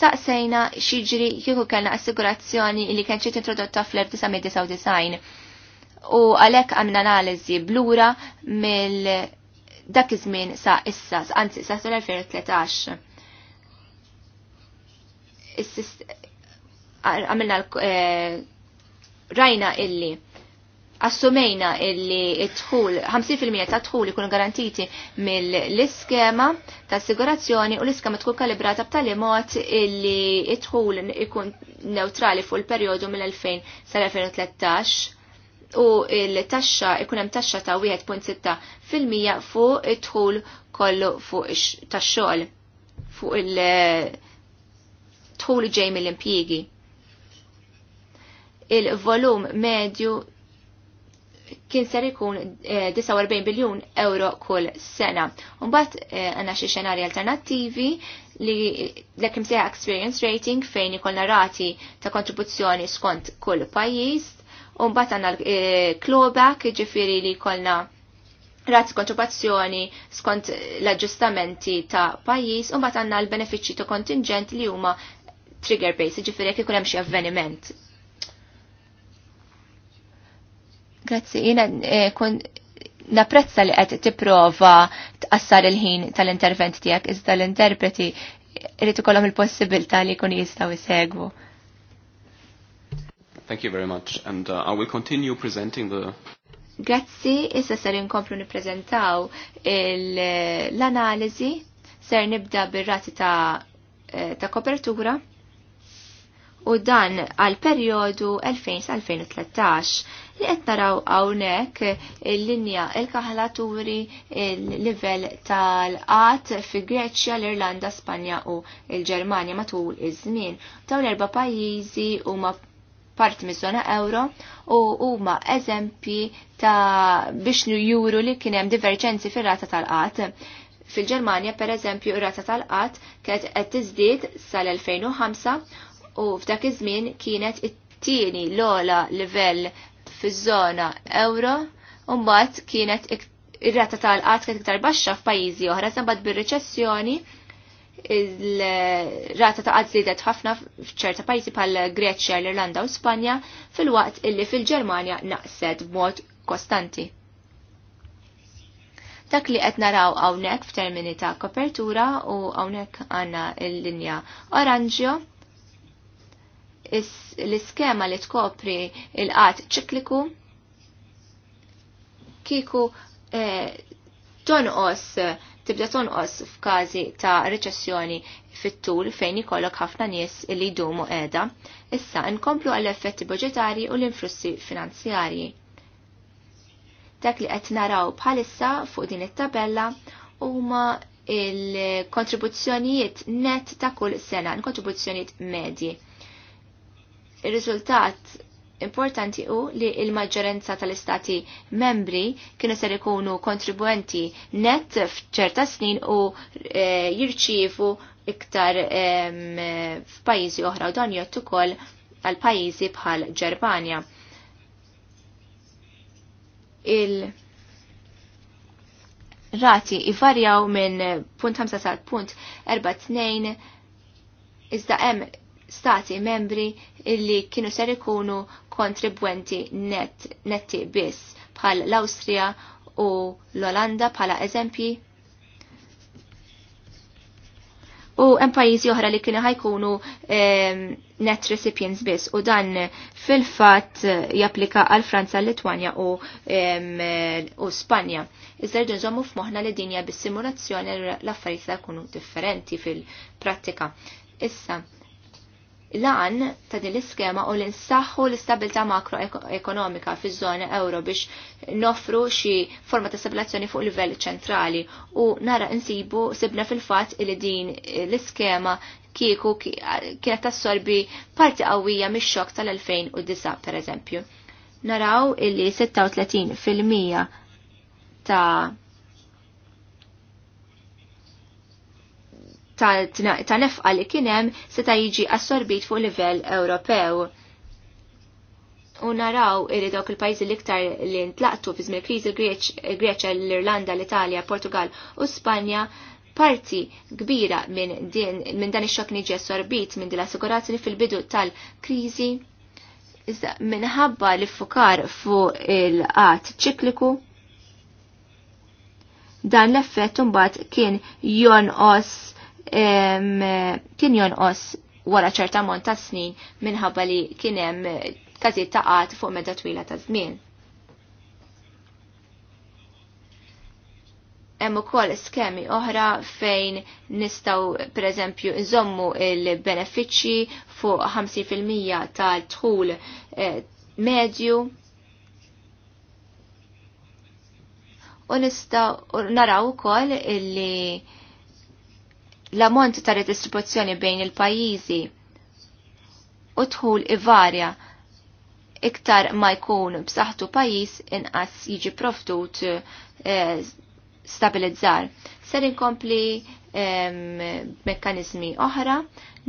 saqsejna xiġri kieku kellna assigurazzjoni li kien ċiet introdotta fl-1999 u għalek għamna analizi blura mill dak iż-żmien sa issa, anzi sa 2013 Għamilna eh, rajna illi assumejna illi tħul 50% ta' tħul ikunu garantiti mill-iskema ta' assigurazzjoni u l-iskema tkun kalibrata b'tali mod illi tħul ikun neutrali fuq il-perjodu mill-2000 sal-2013 u il-taxxa ikun hemm taxxa ta' 1.6 fil-mija fuq id-dħul kollu fuq tax-xogħol fuq il-dħul eh, ġej mill-impjiegi. Il-volum medju kien ser ikun 49 eh, biljun euro kull sena. Mbagħad eh, għanna xi xenari alternattivi li l-ekim seħa experience rating fejn ikollna rati ta' kontribuzzjoni skont kull pajjiż u mbagħad għandna l eh, kloba jiġifieri li jkollna razz kontribuzzjoni skont l-aġġustamenti ta' pajjiż u mbagħad għandna l-benefiċċji ta' kontingent li huma trigger base, ġifieri jekk ikun hemm xi avveniment. Grazzi, jina eh, kon napprezza li qed tipprova tqassar il-ħin tal-intervent tiegħek iżda l-interpreti irid ikollhom il-possibilità li jkunu jistgħu jsegwu.
Thank you very much, and uh, I will continue presenting the...
Grazzi, issa ser inkomplu niprezentaw eh, l-analizi, ser nibda bir-rati ta', eh, ta kopertura u dan għal periodu 2000-2013 li qed naraw hawnhekk il-linja il-kaħlaturi il-livell tal-qat fi Greċja, l-Irlanda, Spanja u l-Ġermanja matul iż-żmien. Dawn erba' pajjiżi huma part mizzona żona euro u huma eżempji ta' biex juru li kien hemm diverġenzi fir-rata tal-qatt. Fil-Ġermanja, per eżempju, ir-rata tal-qatt kienet qed tiżdied sal-2005 u f'dak iż-żmien kienet it-tieni l-ola livell fiż-żona euro u mbagħad kienet ir-rata tal-qatt kienet iktar baxxa f'pajjiżi oħra, sa bir-reċessjoni il-rata ta' qatt żiedet ħafna f'ċerta pajjiżi pal Greċja, l-Irlanda u Spanja fil-waqt illi fil-Ġermanja naqset b'mod kostanti. Dak li qed naraw hawnhekk f'termini ta' kopertura u hawnhekk għandna l-linja oranġjo l-iskema li tkopri il-qat ċikliku kiku eh, tonqos eh, tibda tonqos f'każi ta' riċessjoni fit-tul fejn ikollok ħafna nies li jdumu qiegħda. Issa nkomplu għall effetti budġetarji u l-influssi finanzjarji. Dak li qed naraw bħalissa fuq din it-tabella huma il-kontribuzzjonijiet net ta' kull sena, il-kontribuzzjonijiet medji. Il-riżultat Importanti u li il-maġġorenza tal-istati membri kienu ser ikunu kontribuenti net f'ċerta snin u e, jirċievu iktar e, f'pajjiżi oħra u dan jgħid ukoll għal pajjiżi bħal Ġermanja. Il rati ivarjaw minn punt 5 sa punt 4 iżda hemm stati membri illi kienu ser ikunu kontribwenti net, netti biss bħal l-Austria u l-Olanda bħala eżempji. U hemm pajjiżi oħra li kienu ħajkunu eh, net recipients biss u dan fil-fatt japplika għal Franza, Litwanja u, eh, u Spanja. Iżda rridu nżommu f'moħħna li dinja bis-simulazzjoni l-affarijiet jkunu differenti fil-prattika. Issa, Lan ta' din l-iskema u l insaxħu l-istabilta makroekonomika fi żona euro biex nofru xi forma ta' stabilazzjoni fuq livell ċentrali u nara insibu sibna fil-fatt li din l-iskema kieku kienet tassorbi parti qawwija mix-xokk tal-2009 pereżempju. Naraw illi 36% ta' ta' nefqa li kienem seta' jiġi assorbit fuq livell Ewropew. U naraw irri dawk il-pajzi l-iktar li ntlaqtu fi żmien kriżi Greċa, l-Irlanda, l-Italja, Portugal u Spanja parti kbira minn dan ix-xokk niġi assorbit minn din l-assigurazzjoni fil-bidu tal-kriżi minħabba li fukar fuq il-qat ċikliku, dan l-effett mbagħad kien jonqos kien jonqos wara ċerta mont ta' snin minħabba li kien hemm każijiet ta' qatt fuq medda twila ta' żmien. Hemm ukoll skemi oħra fejn nistgħu pereżempju nżommu il-benefiċċji fuq 50% tal-dħul eh, medju u nistgħu naraw ukoll illi l-ammont ta' redistribuzzjoni bejn il-pajjiżi u tħul ivarja iktar ma jkun b'saħħtu pajjiż inqas jiġi profdut eh, stabilizzar. Ser inkompli ehm, mekkanizmi oħra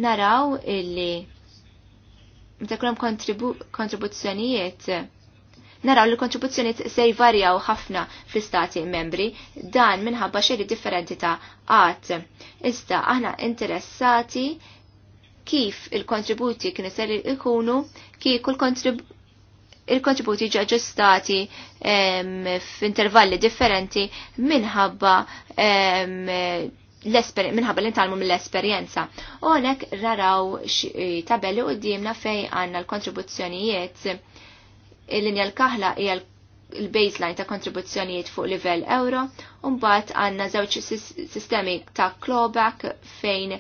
naraw illi meta kontribuzzjonijiet naraw li kontribuzzjoni se jvarjaw ħafna fl-istati membri dan minħabba xeri differenti ta' għat. Iżda aħna interessati kif il-kontributi kienu ser ikunu kif il-kontributi ġa ġustati f'intervalli differenti minħabba minħabba li ntalmu mill-esperjenza. għonek raraw tabelli u d-dimna fej għanna l-kontribuzzjonijiet il-linja l-kaħla hija l-baseline ta' kontribuzzjonijiet fuq livell euro, mbagħad għandna żewġ sistemi ta' clawback fejn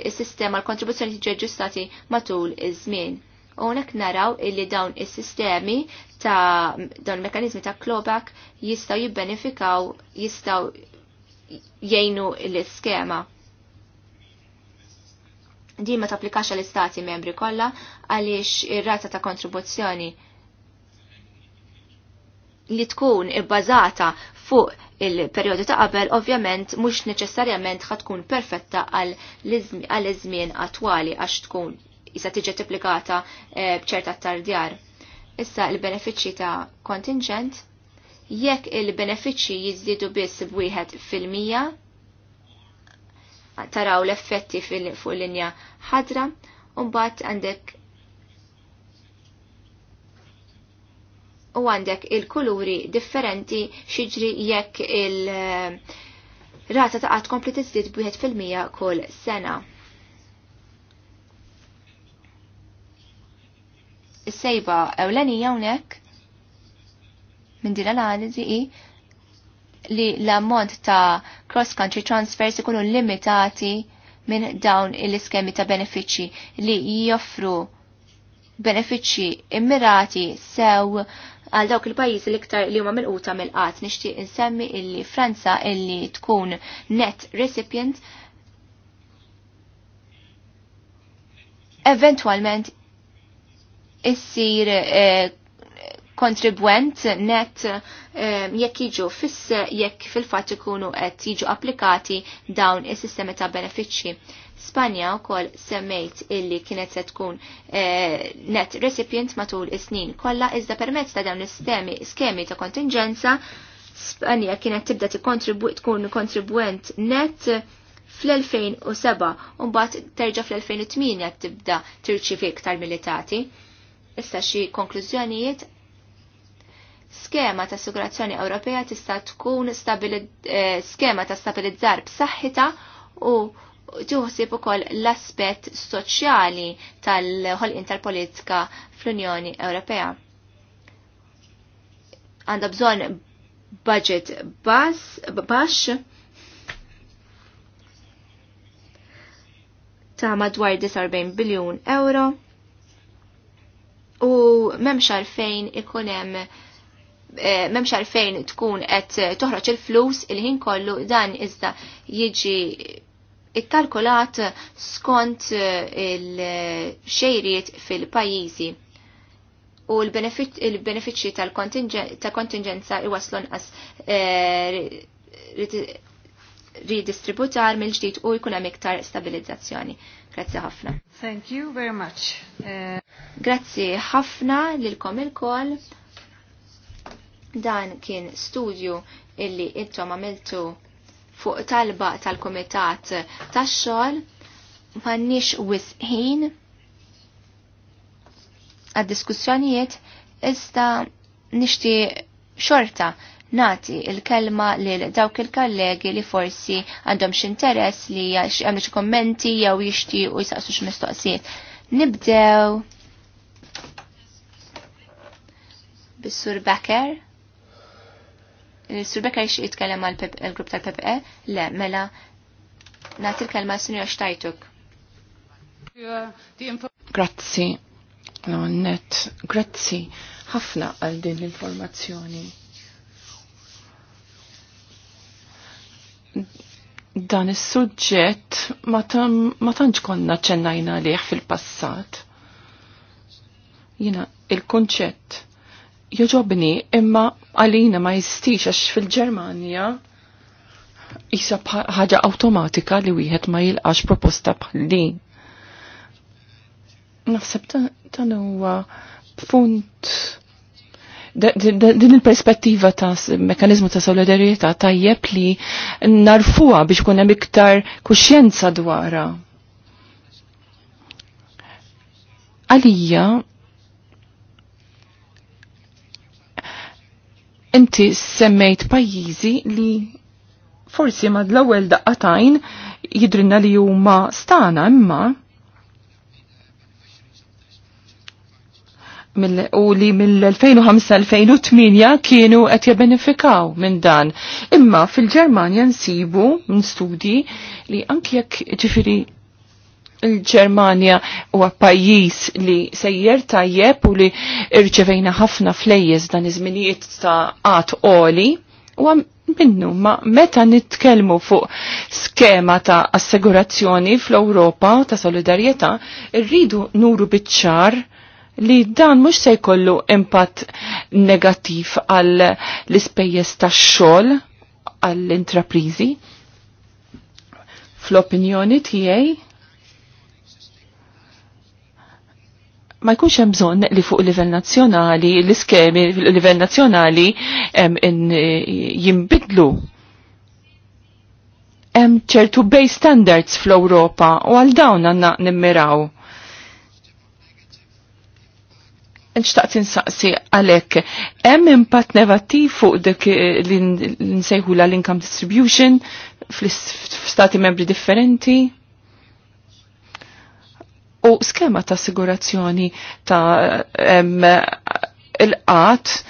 is-sistema l-kontribuzzjoni tiġi ġustati matul iż-żmien. Unek naraw illi dawn is-sistemi ta' dawn il mekanizmi ta' clawback jistaw jibbenefikaw, jistaw jgħinu l-iskema. Din ma tapplikax għall istati membri kollha għaliex ir-rata ta' kontribuzzjoni li tkun ibbażata fuq il-perjodu ta' qabel ovvjament mhux neċessarjament ħad tkun perfetta għall iżmien attwali għax tkun issa tiġi tipplikata eh, bċerta tardjar. Issa il-benefiċċji ta' kontingent jekk il-benefiċċji jiżdiedu biss b'wieħed fil-mija taraw l-effetti fuq linja ħadra, u mbagħad għandek u għandek il-kuluri differenti xiġri jekk il-rata ta' għad kompli tizdid bwieħed fil-mija kull sena. Is-sejba ewlenija hawnhekk minn din l-analiżi hi li l-ammont ta' cross-country transfers ikunu limitati minn dawn l-iskemi ta' benefiċċji li joffru benefiċċji immirati sew għal dawk il-pajjiżi l-iktar li huma milquta mill-qatt nixtieq insemmi illi Franza illi tkun net recipient eventwalment issir eh, kontribwent net eh, jekk jiġu fis jekk fil-fatt ikunu qed jiġu applikati dawn is-sistemi ta' benefiċċji. Spanja wkoll semmejt illi kienet se tkun eh, net recipient matul is-snin kollha iżda permezz ta' dawn is-sistemi skemi ta' kontingenza Spanja kienet tibda tkun kontribwent net fl-2007 u mbagħad terġa' fl-2008 tibda tirċivi iktar militati. Issa xi konklużjonijiet skema ta' assigurazzjoni Ewropea tista' tkun eh, skema ta' stabilizzar b'saħħita u tuħsib ukoll l-aspett soċjali tal-ħolqien tal-politika fl-Unjoni Ewropea. Għandha bżonn budget baxx ta' madwar 49 biljun euro u memx għalfejn ikun hemm Eh, memx għalfejn tkun qed eh, toħroġ il-flus il-ħin kollu dan iżda jiġi ikkalkulat skont eh, il-xejriet fil-pajjiżi u l-benefiċċji tal-kontingenza iwaslon għas ridistributar mill-ġdid u jkun hemm iktar stabilizzazzjoni. Grazzi ħafna.
Thank you very much.
Grazzi ħafna lilkom il-koll. Dan kien studju illi intom għamiltu fuq talba tal-komitat tax-xogħol m'għandniex wisħin għad-diskussjonijiet iżda nixtieq xorta nati il-kelma lil dawk il-kollegi li forsi għandhom x'interess li għamlu xi kommenti jew jixtiequ jsaqsu xi mistoqsijiet. Nibdew bis-Sur Becker. Sur jiex jitkellem għal-grupp e, tal-PPE? Le, mela, nagħti l-kelma s sinja Xtajtuk.
Grazzi,
net, grazzi ħafna għal din l-informazzjoni. Dan is-suġġett ma tantx konna ċennajna liħ fil-passat. Jina, il-konċett joġobni imma għalina ma jistix għax fil-Ġermanja jisa ħaġa automatika li wieħed ma jilqax proposta bħal din. Naħseb dan huwa punt din il-perspettiva ta' mekanizmu ta' solidarieta tajjeb li narfuha biex kun hemm iktar kuxjenza dwarha. Għalija Inti semmejt pajjiżi li forsi ma l-ewwel daqatajn jidrinna li huma stana imma u li mill-2005-2008 kienu qed jibbenefikaw minn dan. Imma fil-Ġermanja nsibu minn studji li anki jekk ġifiri il ġermania huwa pajjiż li sejjer tajjeb u li irċevejna ħafna flejjes dan iż-żminijiet ta' għat oli u minnu ma meta nitkellmu fuq skema ta' assigurazzjoni fl-Ewropa ta' solidarjetà irridu nuru biċ-ċar li dan mhux se jkollu impatt negattiv għal l-ispejjeż tax-xogħol għall-intraprizi. Fl-opinjoni tiegħi ma jkunx hemm bżonn li fuq livell nazzjonali l-iskemi fuq livell nazzjonali jinbidlu. Hemm ċertu base standards fl-Ewropa u għal dawn għandna nimmiraw. Nxtaqt insaqsi għalek, hemm impatt negattiv fuq dik li nsejħu l-income distribution fl-stati membri differenti? u skema ta' assigurazzjoni ta' il-qat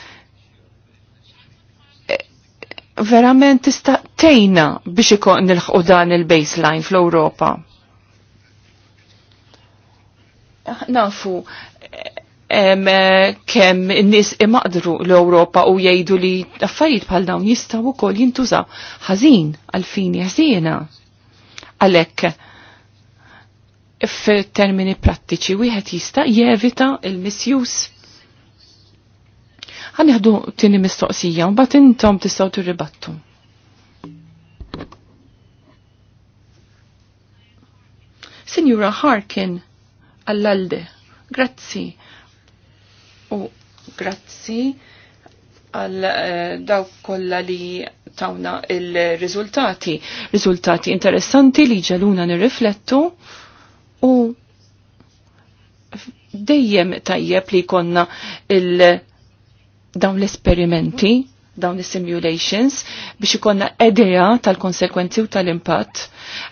verament tista' tejna biex ikon nilħqu dan il-baseline fl-Ewropa. Nafu, kemm n-nis imaqdru l-Ewropa u jgħidu li affarijiet bħal dawn jistgħu wkoll jintuża ħażin għal fini ħsiena. Għalhekk f'termini prattiċi wieħed jista' jevita il-misjus. Ħanieħdu tieni mistoqsija u mbagħad intom tistgħu tirribattu. Sinjura Harkin għall-alde, grazzi u grazzi għal eh, daw kolla li tawna il-rizultati. Rizultati interessanti li ġaluna nirriflettu U dejjem tajjeb li konna il- dawn l-esperimenti, dawn l-simulations, biex ikonna edeja tal-konsekwenzi u tal-impatt.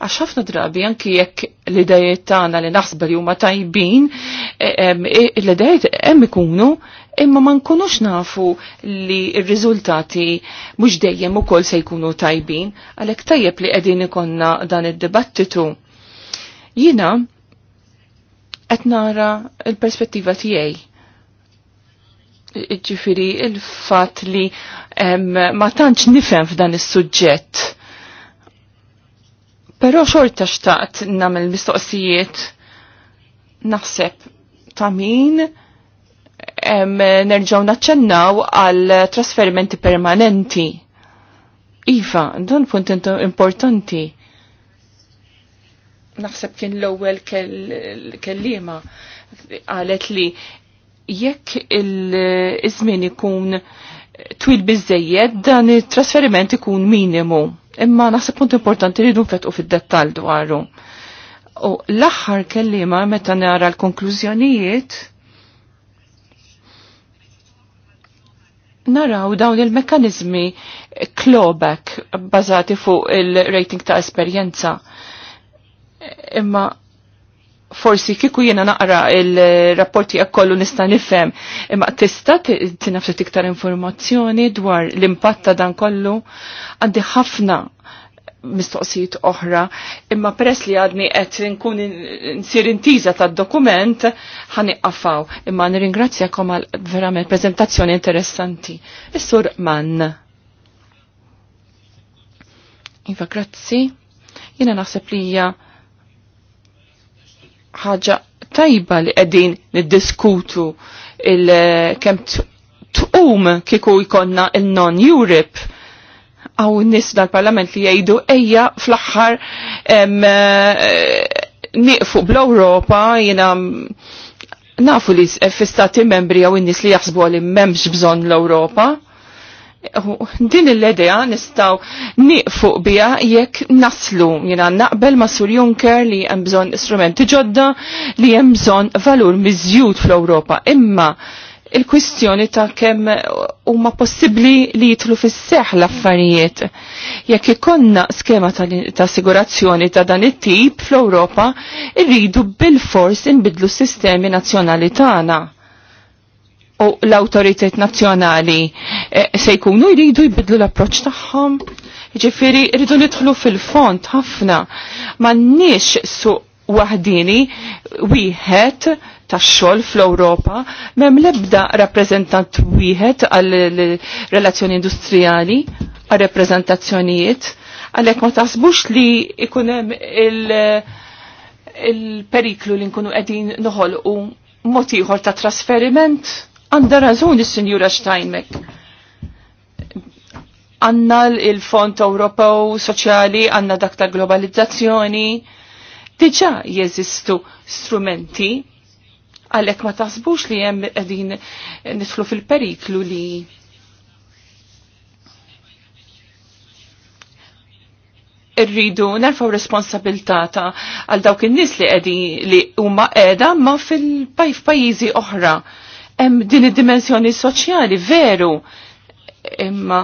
Għax ħafna drabi anki jekk l-idejiet tagħna li naħsbu li huma tajbin, e, e, l-idejiet hemm ikunu, imma ma nkunux nafu li r-riżultati mhux dejjem ukoll se jkunu tajbin, għalhekk tajjeb li qegħdin ikonna dan id-dibattitu. Jina, qed nara l-perspettiva tiegħi ġifiri il-fat li ma tantx nifem f'dan is-suġġett. Però xorta xtaqt nagħmel mistoqsijiet naħseb ta' min nerġgħu naċċennaw għal trasferimenti permanenti. Iva, dan punt importanti naħseb kien l-ewwel kellima qalet li jekk il-żmien ikun twil biżejjed dan it-trasferiment ikun minimu. Imma naħseb punt importanti rridu nfetqu fid-dettall dwaru. U l-aħħar kellima meta nara l-konklużjonijiet naraw dawn il-mekanizmi clawback bazati fuq il-rating ta' esperjenza Imma forsi kiku jiena naqra il-rapporti kollu nista' nifhem, imma tista' tinafset iktar informazzjoni dwar l-impatt ta' dan kollu għandi ħafna mistoqsijiet oħra, imma peress li għadni qed nkun nsir intiża tad-dokument għafaw, imma nirringrazzjakom għal verament prezentazzjoni interessanti. Is-sur Mann. Iva, grazzi. Jiena naħseb li hija ħaġa tajba li qegħdin niddiskutu il-kem tqum kieku jkollna il-non-Europe għaw nis dal-parlament li jgħidu ejja fl-axħar eh, niqfu bl-Europa jina nafu li f-istati membri għaw nis li jaxsbu għalim memx bżon l-Europa din l-idea nistaw niqfuq bija jekk naslu jina naqbel ma' Sur Juncker li hemm bżonn istrumenti ġodda li hemm bżonn valur miżjud fl-Ewropa. Imma il-kwistjoni ta' kemm huma possibbli li jitlu fis-seħ l-affarijiet. Jekk ikonna skema ta', assigurazzjoni ta' dan it-tip fl-Ewropa, irridu bil-fors inbidlu s-sistemi nazzjonali tagħna u l-autoritet nazjonali e, se jkunu jridu jibidlu l-approċ tagħhom. Ġifiri, rridu nidħlu fil-font ħafna. Ma nix su wahdini wieħed tax-xogħol fl-Ewropa m'hemm l-ebda wieħed għal relazzjoni industrijali għal rappreżentazzjonijiet għalhekk ma tasbux li ikun hemm il-periklu il li nkunu qegħdin noħolqu mod ieħor ta' trasferiment Għanda razun il sinjura Steinmeck. Għanna il-Fond Ewropew Soċjali, għanna dak ta' globalizzazzjoni. Diġà jeżistu strumenti għalek ma taħsbux li jem edin nitflu fil-periklu li irridu nerfaw responsabilta ta' għal dawk in-nies li qegħdin li huma qiegħda ma fil-pajjiżi oħra hemm din id-dimensjoni soċjali veru. Imma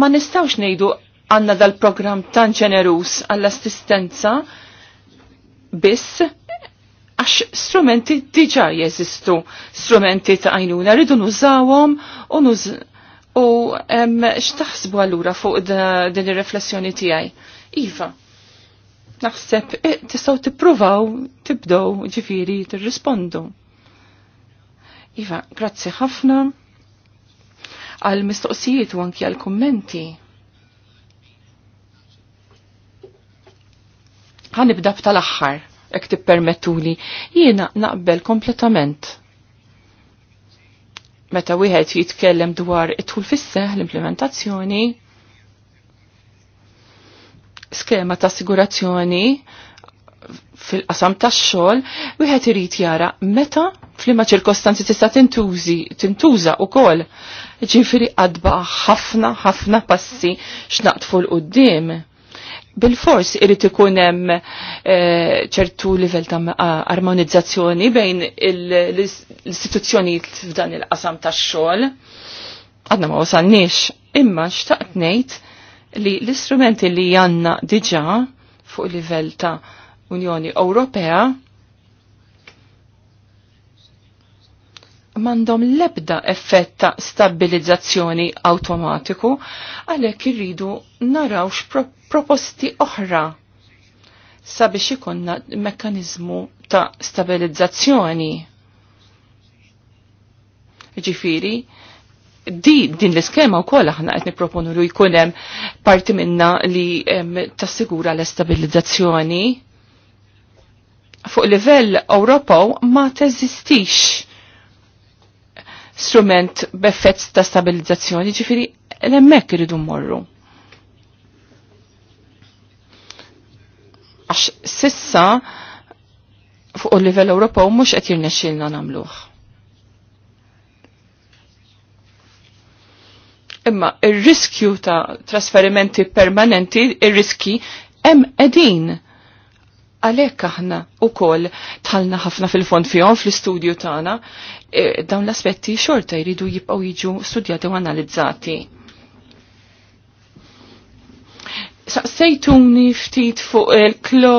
ma nistawx ngħidu għandna dal-programm tan ġenerus għall-assistenza biss għax strumenti diġa jeżistu, strumenti ta' għajnuna, rridu nużawhom u nuz. u x'taħsbu allura fuq din ir reflessjoni tiegħi. Iva, naħseb eh, t tippruvaw ġifiri, t tirrispondu. Iva, grazzi ħafna għal mistoqsijiet u anki għal kommenti. ibda b'tal aħħar ek tippermettuli, jiena naqbel kompletament. Meta wieħed jitkellem dwar it-tul fisseħ l-implementazzjoni, skema ta' assigurazzjoni fil-qasam tax-xogħol wieħed irid jara meta f'liema ċirkostanzi tista' tintużi tintuża wkoll. Ġifiri għadba ħafna ħafna passi x'naqtfu l qudiem Bil-fors irrit ikun hemm eh, ċertu livell ta' armonizzazzjoni bejn l-istituzzjonijiet f'dan il-qasam tax-xogħol. Għadna ma wasalniex, imma xtaqt ngħid li l-istrumenti li għandna diġà fuq livell ta' Unjoni Ewropea mandom lebda effett ta' stabilizzazzjoni automatiku għalhekk irridu naraw proposti oħra sabiex ikonna mekkanizmu ta' stabilizzazzjoni. Ġifiri, di din l-iskema u koll aħna qed nipproponu li jkun hemm parti minna li tassigura l-estabilizzazzjoni fuq livell Ewropew ma teżistix strument b'effett ta' stabilizzazzjoni, ġifiri l-emmek irridu morru. Għax sissa fuq livell Ewropew mhux qed jirnexxilna nagħmluh. Imma ir-riskju ta' trasferimenti permanenti, ir-riski hemm qegħdin għalek aħna u koll talna ħafna fil-fond fjom fil-studio tana, e, dawn l-aspetti xorta jridu jibqaw jiġu studjati u analizzati. Saqsejtuni ftit fuq il-klo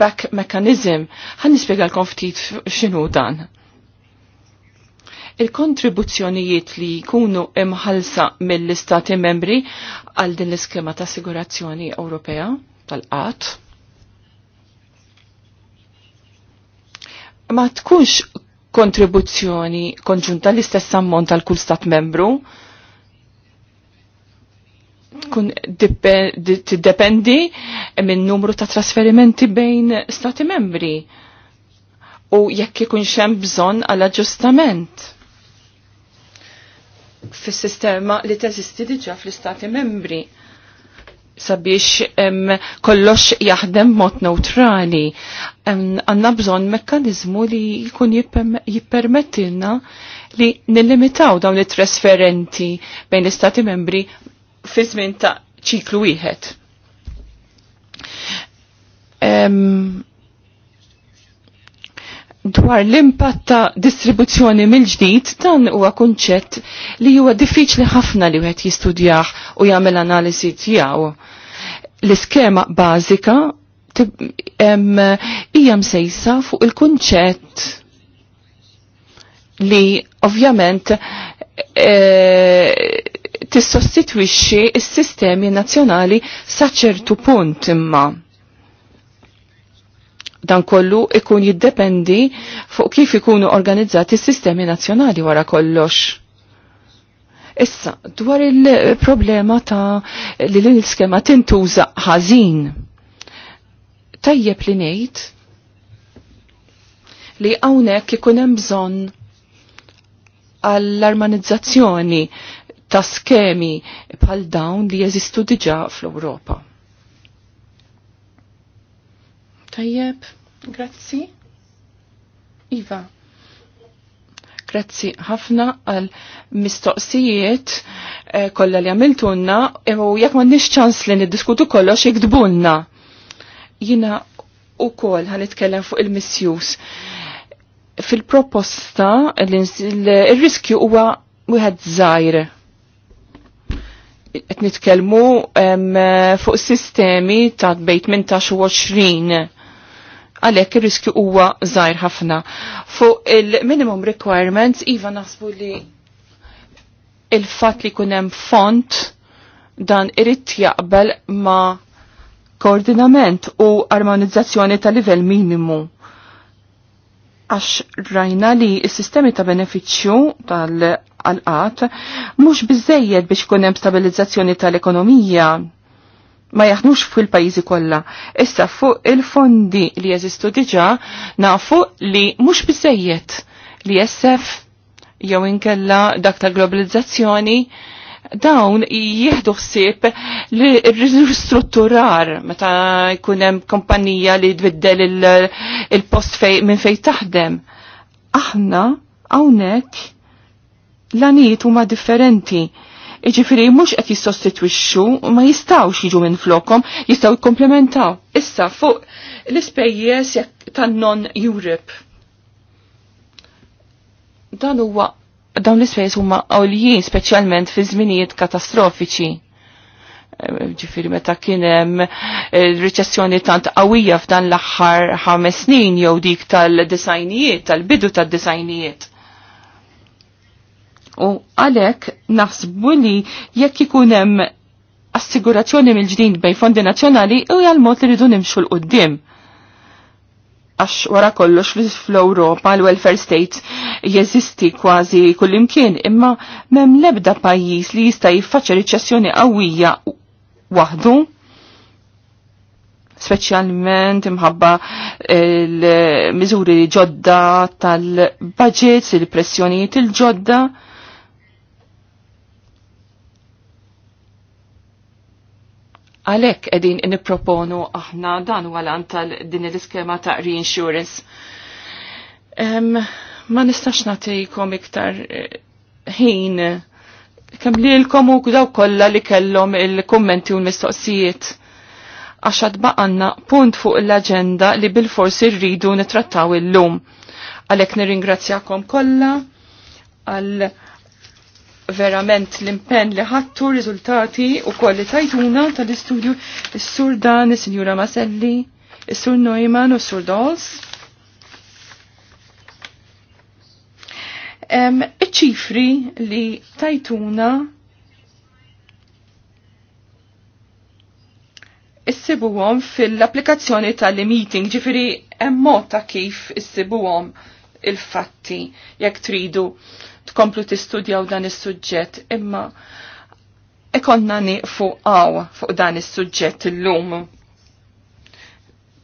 back mechanism, ħan nispiegalkom ftit xinu dan. Il-kontribuzzjonijiet li jkunu imħalsa mill-istati membri għal din l-iskema ta' assigurazzjoni Ewropea tal-qat, ma tkunx kontribuzzjoni konġunta l-istess ammont tal-kull stat membru, tkun tiddependi minn numru ta' trasferimenti bejn stati membri u jekk ikun xem bżon għal aġġustament fis-sistema li teżisti diġà fl-istati membri sabiex kollox jaħdem mod neutrali. Għanna bżon mekkanizmu li jkun jippermettilna li nillimitaw dawn it-trasferenti bejn l-istati membri fi żmien ta' ċiklu wieħed dwar l-impatt ta' distribuzzjoni mill-ġdid dan huwa kunċett li huwa diffiċli ħafna li wieħed jistudjah u jagħmel analisi tiegħu. L-iskema bażika hija msejsa fuq il-kunċett li ovvjament e, tissostitwixxi s-sistemi nazzjonali sa ċertu punt imma Dan kollu ikun jiddependi fuq kif ikunu organizzati s-sistemi nazzjonali wara kollox. Issa, dwar il-problema ta' li l-iskema tintuża ħażin. Tajjeb li ngħid li hawnhekk ikun hemm bżonn għall-armanizzazzjoni ta' skemi bħal dawn li jeżistu diġà fl-Ewropa. Tajjeb. Grazzi. Iva. Grazzi ħafna għal mistoqsijiet eh, kollha li għamiltunna u jekk ma ċans li niddiskutu kollox iktbunna. Jina u koll għan itkellem fuq il-misjus. Fil-proposta il-riskju huwa wieħed żgħir. Qed nitkellmu fuq sistemi ta' bejt minn ta' 20 għalhekk ir-riskju huwa zaħir ħafna. Fuq il-minimum requirements iva naħsbu li il-fatt li jkun hemm font dan irid jaqbel ma' koordinament u armonizzazzjoni ta' livell minimu għax rajna li s-sistemi ta' beneficju tal għalqat mux bizzejjed biex kunem stabilizzazzjoni tal-ekonomija ma jaħnux fil-pajizi kollha. Issa fuq il-fondi li jeżistu diġà nafu li mhux biżejjed li jessef jew inkella dak tal-globalizzazzjoni dawn jieħdu ħsieb li ristrutturar meta jkun hemm kompanija li tbiddel il-post il fej minn fej taħdem. Aħna hawnhekk l-anijiet huma differenti Iġifiri mux qed jissostitwixxu ma jistawx jiġu minn flokom, jistaw jikkomplementaw. Issa fuq l-ispejjeż tan-non Europe. Dan huwa dawn l-ispejjeż huma għoljin speċjalment fi żminijiet katastrofiċi ġifiri meta kien hemm eh, riċessjoni tant qawwija f'dan l-aħħar ħames snin jew dik tal-disajnijiet, tal-bidu tad-disajnijiet. U għalhekk naħsbu li jekk ikun hemm assigurazzjoni mill-ġdid bej fondi nazzjonali u għal-mod li rridu nimxu l-qoddim għax wara kollox fl-Europa l-welfare state jeżisti kważi kullimkien, imma mem lebda pajjiż li jista' jiffaċċja riċessjoni qawwija waħdu, speċjalment imħabba l-miżuri ġodda tal-budgets, il-pressjonijiet il-ġodda. il il ġodda Għalek edin niproponu aħna dan u għalan tal-din l-iskema ta' reinsurance. Um, ma nistax natikom iktar eh, ħin kem li l-kom u kolla li kellom il-kommenti u l-mistoqsijiet. Għaxad baqanna punt fuq l-agenda li bil-forsi rridu nitrattaw il-lum. Għalek nirringrazzjakom kolla għal verament l-impenn li ħattu riżultati u kolli tajtuna tal-istudju s-sur Dan, s-sinjura Maselli, s-sur Neumann u s-sur Dolls. Iċ-ċifri li tajtuna issibuhom fil-applikazzjoni tal-meeting, ġifiri hemm mod ta' kif issibuhom il-fatti jekk tridu tkomplu tistudjaw dan is-suġġett, imma ikonna niqfu għaw fuq dan is-suġġett illum.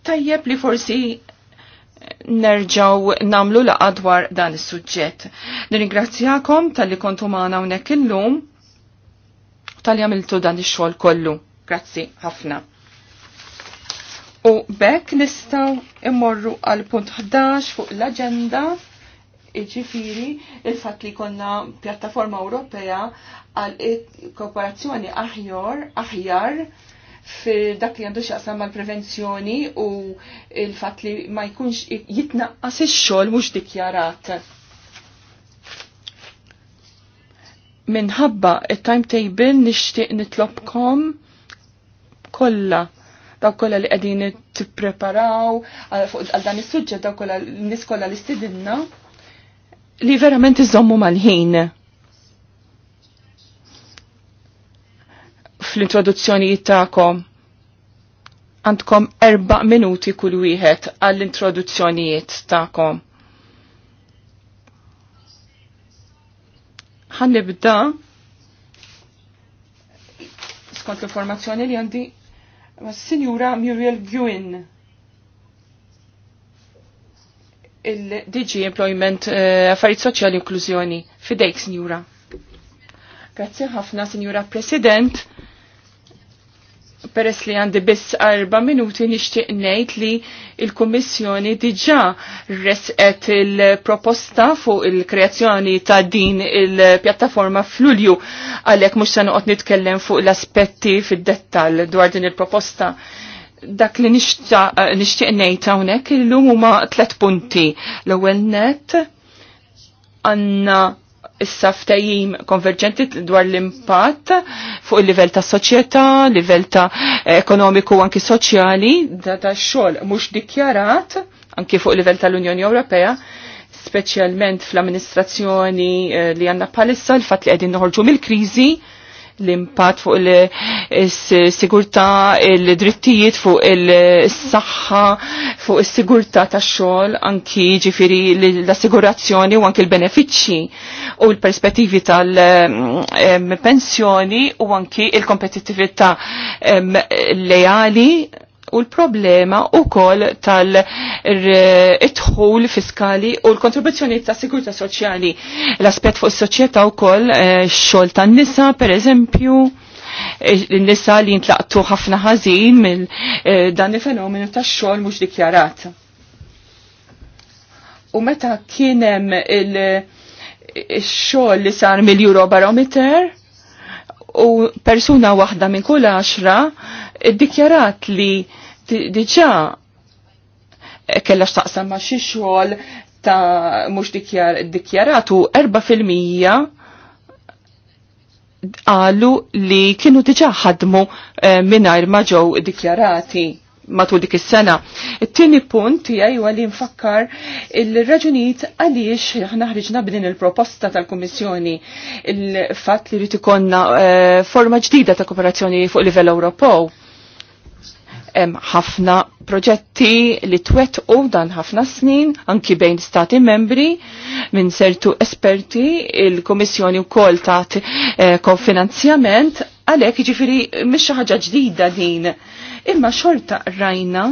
Tajjeb li forsi nerġaw namlu laqa dwar dan is-suġġett. Nirringrazzjakom tal-li kontu unek hawnhekk illum tal-li għamiltu dan ix-xogħol kollu. Grazzi ħafna. U bekk nistgħu immorru għal punt 11 fuq l agenda Iġifiri, il-fat li konna pjattaforma Ewropea għal e- kooperazzjoni aħjar aħjar, fil-dak li għandu xaqsam mal prevenzjoni u il-fat li ma jkunx jitnaqqas ix-xogħol mhux dikjarat. Minħabba it-timetable nixtieq nitlobkom kollha daw kollha li qegħdin tippreparaw għal dan is-suġġett daw kollha nies kollha li stidilna li verament iżommu mal-ħin. Fl-introduzzjoni jittakom, għandkom erba' minuti kull wieħed għall-introduzzjonijiet ta'kom. ħannibda skont l-informazzjoni li għandi Sinjura Muriel Gwynn. il-DG Employment eh, Affarijiet Soċjali Inklużjoni fidejk, Sinjura. Grazzi ħafna, Sinjura President. Peress li għandi biss arba minuti nixtieq ngħid li il-Kummissjoni diġà resqet il-proposta fuq il-kreazzjoni ta' din il-pjattaforma f'Lulju għalhekk mhux se noqgħod nitkellem fuq l-aspetti fid-dettall dwar din il-proposta. il proposta dak li eh, nixtieq ngħid hawnhekk illum huma tliet punti. L-ewwel net għandna s saftajim konverġenti dwar l-impatt fuq il-livell ta' soċjetà, livell ta' ekonomiku anki soċjali, da ta' xogħol mhux dikjarat anki fuq livell tal-Unjoni Ewropea, speċjalment fl-amministrazzjoni eh, li għandna palissa l-fatt li qegħdin noħorġu mill-kriżi, l-impatt fuq il-sigurtà, il-drittijiet fuq il-saħħa, fuq is-sigurtà tax-xogħol, anki ġifiri l-assigurazzjoni u anki l-benefiċċji u l-perspettivi tal-pensjoni u anki il kompetitivita lejali u l-problema u koll tal-itħul fiskali u l-kontribuzzjoni ta' sigurta soċjali. L-aspet fuq soċjetà u koll eh, xol ta' nisa, per eżempju, eh, nisa li jintlaqtu ħafna ħażin mill eh, dan il-fenomenu ta' xol mhux dikjarat. U meta kienem il-xol li sar mill-Eurobarometer, u persuna waħda minn kull għaxra ddikjarat li diġa kella xtaqsam ma xie xogħol ta' mhux dikjaratu 4% qalu li kienu diġa ħadmu eh, mingħajr ma ġew dikjarati matul dik is-sena. It-tieni punt tiegħi huwa li nfakkar il-raġunijiet għaliex aħna ħriġna b'din il-proposta tal-Kummissjoni il-fatt li rid ikonna eh, forma ġdida ta' kooperazzjoni fuq livell Ewropew ħafna proġetti li twet u dan ħafna snin, anki bejn stati membri, minn sertu esperti, il-Komissjoni u kol tat eh, konfinanzjament, għalek ġifiri mish ħaġa ġdida din. Imma xorta rajna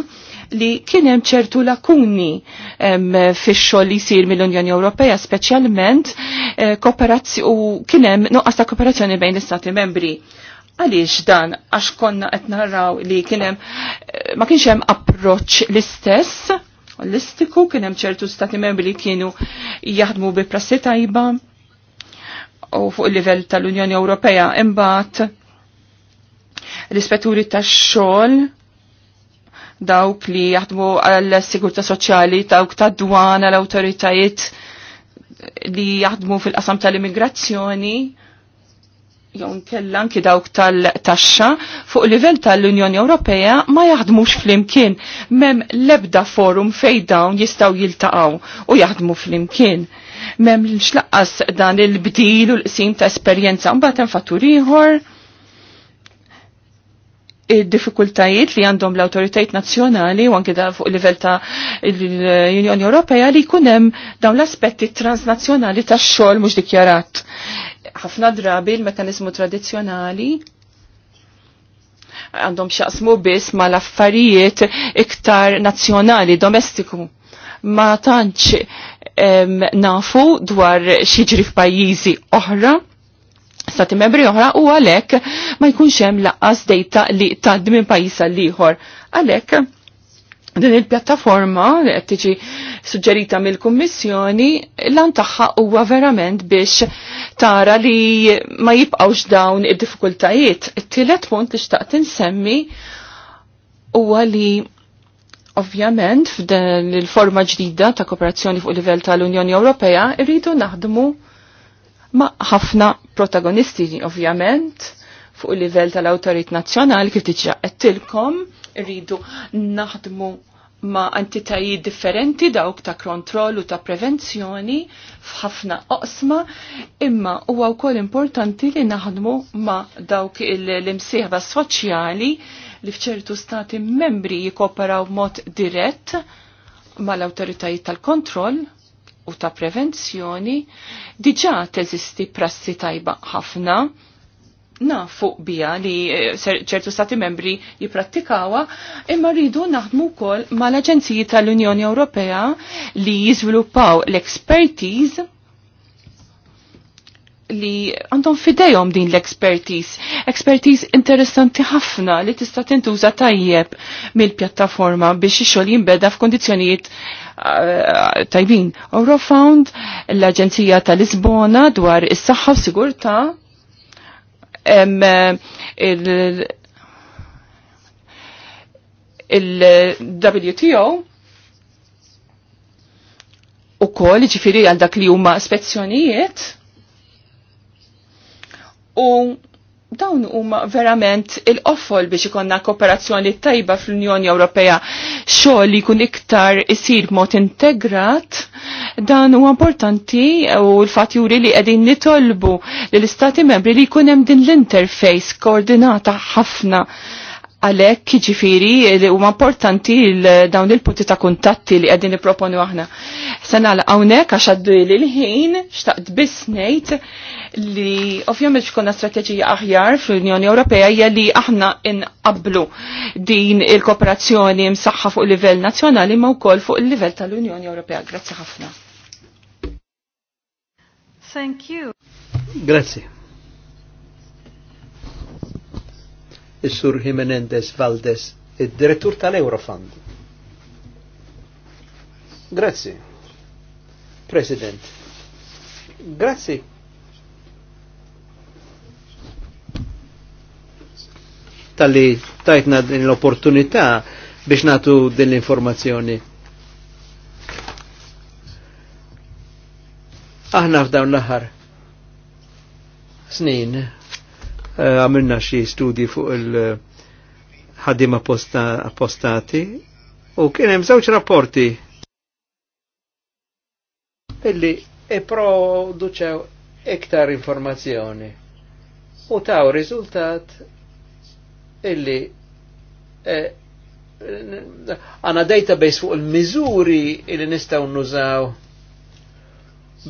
li kienem ċertu lakuni fi xogħol li jsir mill-Unjoni Ewropea, speċjalment eh, u kienem nuqqas ta' kooperazzjoni bejn l-Istati membri Għaliex dan għax konna qed naraw li kienem eh, ma kienx hemm approċċ l-istess holistiku, kien hemm ċertu stati membri li kienu jaħdmu bi prassi tajba u fuq il-livell tal-Unjoni Ewropea imbagħad l-ispetturi tax-xogħol dawk li jaħdmu għal sigurta soċjali, dawk ta' dwana, l awtoritajiet li jaħdmu fil-qasam tal-immigrazzjoni, jew kellan dawk tal-taxxa fuq livell tal-Unjoni Ewropea ma jaħdmux flimkien mem lebda forum fej dawn jistgħu jiltaqgħu u jaħdmu flimkien. Mem xlaqqas dan il-bdil u l-qsim ta' esperjenza mbagħad hemm fattur ieħor id-diffikultajiet li għandhom l-autoritajiet nazzjonali u anke fuq livell ta' l-Unjoni Ewropea li jkun hemm dawn l-aspetti transnazzjonali tax-xogħol mhux dikjarat ħafna drabi l-mekanizmu tradizjonali għandhom xaqsmu biss ma l-affarijiet iktar nazzjonali, domestiku. Ma tantx nafu dwar xiġri f'pajjiżi oħra, stati membri oħra u għalhekk ma jkunx hemm laqqas dejta li tgħaddi minn pajjiż għal ieħor. Għalhekk din il-pjattaforma li qed tiġi suġġerita mill-Kummissjoni lan tagħha huwa verament biex tara li ma jibqgħux dawn id-diffikultajiet. It-tielet punt li xtaqt insemmi huwa li ovvjament f'dan il-forma ġdida ta' kooperazzjoni fuq livell tal-Unjoni Ewropea irridu naħdmu ma' ħafna protagonisti ovvjament fuq livell tal-awtorit nazzjonali kif qed tilkom rridu naħdmu ma' entitajiet differenti dawk ta' kontroll u ta' prevenzjoni f'ħafna oqsma, imma huwa wkoll importanti li naħdmu ma' dawk l-imsieħba soċjali li f'ċertu stati membri jikoperaw mod dirett ma' l-autoritajiet tal-kontroll u ta' prevenzjoni diġa teżisti prassi tajba ħafna nafu bija li eh, ċertu stati membri jiprattikawa, imma rridu naħdmu kol mal-Aġenziji tal-Unjoni Ewropea li jizvilupaw l-expertise li għandhom fidejhom din l-expertise. Expertise interessanti ħafna li tista' tintuża tajjeb mill-pjattaforma biex ix-xogħol jinbeda f'kondizzjonijiet eh, tajbin. Eurofound, l-Aġenzija tal-Lisbona dwar is-saħħa u sigurtà Eh, il-WTO u kol ġifiri għal dak li huma spezzjonijiet u dawn huma verament il-offol biex ikonna kooperazzjoni tajba fl-Unjoni Ewropea xogħol li jkun iktar isir mod integrat dan huwa importanti u l-fatt juri li qegħdin nitolbu lill istati membri li jkun hemm din l-interface koordinata ħafna għalek ġifiri li huma importanti dawn il-punti ta' kuntatti li għedin proponu aħna. Sena għawnek għax għaddu l ħin xtaqt bisnejt li il xkonna strateġija aħjar fl-Unjoni Ewropea hija li aħna inqablu din il-kooperazzjoni msaħħa fuq livell nazzjonali ma wkoll fuq il-livell tal-Unjoni Ewropea. Grazzi ħafna.
Thank you.
Grazie. is-Sur Valdes, id-direttur tal-Eurofund. Grazzi. President. Grazzi. Tali tajtna din l-opportunità biex natu din l-informazzjoni. Aħna f'dawn l-aħħar snin Eh, għamilna xi studji fuq il-ħaddim appostati u kien hemm żewġ rapporti illi iproduċew iktar informazzjoni u taw riżultat illi eh, għana database fuq il-mizuri illi nistaw nużaw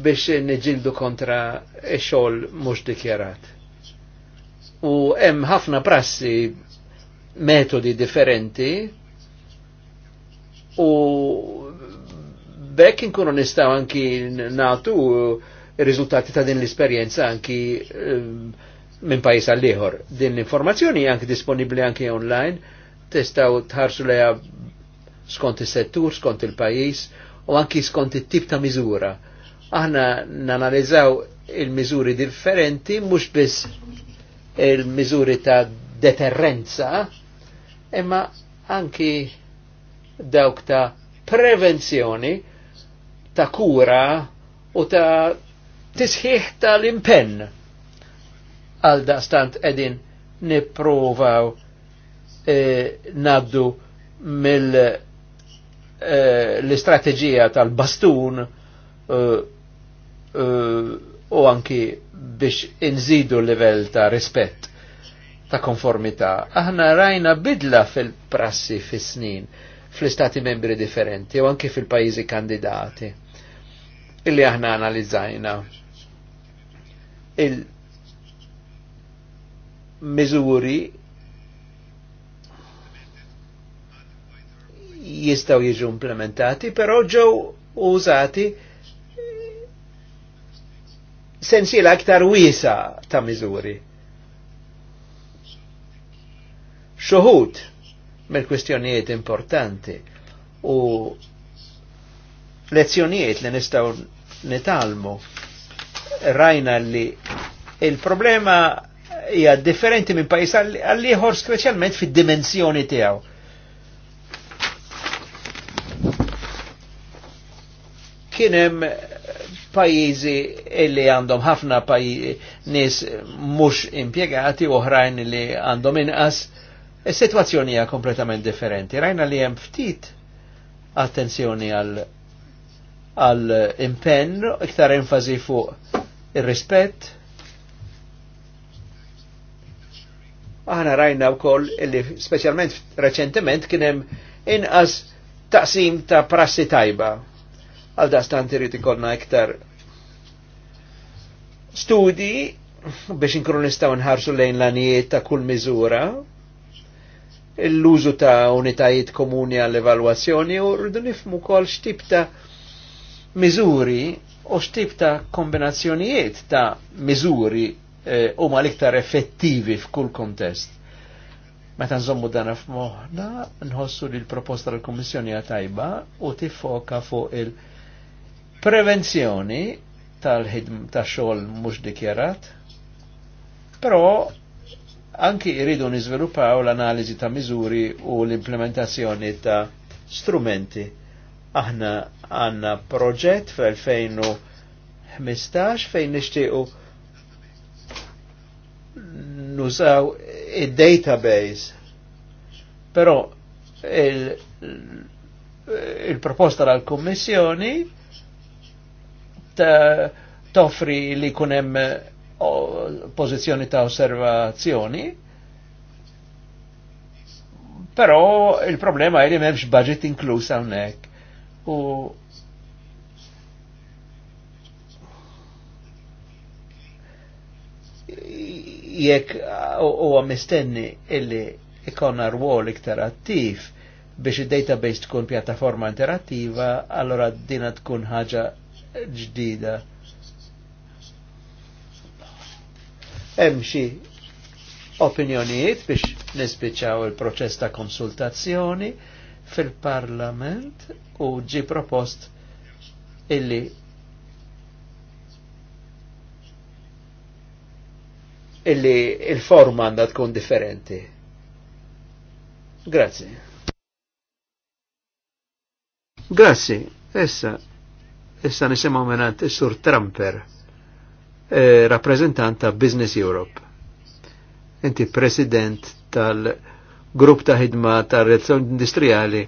biex niġildu kontra e xol mux dikjarat u hemm ħafna prassi metodi differenti u bekk inkunu nistaw anki natu riżultati ta' din l-esperjenza anki ehm, minn pajis għal ieħor Din l-informazzjoni anki disponibli anki online, testaw tħarsu leja skont is-settur, skont il-pajis u anki skont it-tip ta' miżura. Aħna nanalizzaw il-miżuri differenti mhux biss il mizuri ta' deterrenza, imma anki dawk ta' prevenzjoni, ta' kura u ta' tisħiħ tal-impenn. Għal da' stant edin niprovaw e, naddu mill e, l-istrateġija tal-bastun eh, u e, anki biex inżidu l-level ta' rispett ta' konformità. Aħna rajna bidla fil-prassi fis-snin fl-istati membri differenti u anki fil-pajizi kandidati illi aħna analizzajna il-mizuri jistaw jiġu implementati, però ġew użati sensiela aktar wisa ta' miżuri. Xuhut mill kwistjonijiet importanti u lezzjonijiet li nistaw nitalmu rajna li il-problema hija differenti minn pajis għall-ieħor speċjalment fid-dimensjoni tiegħu. Kien hemm pajizi illi għandhom ħafna nis mux impiegati u oħrajn li għandhom inqas, is-sitwazzjoni hija kompletament differenti. Rajna li hemm ftit attenzjoni għal għal impenn, iktar enfasi fuq ir-rispett. Aħna rajna wkoll illi speċjalment reċentement kien hemm inqas taqsim ta' prassi tajba Għal dastant irrid ikollna iktar studi biex inkronistaw nħarsu lejn l-anijiet ta' kull miżura, l-użu ta' unitajiet komuni għall-evalwazzjoni u rridu nifmu kol xtib ta' miżuri u x'tib ta' kombinazzjonijiet ta' miżuri eh, huma ma l-iktar effettivi f'kull kontest. Meta nżommu dan f'moħna, nħossu li l-proposta tal-Kummissjoni għatajba tajba u tifoka fuq il- prevenzjoni tal-ħidm ta' xogħol mhux dikjarat, però anki jridu niżviluppaw l-analiżi ta' miżuri u l-implementazzjoni ta' strumenti. Aħna għandna proġett fl-2015 fejn nixtiequ nużaw id-database. Però il-proposta il, tal kummissjoni Eh, toffri li kunem eh, pozizjoni ta' osservazzjoni, però il-problema è li memx budget inklus hawnhekk. U jekk huwa mistenni illi ikonna rwol iktar attiv biex id-database tkun pjattaforma interattiva, allora dina tkun ħaġa ġdida. Hemm xi opinjonijiet biex nispiċaw il-proċess ta' konsultazzjoni fil-Parlament u ġi propost illi illi il-forma għandha tkun differenti. Grazie. Grazie. Essa Issa nisimaw menant Sur Trumper, eh, rappresentant ta' Business Europe. Inti president tal-grupp ta' ħidma ta' relazzjoni Industriali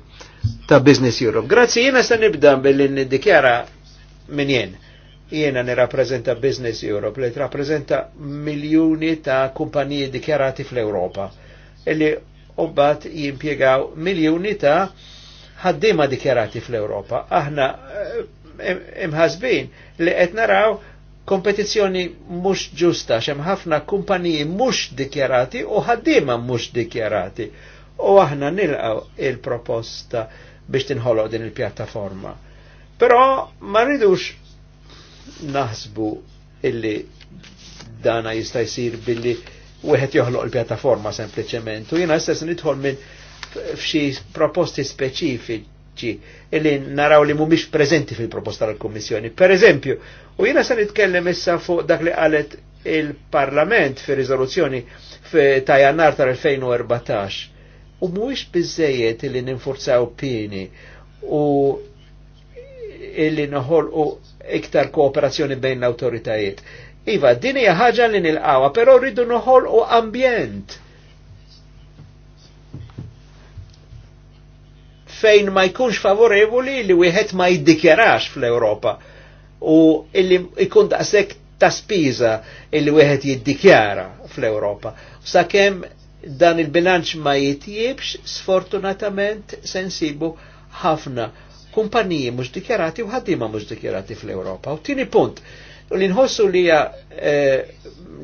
ta' Business Europe. Grazzi, jena sa' nibda billi niddikjara minn jien. Jena nirrapprezenta Business Europe li trapprezenta miljoni ta' kumpaniji dikjarati fl-Europa illi obbat jimpiegaw miljoni ta' ħaddima dikjarati fl-Europa. Aħna eh, imħazbin li qed naraw kompetizzjoni mhux ġusta x'hemm ħafna kumpaniji mhux dikjarati u ħaddiema mhux dikjarati. U aħna nilqaw il-proposta biex tinħoloq din il-pjattaforma. Però ma rridux naħsbu illi dana jista' jsir billi wieħed joħloq il-pjattaforma sempliċement. U jiena stess nidħol minn f'xi proposti speċifiċi ċi, illi naraw li mhumiex prezenti fil-proposta tal-Kummissjoni. Per eżempju, u jiena se nitkellem issa fuq dak li qalet il-Parlament fi riżoluzzjoni ta' jannar tal-2014. U mhuwiex biżejjed illi ninfurzaw pieni u illi u iktar kooperazzjoni bejn l-autoritajiet. Iva, din hija ħaġa li nilqawa, però rridu noħolqu ambjent fejn ma jkunx favorevoli li wieħed ma jiddikjarax fl-Europa u illi ikun daqshekk ta' spiża illi wieħed jiddikjara fl-Europa. Sakemm dan il-bilanċ ma jitjibx, sfortunatament sensibu ħafna kumpaniji mhux dikjarati u ħaddiema mhux dikjarati fl-Europa. U tieni punt, U li nħossu li hija eh,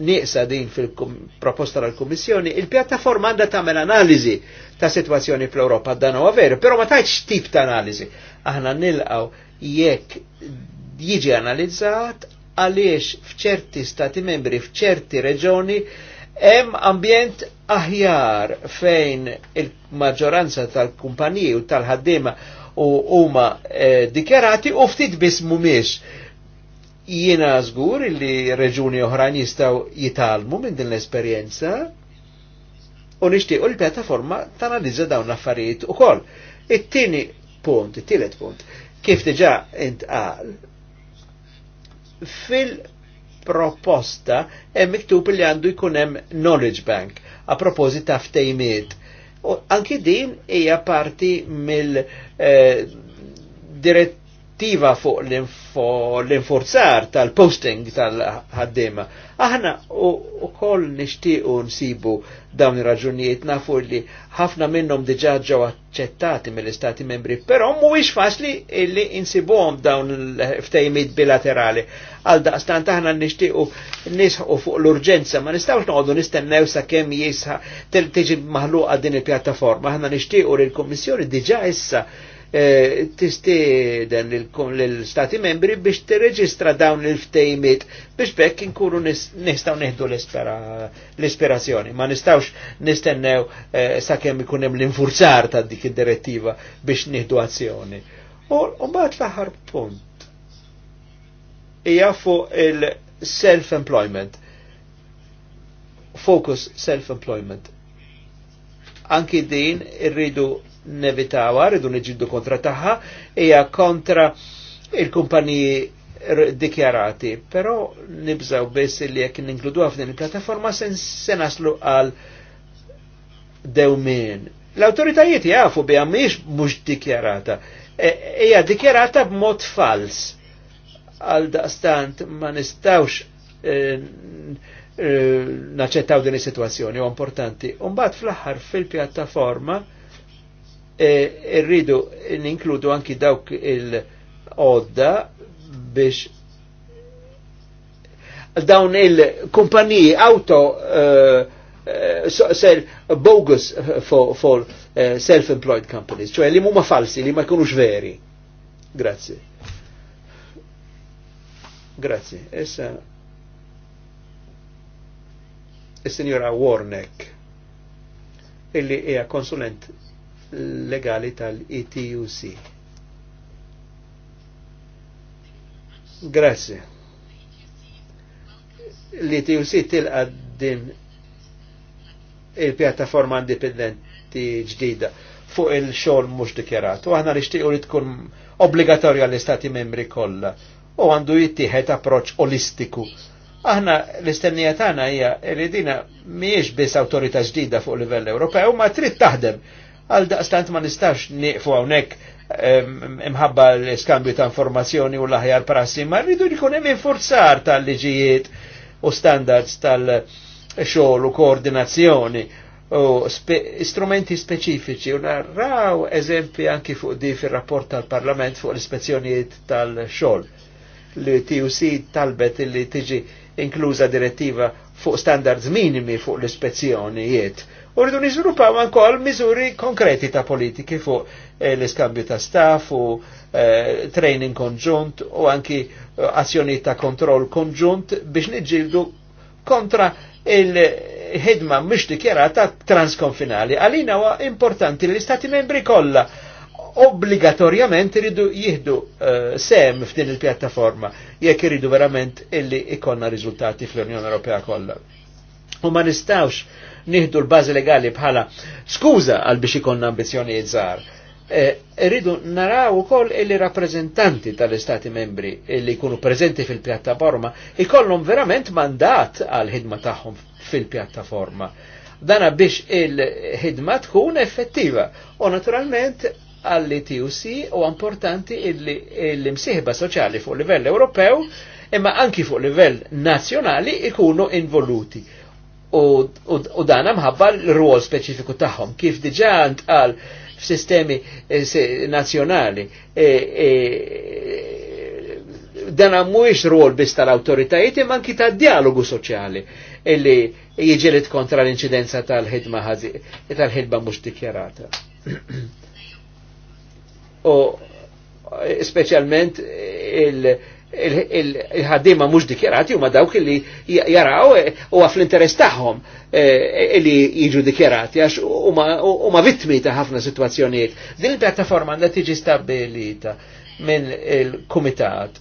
nieqsa din fil-proposta tal-Kummissjoni, il-pjattaforma għandha tagħmel analiżi ta' situazzjoni fl-Ewropa dan huwa veru, però ma tajtx tip ta' analiżi. Aħna nilqgħu jekk jiġi analizzat għaliex f'ċerti stati membri, f'ċerti reġoni, hemm ambjent aħjar fejn il-maġġoranza tal-kumpaniji u tal-ħaddiema u huma eh, dikjarati u ftit biss mhumiex Jiena żgur li reġuni oħrajn jistgħu jitalmu minn din l-esperjenza u nixtiequ l-pjattaforma tanalizza dawn l-affarijiet ukoll. It-tieni punt, it-tielet punt, kif diġà intqal fil-proposta hemm miktub li għandu jkun hemm knowledge bank a proposit ta' ftejmiet. Anki din hija parti mill eh, dirett attiva fuq l inforzar tal-posting tal-ħaddima. Aħna u koll nishtiqu nsibu dawn raġunijiet nafu li ħafna minnom diġa ġew accettati mill-Istati membri, però mhuwiex faċli illi insibuhom dawn l-ftejmiet bilaterali. Għal daqstant aħna nixtiequ nisħu fuq l-urġenza, ma nistawx noqogħdu nistennew sakemm jisħa tiġi maħluqa din il-pjattaforma. Aħna nixtiequ li l-Kummissjoni diġa issa Eh, tistieden l-Stati membri biex tirreġistra dawn il-ftejmit biex bekk inkunu nistaw neħdu l-ispirazzjoni. Ma nistawx nistennew eh, sakemm ikun hemm l-infurzar ta' dik id-direttiva biex nieħdu azzjoni. U mbagħad l-aħħar punt hija fuq il-self-employment. Focus self-employment. Anki din irridu nevitawa, rridu neġiddu kontra taħħa, hija kontra il-kumpaniji dikjarati, pero nibżaw biss li jekk ninkludu f'din il-pjattaforma sen senaslu għal dewmin. L-autoritajiet jafu bi għamiex mux dikjarata, Ija e, dikjarata b'mod fals. Għal daqstant ma nistawx e, e naċċettaw din is-sitwazzjoni u importanti. Umbat fl-aħħar fil-pjattaforma E, irridu ninkludu anki dawk il-odda biex dawn il-kumpaniji auto e, e, ser bogus for, self-employed companies, ċoħe li mumma falsi, li ma jkunux veri. Grazie. Grazie. Essa il-Signora Warnek, illi ea konsulent legali tal-ETUC. Grazie. L-ETUC tilqa din il-pjattaforma indipendenti ġdida fuq il-xogħol mhux dikjarat. U aħna nixtiequ li tkun obbligatorja l-istati membri kollha u għandu jittieħed approċċ olistiku aħna l-istennija tagħna hija li dina mhijiex biss awtorità ġdida fuq livell Ewropew, ma trid taħdem għal daqstant ma nistax niqfu hawnhekk imħabba l skambju ta' informazzjoni u l-aħjar prassi, ma rridu jkun hemm infurzar tal-liġijiet u standards tal-xogħol u koordinazzjoni u strumenti speċifiċi u narraw eżempi anki fuq di fil-rapport tal-Parlament fuq l-ispezzjonijiet tal-xogħol li TUC talbet li tiġi inkluża direttiva fuq standards minimi fuq l-ispezzjonijiet U rridu niżviluppaw ankoll miżuri konkreti ta' politiki fuq eh, l-iskambju ta' staff u eh, training konġunt u anki eh, azzjoni ta' kontroll konġunt biex niġġieldu kontra il-ħidma mhux dikjarata transkonfinali. Għalina huwa importanti li l-Istati membri kollha obbligatorjament iridu jihdu uh, sem f'din il-pjattaforma jekk iridu verament illi ikonna riżultati fl-Unjoni Ewropea kollha. U ma nistawx nieħdu l-bażi legali bħala skuża għal biex ikonna ambizzjonijiet żgħar. Eh, rridu e, naraw ukoll illi rappreżentanti tal-Istati membri li jkunu preżenti fil-pjattaforma ikollhom verament mandat għal ħidma tagħhom fil-pjattaforma. Dana biex il-ħidma tkun effettiva. U naturalment għalli TUC u importanti il imsieħba soċjali fuq livell Ewropew imma anki fuq livell nazzjonali ikunu involuti u dan mħabba l-rwol speċifiku tagħhom. Kif diġà ntqal f'sistemi eh, nazzjonali eh, eh, dan mhuwiex rwol biss tal-awtoritajiet imma anki tad-dialogu soċjali illi jiġilet kontra l-inċidenza tal-ħidma tal ħidba mhux dikjarata. U specialment il- il-ħaddima mux dikjerati huma dawk li jaraw eh, u għaf l-interess tagħhom eh, li jiġu dikjerati għax huma vittmi ta' ħafna situazzjonijiet. Din il-pjattaforma għandha tiġi stabilita minn il-kumitat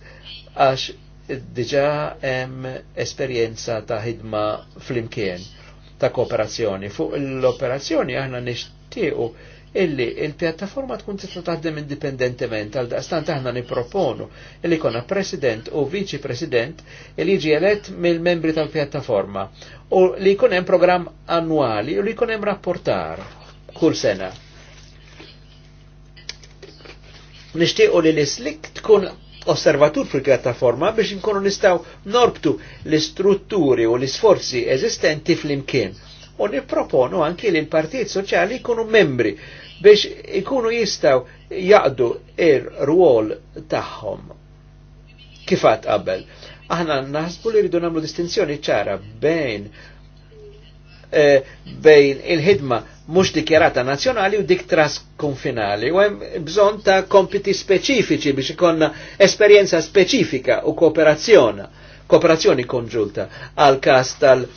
għax diġa hemm esperjenza ta' ħidma flimkien ta' kooperazzjoni. Fuq l-operazzjoni aħna nixtiequ illi il-pjattaforma tkun tista' taħdem indipendentement għal daqstant aħna nipproponu illi jkollna president u viċi president illi jiġi elett mill-membri tal-pjattaforma u li jkun hemm programm annwali u li jkun hemm rapportar kull sena. Nixtieq li l-islik tkun osservatur fil-pjattaforma biex nkunu nistaw norbtu l-istrutturi u l-isforzi eżistenti fl-imkien u niproponu anki li l-Partit Soċjali jkunu membri biex ikunu jistaw jaqdu ir ruol taħħom. Kifat qabel. Aħna naħsbu li rridu namlu distinzjoni ċara bejn e, bejn il-ħidma mux dikjarata nazjonali u dik tras konfinali. U għem bżon ta' kompiti speċifiċi biex ikonna esperienza speċifika u kooperazzjoni kooperazzjoni konġulta għal kas tal-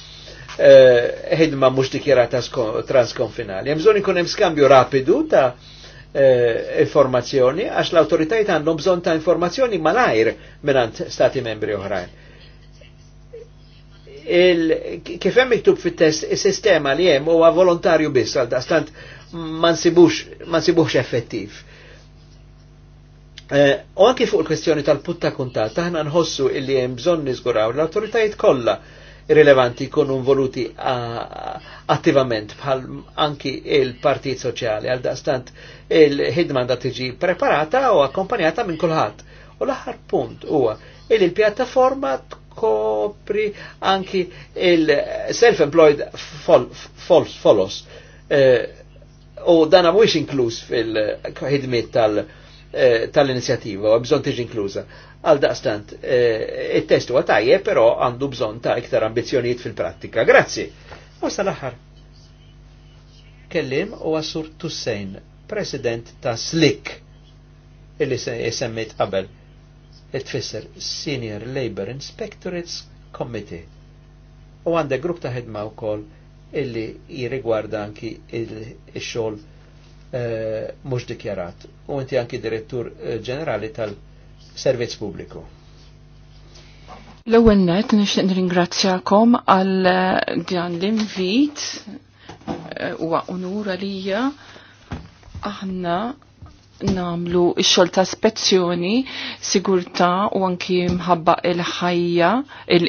Eh, ħidma mux dikjera dikjerata transkonfinali. Hemm bżonn ikun hemm skambju rapidu ta' eh, informazzjoni għax l autoritajt għandhom bżonn ta' informazzjoni malajr mingħand stati membri oħrajn. Kif hemm miktub fit-test is-sistema li hemm huwa volontarju biss għal dastant ma nsibux effettiv. Eh, u anki fuq il-kwestjoni tal-putta kuntat, taħna nħossu illi hemm bżonn niżguraw l autoritajt kollha rilevanti jkunu involuti attivament bħal anki il-Partit Soċjali għal daqstant il-ħidma da tiġi preparata u akkompanjata minn kulħadd. U l-aħħar punt huwa il il-pjattaforma tkopri anki il-self-employed follows. E, u Dana mhuwiex inkluż fil-ħidmiet tal- e, tal-inizjattiva, u bżon tiġi inkluża. Għal daqstant, eh, il-test huwa tajjeb, però għandu bżon ta' iktar ambizjonijiet fil-prattika. Grazzi. U sal-aħħar. Kellim u għassur Tussejn, president ta' Slick, illi semmit qabel. Il-tfisser Senior Labor Inspectorates Committee. U għandek grupp ta' u wkoll illi jirigwarda anki il-xogħol il eh, mux dikjarat. U inti anki direttur eh, ġenerali tal- servizz pubbliku.
L-ewwel
net nixtieq nirringrazzjakom għal eh, dan l-invit eh, huwa unur għalija aħna namlu x-xogħol ta' spezzjoni, sigurtà u anki mħabba il-ħajja,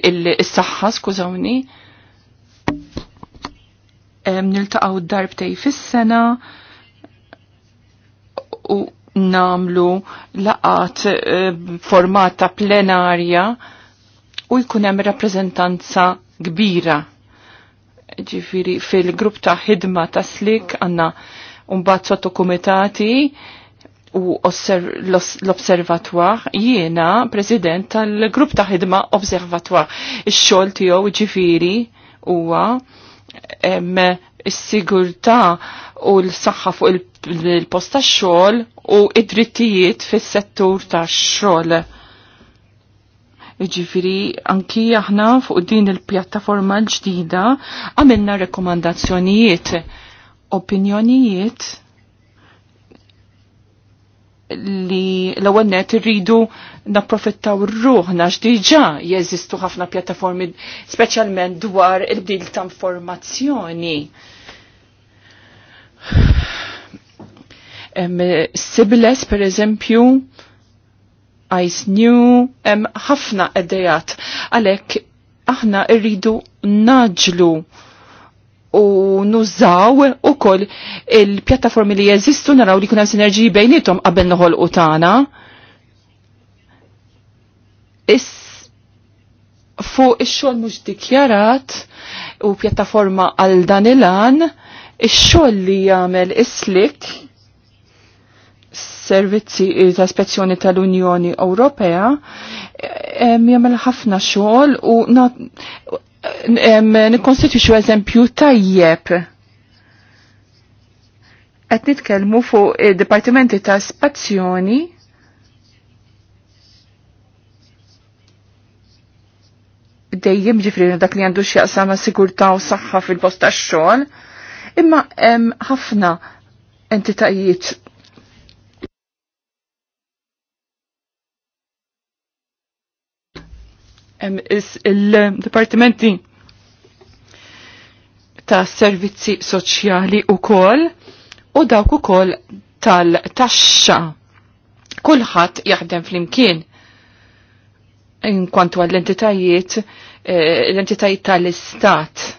il-saħħa, skużawni. Niltaqgħu darbtej fis-sena u namlu laqat eh, formata plenarja u jkun hemm rappreżentanza kbira. Ġifiri fil-grupp ta' ħidma ta' slik għanna mbagħad sottokumitati u l observatoire jiena president tal-grupp ta' ħidma Observatoire. Ix-xogħol tiegħu ġifiri huwa is-sigurtà u l-saħħa fuq il-post tax-xogħol u id-drittijiet fis-settur tax-xogħol. Iġifiri, anki aħna fuq din il-pjattaforma l-ġdida għamilna rekomandazzjonijiet, opinjonijiet li l-ewwel rridu irridu napprofittaw ruħna x'diġà jeżistu ħafna pjattaformi speċjalment dwar il-dil ta' informazzjoni Eh, Sibiles, per eżempju, Ice New, ħafna eddejat. Għalek, aħna irridu naġlu u nużaw u koll il-pjattaformi li jeżistu naraw li kunem sinerġiji bejnietom qabel noħol u tana. Is fuq ix-xogħol mhux dikjarat u pjattaforma għal dan il-an Ix-xogħol li jagħmel is-slik servizzi eh, ta' spezzjoni tal-Unjoni Ewropea jagħmel ħafna xogħol u nikkonstitwixxu eżempju tajjeb qed nitkellmu fuq id-dipartimenti ta' spazzjoni dejjem ġifri dak li għandu x'jaqsam ma' sigurtà u saħħa fil-post tax-xogħol Imma hemm ħafna entitajiet il-departimenti ta' servizzi soċjali u kol u dawk u kol tal-taxxa. Kulħadd jaħdem flimkien inkwantu għall-entitajiet, eh, l-entitajiet tal-istat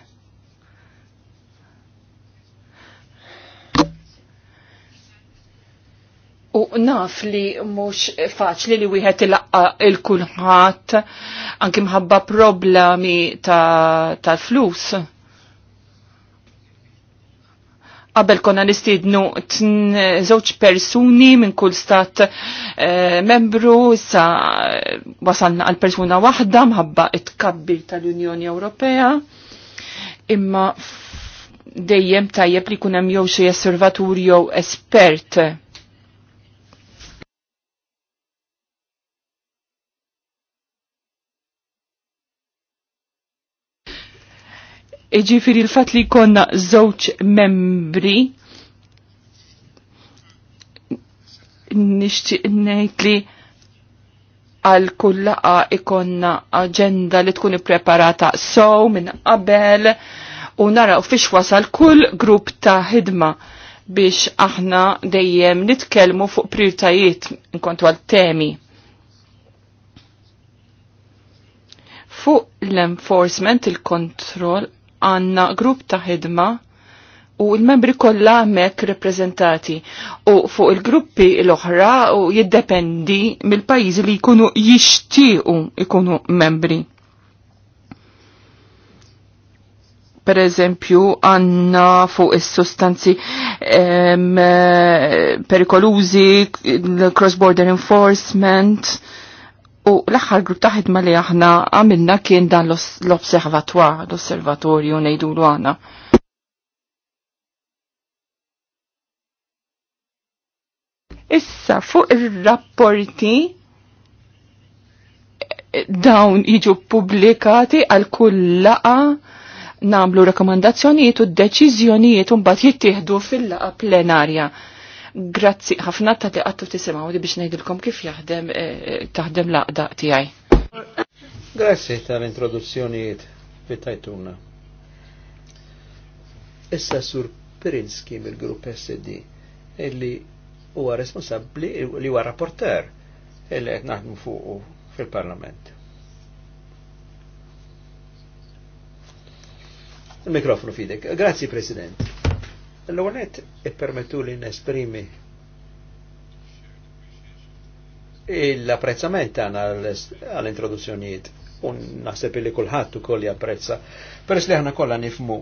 U naf li mhux faċli li wieħed ilaqqa il-kulħadd anki mħabba problemi tal-flus. Ta Qabel konna nistiednu żewġ persuni minn kull stat e, membru, sa eh, wasalna għal persuna waħda mħabba it kabbi tal-Unjoni Ewropea. Imma dejjem tajjeb li kunem jew xi osservatur jew espert Iġifiri l-fat li konna żewġ membri nixtieq li għal kullaqa ikonna agenda li tkun ippreparata sow minn qabel u naraw fiex wasal kull grupp ta' ħidma biex aħna dejjem nitkellmu fuq prioritajiet inkontu għal temi. Fuq l-enforcement, il-kontroll, għanna grupp ta' ħidma u l-membri kollha hemmhekk reprezentati u fuq il-gruppi l-oħra u jiddependi mill-pajjiżi li jkunu jixtiequ ikunu membri. per eżempju għanna fuq is-sustanzi eh, perikolużi, cross-border enforcement, U l-axħar grupp ta' li aħna għamilna kien dan l observatoire l-osservatorju nejdu l-għana. Issa fuq ir-rapporti dawn jiġu publikati għal kull laqa namlu rekomandazzjonijiet u d-deċiżjonijiet un bat jittieħdu fil-laqa plenarja. Grazzi ħafna ta' li għattu tisimaw li biex nejdilkom kif jaħdem eh, eh, taħdem laqda tijaj.
Grazzi tal-introduzzjonijiet fit-tajtuna. Issa sur Pirinski mill-grupp SD illi huwa responsabbli li huwa rapporter illi qed naħdmu fuq fil-Parlament. Il-mikrofonu fidek. Grazzi President. L-għonet permettu li nesprimi l-apprezzament għana għall-introduzzjonijiet un naħseb li kullħat koll japprezza. Peress li ħana kollha nifmu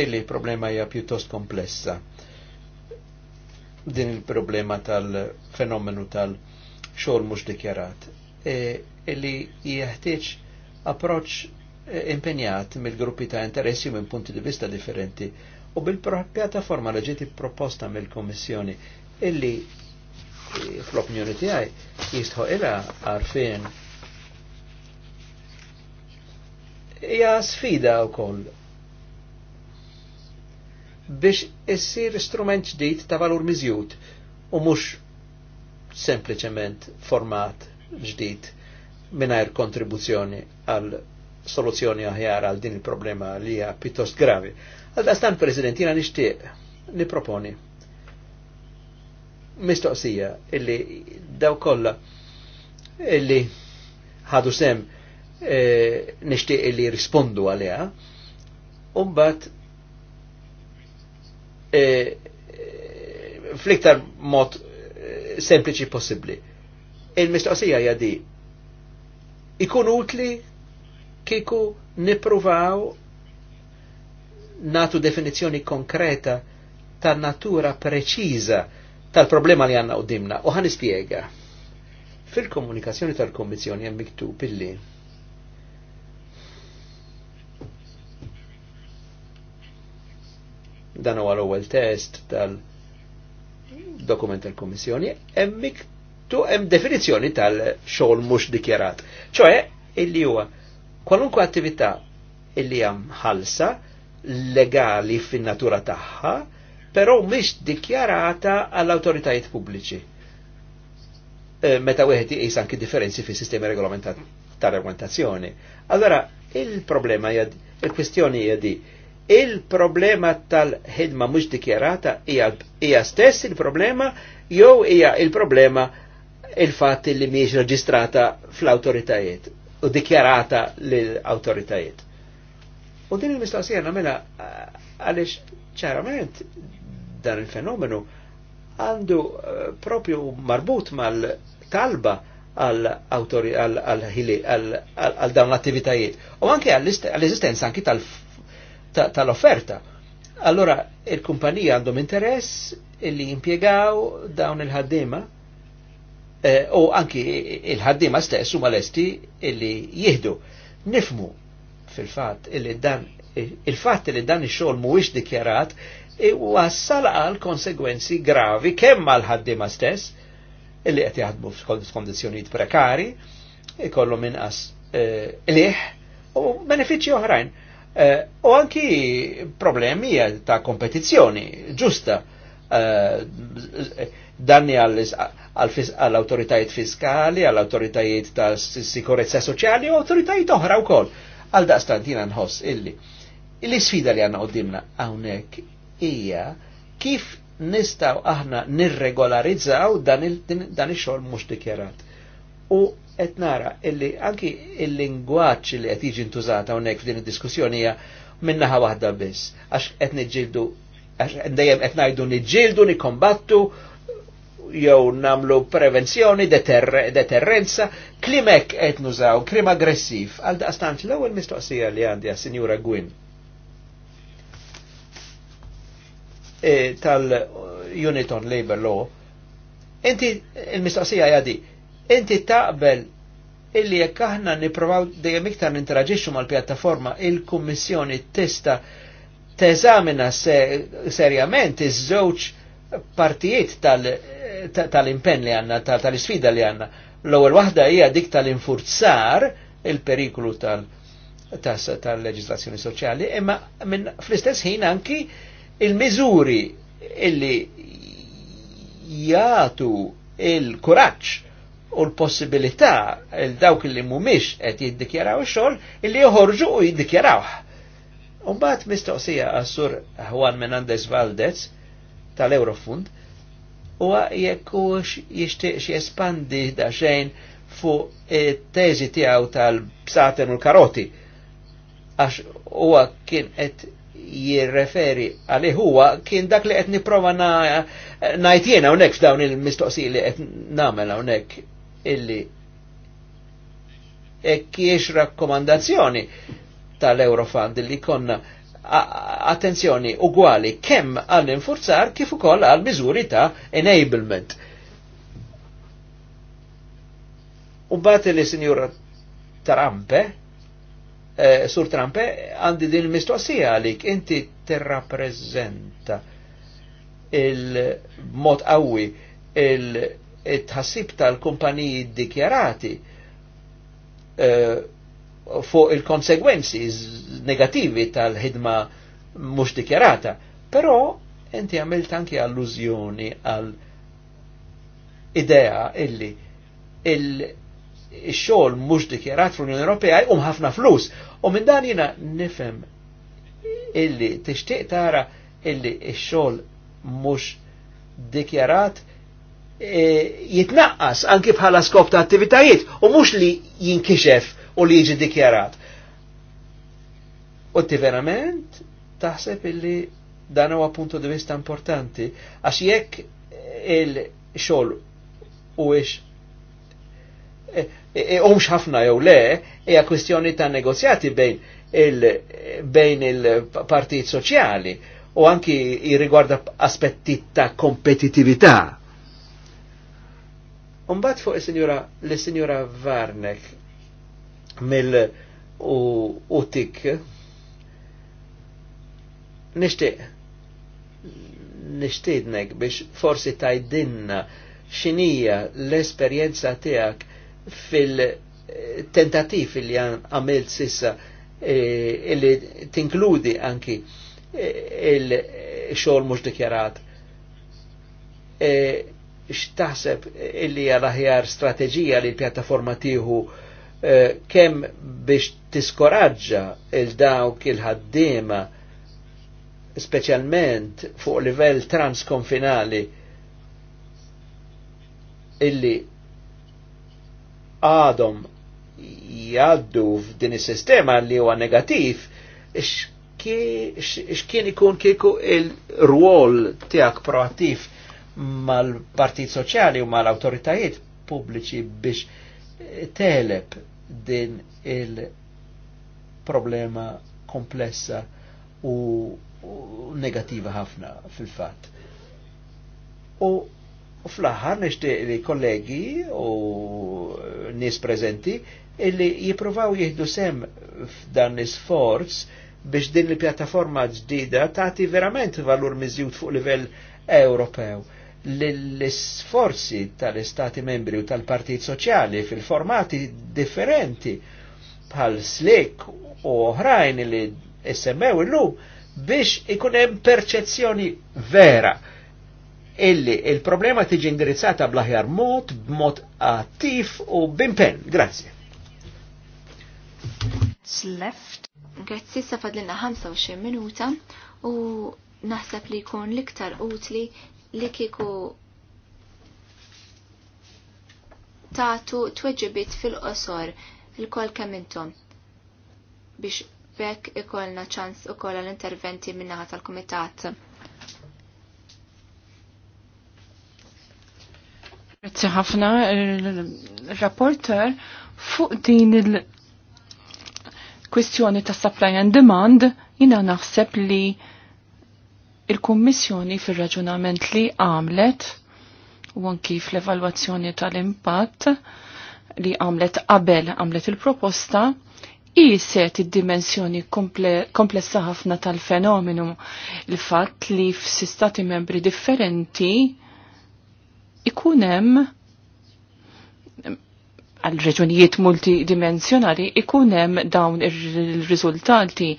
illi problema hija pjuttost komplessa. Din il-problema tal-fenomenu tal-xogħol mhux dikjarat. E illi jeħtieġ approċċ impenjat mill-gruppi ta' interessi minn punti di vista differenti u bil forma li ġieti proposta mill-Kommissjoni illi eh, fl-opinjoni tiegħi jistħu ila għarfien hija sfida wkoll biex issir strument ġdid ta' valur miżjud u mhux sempliċement format ġdid mingħajr kontribuzzjoni għal soluzzjoni aħjar għal din il-problema li hija pjuttost gravi. Għadda stan President, jiena nixtieq niproponi mistoqsija illi daw kollha illi ħadu sem e, nixtieq illi rispondu għaliha u mbagħad e, eh, fliktar mod eh, sempliċi possibbli. Il-mistoqsija hija di ikun utli kiku nipruvaw natu definizjoni konkreta ta' natura preċiża tal-problema li għanna u dimna. U għan ispiega. Fil-komunikazzjoni tal-Kommissjoni hemm miktu pilli. dan huwa l-ewwel test tal-dokument tal-Kummissjoni hemm miktu hemm definizzjoni tal-xogħol mhux dikjarat. ċoe illi huwa kwalunku attività illi jam mħalsa legali fin-natura tagħha, però mhix dikjarata għall awtoritajiet pubbliċi. E, meta wieħed iqis anki differenzi fis-sistemi ta' regolamentazzjoni. Allora, il-problema hija il-kwistjoni hija di il-problema tal-ħidma mhux dikjarata hija stess il-problema jew hija il-problema il-fatt li mhijiex reġistrata fl-awtoritajiet u dikjarata l-autoritajiet. U din il-mistoqsija namela għalix ċarament dan il-fenomenu għandu propju marbut mal-talba għal dawn l-attivitajiet u anke għall-esistenza anke tal-offerta. Allora il-kumpanija għandhom interess illi jimpiegaw dawn il-ħaddima Eh, u anki il-ħaddima stess huma lesti illi jihdu. Nifmu fil-fatt illi dan il-fatt li dan ix-xogħol mhuwiex dikjarat wassal għal konsegwenzi gravi kemm għal ħaddima stess illi qed jaħdmu f'kondizzjonijiet prekari, ikollhom inqas eh, liħ u benefiċċji oħrajn. Eh, u anki problemi ta' kompetizzjoni ġusta dan għal għall-autoritajiet fiskali, għall-autoritajiet ta' sikurezza soċjali u autoritajiet oħra wkoll. Għal daqstantina nħoss illi. Il-sfida li għanna qoddimna hawnhekk hija kif nistaw aħna nirregolarizzaw dan il-xogħol mux mhux dikjarat. U qed nara illi anki il lingwaċ li qed jiġi ntużata hawnhekk f'din id-diskussjoni hija naħa waħda biss, għax qed niġġieldu dejjem qed ngħidu niġġieldu, nikkombattu jew namlu prevenzjoni, deterrenza, klimek qed nużaw, krim aggressiv. Għal daqstant l-ewwel mistoqsija li għandi għas Sinjura Gwyn. E, tal-Unit on Labor Law, inti il-mistoqsija jadi, inti taqbel illi jekk aħna niprovaw dejjem iktar ninteraġixxu mal-pjattaforma, il-Kummissjoni tista' teżamina serjament iż-żewġ partijiet tal-impenn li għanna, tal-sfida li għanna. L-ewwel waħda hija dik tal-infurzar il-periklu tal-leġislazzjoni soċjali, imma minn fl-istess ħin anki il-miżuri illi jagħtu il-kuraġġ u l-possibilità il-dawk li mhumiex qed jiddikjaraw ix-xogħol illi joħorġu u jiddikjarawh. Umbat mistoqsija għassur Juan Menandez Valdez, tal-Eurofund u jekk hux jixtieq xi espandi xejn fuq it-teżi tiegħu tal-bsaten u l-karoti għax huwa kien qed jirreferi għalli huwa kien dak li qed nipprova ngħid jiena hawnhekk f'dawn il-mistoqsijiet li qed nagħmel hawnhekk illi hekk kiex rakkomandazzjoni tal-Eurofund li konna attenzjoni uguali kemm għall-infurzar kif ukoll għall-miżuri ta' enablement. U bat li sinjura Trampe, eh, sur Trampe, għandi din mistoqsija għalik, inti terrapprezenta il-mod qawwi il-tħassib tal-kumpaniji dikjarati eh, fuq il-konsegwenzi negativi tal-ħidma mhux dikjarata. Però inti għamilt anki allużjoni għal idea illi il-xogħol mhux dikjarat fl-Unjoni Ewropea jgħum ħafna flus. U minn dan jiena nifhem illi tixtieq tara illi x-xogħol mhux dikjarat e, jitnaqqas anki bħala skop ta' attivitajiet u mhux li jinkixef u li jiġi dikjarat. U ti verament taħseb illi dan huwa punto di vista importanti għax jekk il-xogħol u ix e, e, e, ħafna jew le hija kwistjoni ta' negozjati bejn il-bejn il-partit soċjali u anki jirrigwarda aspetti ta' kompetitività. Umbat fuq il-sinjura, l-sinjura Varnek, mill-utik. Nishtiq, nishtidnek biex forsi tajdinna xinija l-esperienza tijak fil-tentativ li għamilt sissa e, illi tinkludi anki e, il-xol mux dikjarat. E, xtaħseb illi għal aħjar strategija li l-pjattaforma tiħu Eh, kemm biex tiskoraġġa il-dawk il-ħaddiema specialment fuq livell transkonfinali illi għadhom jaddu f'din is-sistema li huwa negativ x'kien ikun kieku il-rwol tiegħek proattiv mal-Partit Soċjali u mal-awtoritajiet pubbliċi biex teleb din il-problema komplessa u, negativa ħafna fil-fat. U fl ħar nishtiq li kollegi u nis prezenti illi jipruvaw jihdu sem f'dan l biex din il-pjattaforma ġdida tagħti verament valur miżjut fuq livell Ewropew l-sforzi tal-Istati membri u tal-Partit Soċjali fil-formati differenti bħal slik u oħrajn li semmew illum biex ikun hemm perċezzjoni vera illi il-problema tiġi indirizzata bl-aħjar mod, b'mod attiv u bimpen. Grazie.
Left. Grazzi safad l-na 25 minuta u naħseb li jkun liktar utli li kiku tatu tweġibit fil-qosor il-kol intom. biex bekk ikolna ċans u kolla l-interventi minnaħat tal-komitat.
Grazie ħafna il-rapporter eh, fuq din il-kwistjoni ta' supply and demand jina naħseb li Il-Kummissjoni fir-raġunament li għamlet u anki fl-evalwazzjoni tal-impatt li għamlet qabel għamlet il-proposta jiset id-dimensjoni komplessa ħafna tal-fenomenu il-fatt li f'sistati membri differenti ikunem għal reġunijiet multidimensjonali ikunem dawn ir-riżultati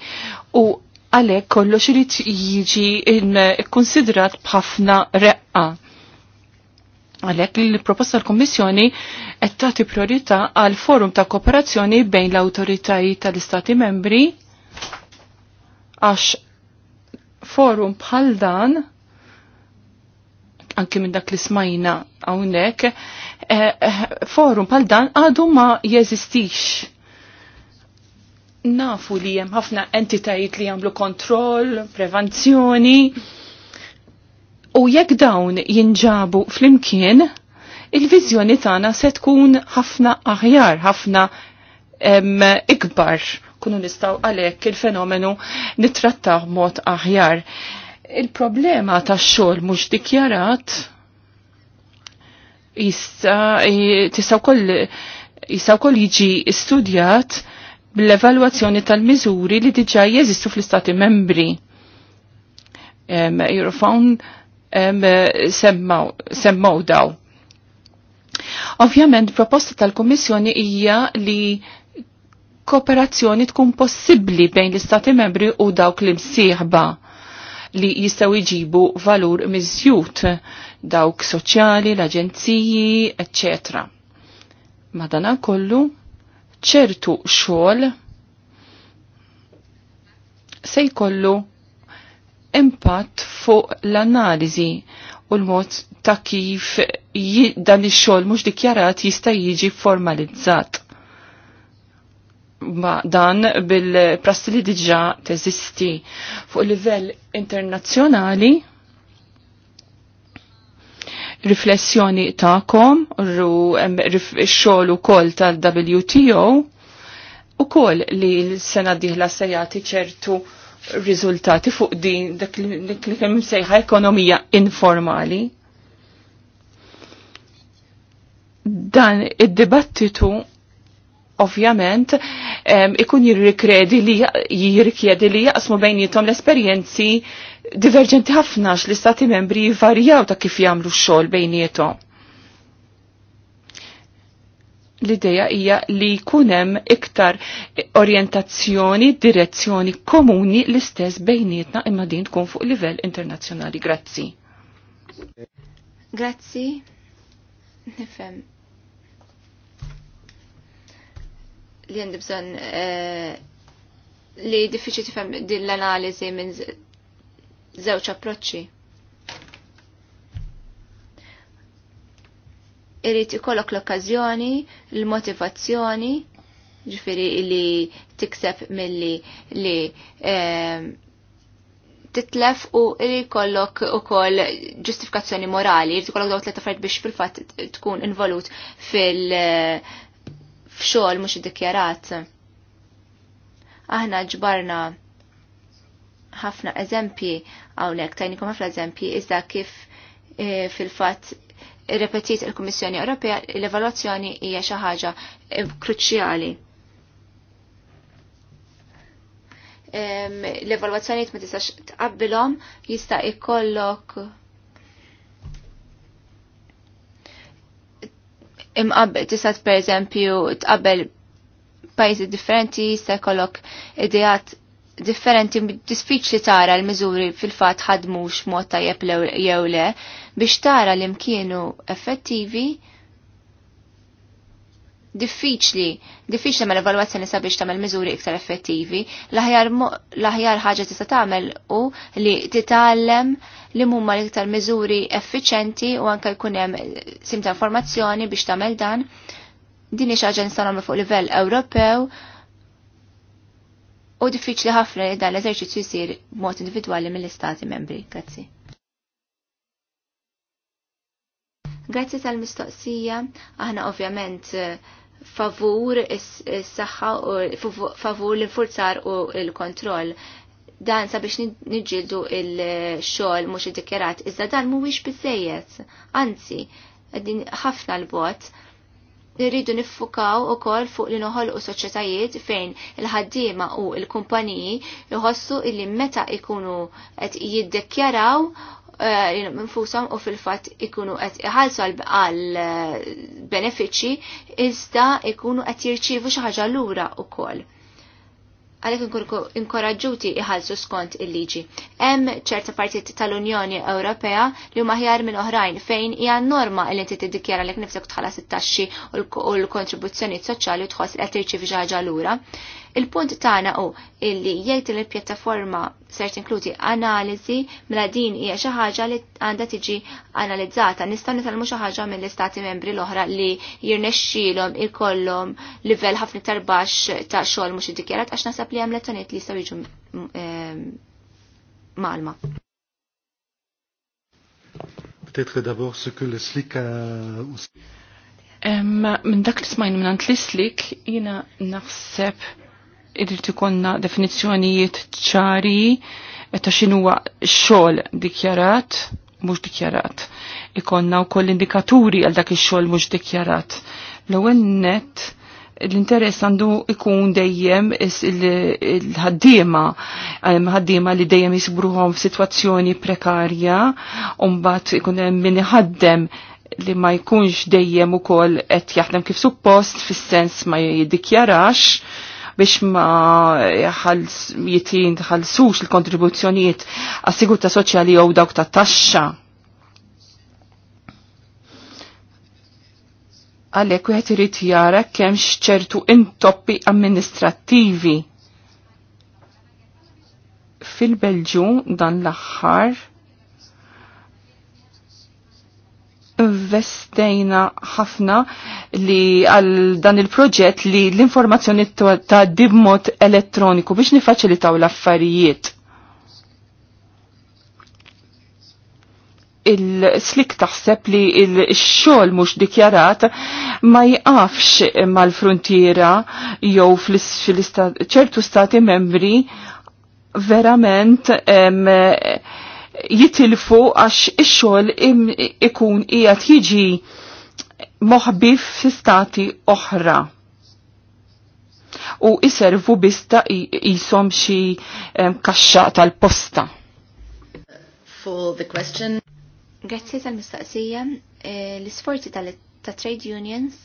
u għalhekk kollox irid jiġi konsidrat b'ħafna reqqa. Għalhekk l proposta l-Kommissjoni qed tagħti għal forum ta' kooperazzjoni bejn l-awtoritajiet tal-Istati membri għax forum bħal dan anki minn dak li smajna hawnhekk, eh, eh, forum bħal dan għadu ma jeżistix nafu li hemm ħafna entitajiet li jagħmlu kontroll, prevenzjoni. U jekk dawn jinġabu flimkien, il-viżjoni tagħna se tkun ħafna aħjar, ħafna ikbar kunu nistaw għalhekk il-fenomenu nittrattaw mod aħjar. Il-problema tax-xogħol mhux dikjarat jista' tisaw koll jisaw koll jiġi studjat bl-evalwazzjoni tal-miżuri li diġà jeżistu fl-istati membri. Eurofound semmaw daw. Ovvjament, proposta tal komissjoni hija li kooperazzjoni tkun possibbli bejn l-Istati membri u dawk li msieħba li jistaw iġibu valur miżjut dawk soċjali, l-aġenziji, etc. Madana kollu, ċertu xogħol se jkollu impatt fuq l-analiżi u l-mod ta' kif dan ix-xogħol mhux dikjarat jista' jiġi formalizzat. Ma dan bil-prassi li diġà teżisti fuq livell internazzjonali riflessjoni ta'kom u xogħol ukoll tal-WTO u koll li l-sena diħla sejati ċertu riżultati fuq din dak li kemm sejħa ekonomija informali. Dan id-dibattitu ovvjament ikun jirrikredi li jirrikjedi li jaqsmu bejnietom l-esperjenzi diverġenti ħafna l-istati membri varjaw ta' kif jagħmlu x-xogħol bejniethom. L-ideja hija li jkun hemm iktar orjentazzjoni, direzzjoni komuni l-istess bejnietna imma din tkun fuq livell internazzjonali. Grazzi.
Grazzi. Nifhem. Li għandi bżonn eh, li diffiċi tifhem din l-analiżi minn żewġ approċċi. Irrid ikollok l-okkażjoni, l-motivazzjoni, ġifiri li tikseb milli li eh, titlef u kollok ikollok ukoll ġustifikazzjoni morali, irrid ikollok daw tliet affarijiet biex fil-fatt tkun involut fil- eh, f'xogħol mhux iddikjarat. Aħna ġbarna ħafna eżempji hawnhekk tajnikom ħafna eżempji iżda kif e, fil-fatt repetit il-Kummissjoni Ewropea l-evalwazzjoni hija xi ħaġa eh, kruċjali. L-evalwazzjonijiet ma tistax tqabbilhom jista' ikollok imqabbel tista' pereżempju tqabbel pajjiżi differenti jista' jkollok ideat differenti li tara l-miżuri fil-fat ħadmux mod tajjeb jew le biex tara li mkienu effettivi diffiċli, diffiċli mal evalwazzjoni sabiex tagħmel miżuri iktar effettivi, l-aħjar ħaġa tista' tagħmel u li titgħallem li mhuma l-iktar miżuri effiċenti u anke jkun hemm sim ta' informazzjoni biex tagħmel dan. Din hi xi ħaġa nistgħu fuq livell Ewropew u diffiċli ħafna li dan l-eżerċizzju jsir b'mod individwali mill-istati membri. Grazzi. Grazzi tal-mistoqsija, aħna ovvjament eh, favur is-saħħa u favur l-infurzar u l-kontroll. Dan sabiex niġildu il-xogħol mhux iddikjarat, iżda dan mhuwiex biżejjed. Anzi, din ħafna l-bot Nirridu niffukaw u kol fuq li noħolqu soċetajiet fejn il-ħaddima u il-kumpaniji jħossu illi meta ikunu qed jiddekjaraw minfusom eh, u fil-fat ikunu qed iħalsu għal eh, benefiċċji iżda ikunu qed jirċievu xi ħaġa lura wkoll għalek nkunu inkoraġġuti iħalsu skont il-liġi. Hemm ċerta partit tal-Unjoni Ewropea li huma ħjar minn oħrajn fejn hija norma li inti tiddikjara lek nifsek tħallas it-taxxi u l-kontribuzzjonijiet soċjali u tħoss qed tirċievi ġaġa lura. Il-punt tagħna u illi jgħid li l-pjattaforma ser tinkludi analiżi mela din hija xi ħaġa li għandha tiġi analizzata. Nistgħu nitalmu xi ħaġa mill-istati membri l-oħra li jirnexxilhom ikollhom livell ħafna iktar baxx ta' xogħol mhux iddikjarat għax nasab li hemm lettonijiet li jistgħu jiġu malma.
Peut-être d'abord ce que le SLIC a
Minn dak li smajn minn li slik jina naħseb irrid ikonna definizzjonijiet ċari ta' xinuwa xogħol dikjarat, mhux dikjarat. Ikonna wkoll indikaturi għal dak ix-xogħol mhux dikjarat. L-ewwel net l-interess għandu ikun dejjem il-ħaddiema, ħaddiema li dejjem jisbruhom f'sitwazzjoni prekarja, u mbagħad ikun hemm min iħaddem li ma jkunx dejjem ukoll qed jaħdem kif suppost fis-sens ma jiddikjarax biex ma jitin tħalsux il-kontribuzzjonijiet għas-sigurta soċjali jew dawk ta' taxxa. Għalhekk wieħed irid jara kemm ċertu intoppi amministrattivi fil-Belġu dan
l-aħħar
investejna ħafna li għal dan il-proġett li l-informazzjoni ta' dibmot elettroniku biex nifaċilitaw l-affarijiet. Il-slik taħseb li il-xol mux dikjarat ma jqafx mal-frontiera jew fil-ċertu stati membri verament em, jitilfu għax ix-xogħol ikun qiegħed jiġi moħbif fi stati oħra u iservu bista jisom xi kaxxa tal-posta.
For the question. Grazzi tal-mistaqsija, eh, l-isforzi tal-trade unions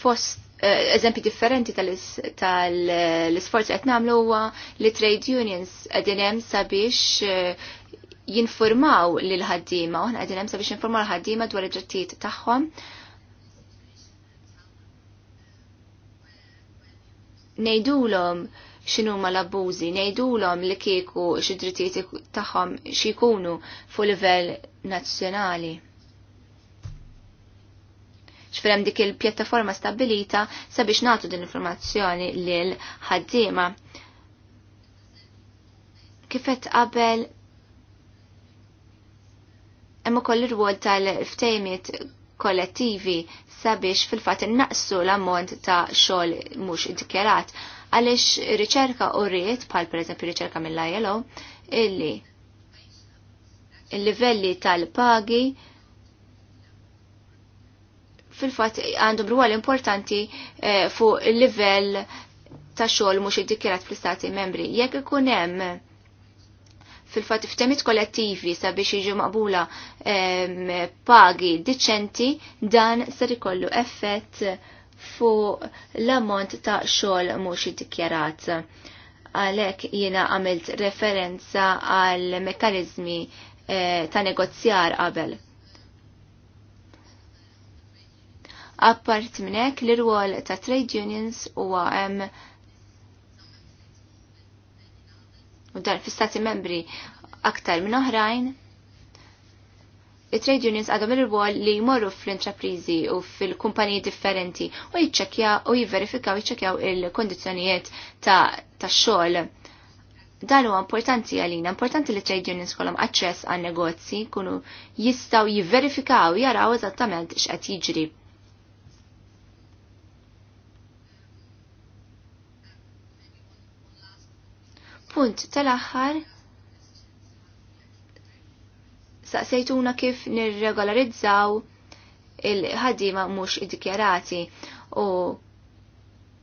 fost Eh, eżempi differenti tal-sforz qed nagħmlu huwa li trade unions qegħdin hemm sabiex eh, jinformaw lil ħaddiema u aħna qegħdin hemm sabiex jinformaw l-ħaddiema dwar id-drittijiet tagħhom. Ngħidulhom x'inhuma ma l-abbużi, ngħidulhom li kieku xi drittijiet tagħhom xi jkunu fuq livell nazzjonali ċfirem dik il-pjattaforma stabilita sabiex natu din informazzjoni lil ħaddiema. Kifet qabel hemm ukoll ir-rwol tal-ftejmiet kollettivi sabiex fil-fatt innaqsu l-ammont ta' xogħol mhux dikjarat għaliex riċerka u rrit bħal pereżempju riċerka mill-ILO illi il-livelli tal-pagi fil-fatt għandhom rwol importanti eh, fuq il-livell ta' xogħol mhux iddikjarat fl-istati membri. Jekk ikun hemm fil-fatt ftemit kollettivi sabiex iġu maqbula pagi diċenti dan ser ikollu effett fuq l-ammont ta' xogħol mhux iddikjarat. Għalhekk jiena għamilt referenza għal mekkaniżmi eh, ta' negozjar qabel. Appart minn hekk l-irwol ta' trade unions huwa hemm u dan fl membri aktar minn oħrajn it-trade unions għadhom il-rwol li jmorru fl-intraprizi u fil-kumpaniji differenti u jiċċekjaw u jivverifikaw jiċċekjaw il-kondizjonijiet ta', ta xogħol. Dan huwa importanti għalina, importanti li trade unions kollhom aċċess għan negozji kunu jistgħu jivverifikaw jaraw eżattament x'qed jiġri. Punt tal-aħħar saqsejtuna kif nirregolarizzaw il-ħaddiema mhux dikjarati u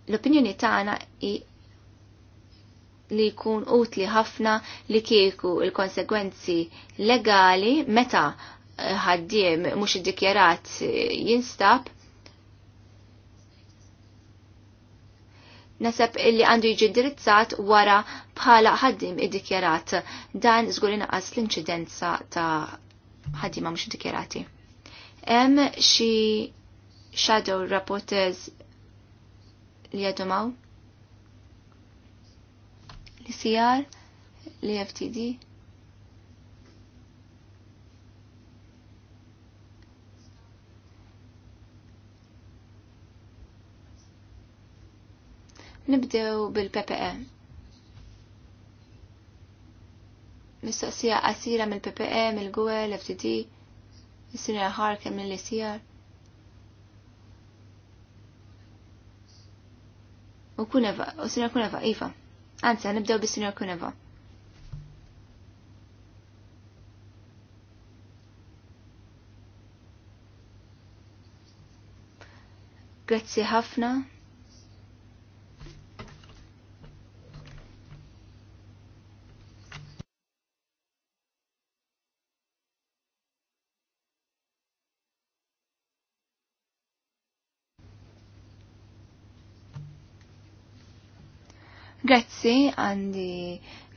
l-opinjoni tagħna li jkun utli ħafna li kieku il-konsegwenzi legali meta ħaddiem mhux iddikjarat jinstab nasab illi għandu jiġi dirizzat wara bħala ħaddim id-dikjerat Dan żgur inqas l-inċidenza ta' ħaddima id-dikjerati. Hemm xi shadow rapporters li jadumaw? Li sijar? Li FTD? Nibdew bil-PPE. Mistoqsija qasira mill-PPE, mill-GUE, l-FTD, mis-Sinja Harker mill-ICR. U Kuneva, u Sinja Kuneva, Iva. Anzi, nibdew bis-Sinja Kuneva. Grazzi ħafna. Grazzi għandi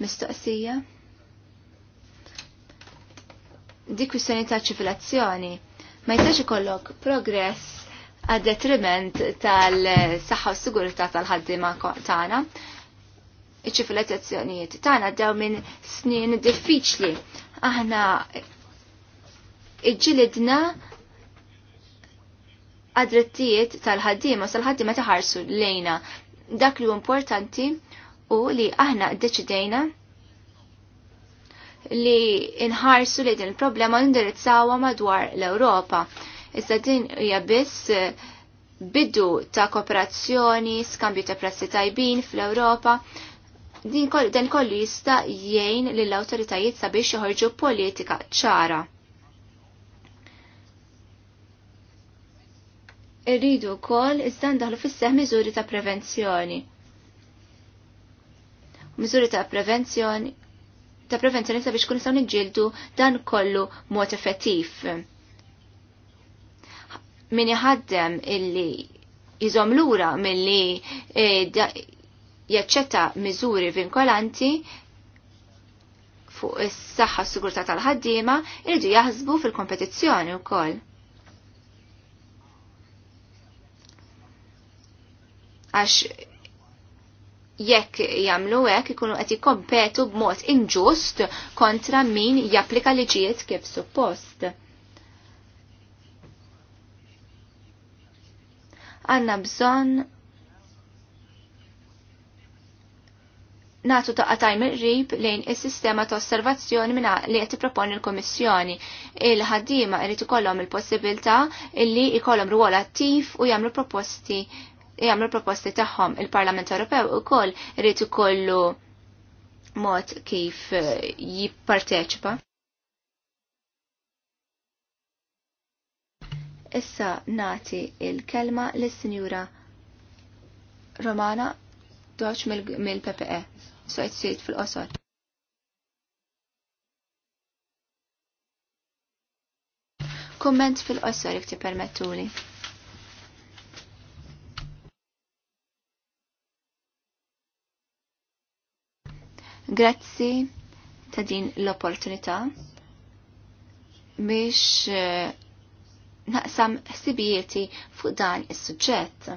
mistoqsija. Di kwistjoni ta' ċivilazzjoni. Ma jistax ikollok progress għad detriment tal-saħħa u sigurtà tal ħaddima tagħna. Iċ-ċivilizzazzjonijiet tagħna dew minn snin diffiċli. Aħna iġġilidna għadrettijiet tal-ħaddiema, sal ħaddima taħarsu lejna. Dak li importanti u li aħna deċidejna li inħarsu li din il-problema indirizzawa madwar l-Ewropa. Issa din hija biss eh, bidu ta' kooperazzjoni, skambju ta' prassi tajbin fl-Ewropa, din dan kollu jista' jgħin lill awtoritajiet sabiex joħorġu politika ċara. Irridu wkoll iżda ndaħlu fis-seħ miżuri ta' prevenzjoni miżuri ta' prevenzjoni ta' prevenzjoni sabiex kun nistgħu niġġieldu dan kollu mod effettiv. Min iħaddem illi jizom lura mill-li eh, jaċċetta miżuri vinkolanti fuq is-saħħa s-sigurtà tal-ħaddiema irridu jaħsbu fil-kompetizzjoni wkoll. Għax jekk jagħmlu hekk ikunu qed jikkompetu b'mod inġust kontra min japplika liġijiet kif suppost. Għanna bżonn natu ta' tajm rib lejn is-sistema ta' osservazzjoni minna li qed proponi l komissjoni Il-ħaddiema irid ikollhom il-possibilità illi ikollhom rwol attiv u jagħmlu proposti jagħmlu proposti tagħhom. Il-Parlament Ewropew ukoll rritu ikollu mod kif eh, jipparteċipa. Issa nati il-kelma lis-Sinjura Romana Doċ mill-PPE. So jtsejt fil-qosor. Komment fil-qosor jek ti permettuli. Grazzi ta' din l-opportunità biex eh, naqsam ħsibijieti fuq dan is-suġġett.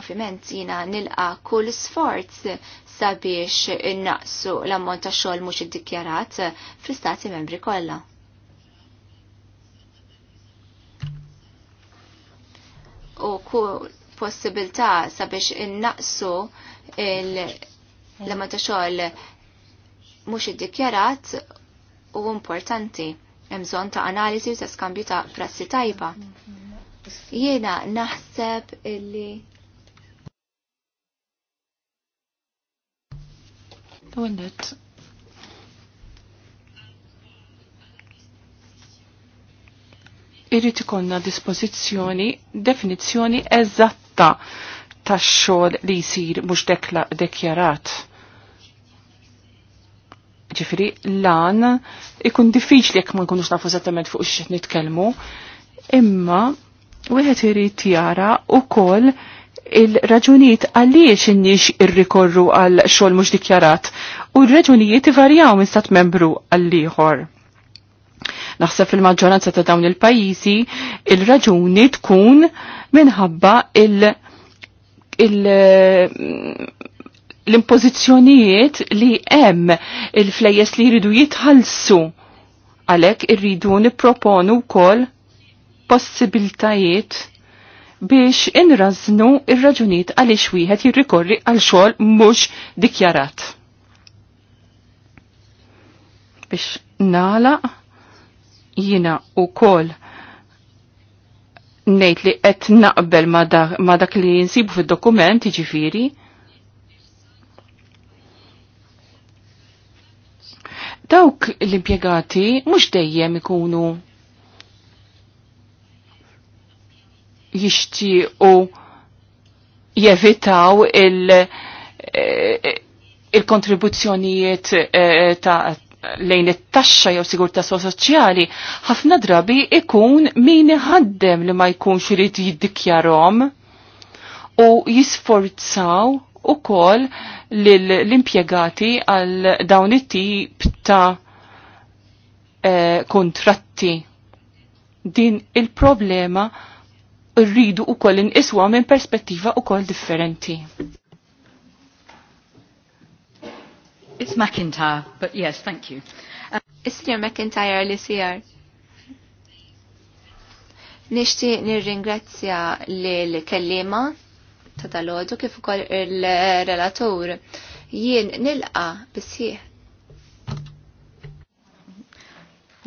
Ovvjament jina nilqa kull sforz sabiex innaqsu l-ammont ta' xogħol mhux iddikjarat fl-istati membri kollha. U kull possibilità sabiex innaqsu il- L-ma ta' xogħol mhux iddikjarat u importanti hemm bżonn ta' analiżi u ta' skambju ta' prassi tajba. Jiena naħseb illi
Windet. Irrid ikollna dispożizzjoni definizzjoni eżatta tax-xogħol li jsir mhux dekjarat. Ġifieri lan ikun diffiċli jekk ma nkunux nafu eżattament fuq x'qed nitkellmu, imma wieħed irid jara wkoll il-raġunijiet għaliex inniex irrikorru għal xogħol mhux dikjarat u r-raġunijiet ivarjaw minn stat membru għal ieħor. Naħseb fil-maġġoranza ta' dawn il-pajjiżi il-raġuni tkun minħabba il-, -raġuni il- l-impożizzjonijiet li hemm il-flejjes li jridu jitħallsu għalhekk irridu nipproponu wkoll possibiltajiet biex inraznu ir-raġunijiet għaliex wieħed jirrikorri għal xogħol mhux dikjarat. Biex nagħlaq jina u koll ngħid li qed naqbel ma dak li jinsibu fid-dokument jiġifieri. Dawk l-impjegati mhux dejjem ikunu jixtiequ jevitaw il- eh, il-kontribuzzjonijiet eh, ta' lejn it-taxxa jew sigurtà soċjali ħafna drabi ikun min ħaddem li ma jkunx irid jiddikjarhom u jisforzaw ukoll l-impjegati għal dawn it-tip ta' eh, kontratti. Din il-problema rridu ukoll inqiswa minn perspettiva ukoll differenti.
It's
McIntyre,
but yes, thank you. Um, uh, is McIntyre li sijar. Nishti nirringrazzja l-kellima ta' dal-ħodu kif ukoll il-relatur. Jien nilqa bisħieħ.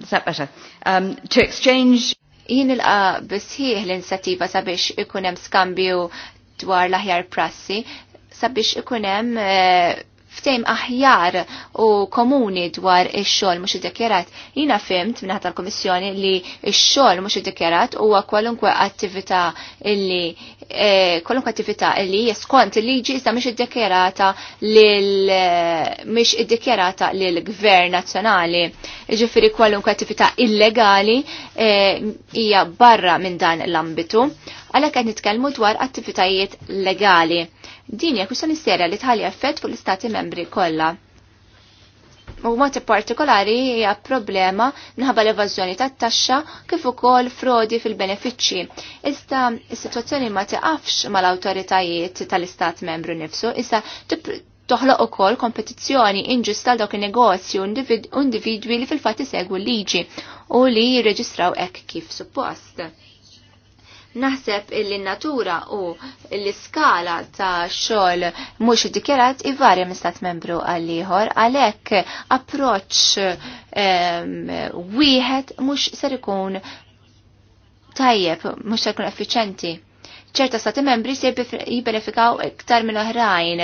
Um, to exchange jien ilqa bisħieħ l insettiva sabiex ikun hemm skambju dwar l-aħjar prassi sabiex ikun hemm uh, ftejm aħjar u komuni dwar ix-xogħol mhux iddikjarat. Jiena fimt minn tal-Kummissjoni li ix xogħol mhux iddikjarat huwa kwalunkwe attività illi e, kwalunkwe attività illi skont il-liġi iżda mhux iddikjarata lil mhux iddikjarata lil gvern nazzjonali. Ġifieri kwalunkwe attività illegali e, hija barra minn dan l-ambitu għalhekk qed nitkellmu dwar attivitajiet legali Din hija kwistjoni serja li tħalli effett fuq l-istati membri kollha. U mod partikolari hija problema minħabba l-evażjoni tat-taxxa kif ukoll frodi fil-benefiċċji. Iżda is-sitwazzjoni ma tiqafx mal-awtoritajiet tal-istat membru nifsu, issa toħloq ukoll kompetizzjoni inġusta dawk il-negozju individwi li fil-fatt isegwu l-liġi u li jirreġistraw hekk kif suppost. Naħseb illi natura u l-iskala ta' xogħol mhux iddikjarat ivarja minn stat membru għal ieħor għalhekk approċċ ehm, wieħed mhux ser ikun tajjeb, mhux ser ikun effiċenti ċerta stati membri se jibbenefikaw iktar minn oħrajn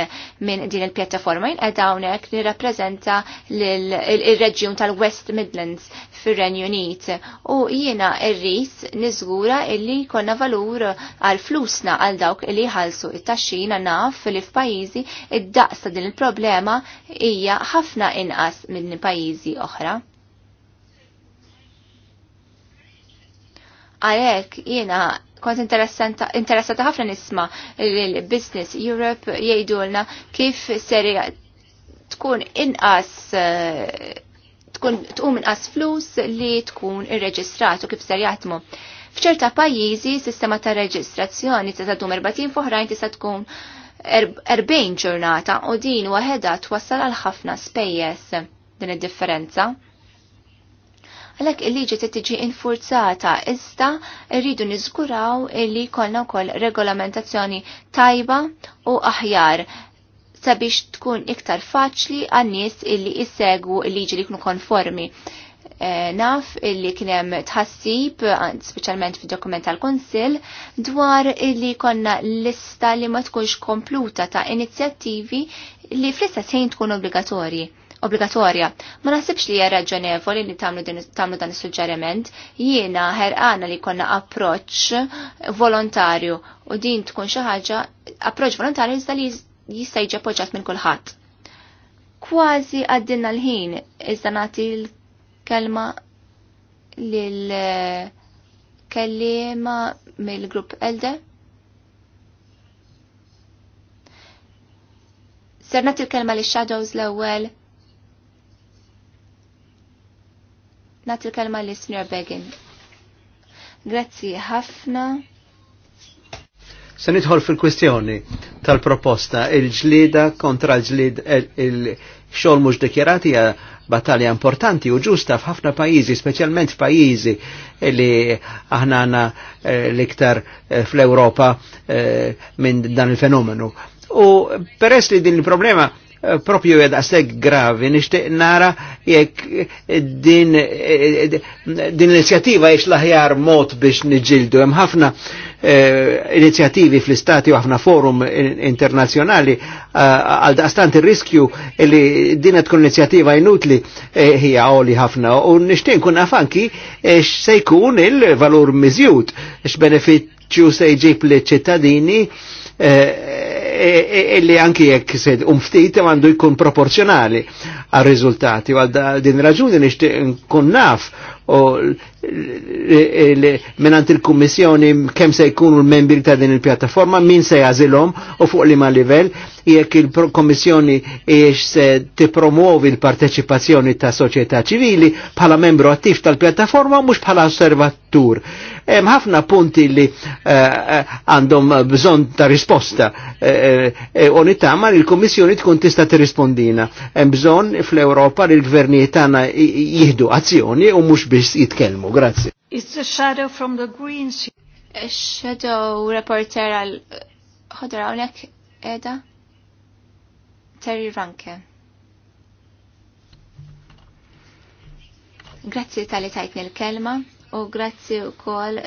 minn din il-pjattaforma jinqed hawnhekk li rappreżenta l reġjun tal-West Midlands fir-Renju Unit u jiena rris niżgura illi konna valur għal flusna għal dawk li ħalsu it-taxxina naf li f'pajjiżi id-daqs ta' din il-problema hija ħafna inqas minn pajjiżi oħra. għalek jiena kont interessata ħafna nisma l-Business Europe jgħidulna kif seri tkun inqas eh, tkun tqum inqas flus li tkun irreġistrat u kif ser jatmu. F'ċerta pajjiżi sistema ta' reġistrazzjoni tista' tkun 40 f'oħrajn tista' tkun 40 ġurnata u din waħedha twassal għal ħafna spejjeż din id-differenza. Għalhekk il-liġi t tiġi infurzata iżda rridu niżguraw li jkollna wkoll regolamentazzjoni tajba u aħjar sabiex tkun iktar faċli għan-nies illi jissegu il-liġi li jkunu konformi eh, naf illi kienem tħassib, specialment fi dokument tal-Konsil, dwar illi konna lista li ma tkunx kompluta ta' inizjattivi li fl-istess tkun obbligatorji obbligatorja. Ma nasibx li hija raġonevoli li tagħmlu dan is-suġġeriment, jiena ħerqana li konna approċċ volontarju u din tkun xi ħaġa approċċ volontarju iżda li jista' jiġi appoġġjat minn kulħadd. Kważi għaddinna l-ħin iżda nagħti l-kelma lil eh, kellima mill-grupp Elde. Ser nagħti l-kelma li shadows l-ewwel Nagħti l-kelma li Sr. Begin. Grazzi ħafna.
Se nidħol fil-kwistjoni tal-proposta il-ġlida kontra l-ġlid il-xol mhux dikjerati battalja importanti u ġusta f'ħafna pajjiżi, speċjalment pajizi li aħna eh, l-iktar eh, fl-Ewropa eh, minn dan il-fenomenu. U peress li din il-problema Eh, propju jeda seg gravi, nishtiq nara jekk eh, din, eh, din l-inizjativa jiex laħjar mot biex nġildu. Hemm ħafna eh, inizjativi fl-istati u ħafna forum internazjonali għal daqstant il-riskju li din tkun inizjativa inutli hija għoli ħafna u nishtiq nkun għafanki se jkun il-valur miżjud x benefit se jġib li ċittadini eh, e illi anki jekk sed umftit għandu jkun proporzjonali għal riżultati u għal din raġuni nixtieq nkun naf u menant il-Kummissjoni kemm se jkunu l-membri ta' din il-pjattaforma, min se jażilhom u fuq li ma' livell jekk il-Kommissjoni jiex se tipromuovi l-parteċipazzjoni ta' soċjetà ċivili bħala membru attiv tal-pjattaforma mhux bħala osservatur. Hemm ħafna punti li eh, eh, għandhom bżonn ta' risposta u eh, nittama li l-Kummissjoni tkun tista' tirrispondina. Hemm bżonn fl-Ewropa li l-gvernijiet tagħna jieħdu azzjoni u mhux biss jitkellmu. Grazzi.
It's a shadow from the Greens. Shadow reporter għal ħodra hawnhekk qiegħda. Terry Ranke. Grazzi tal-li tajtni l-kelma u grazzi u kol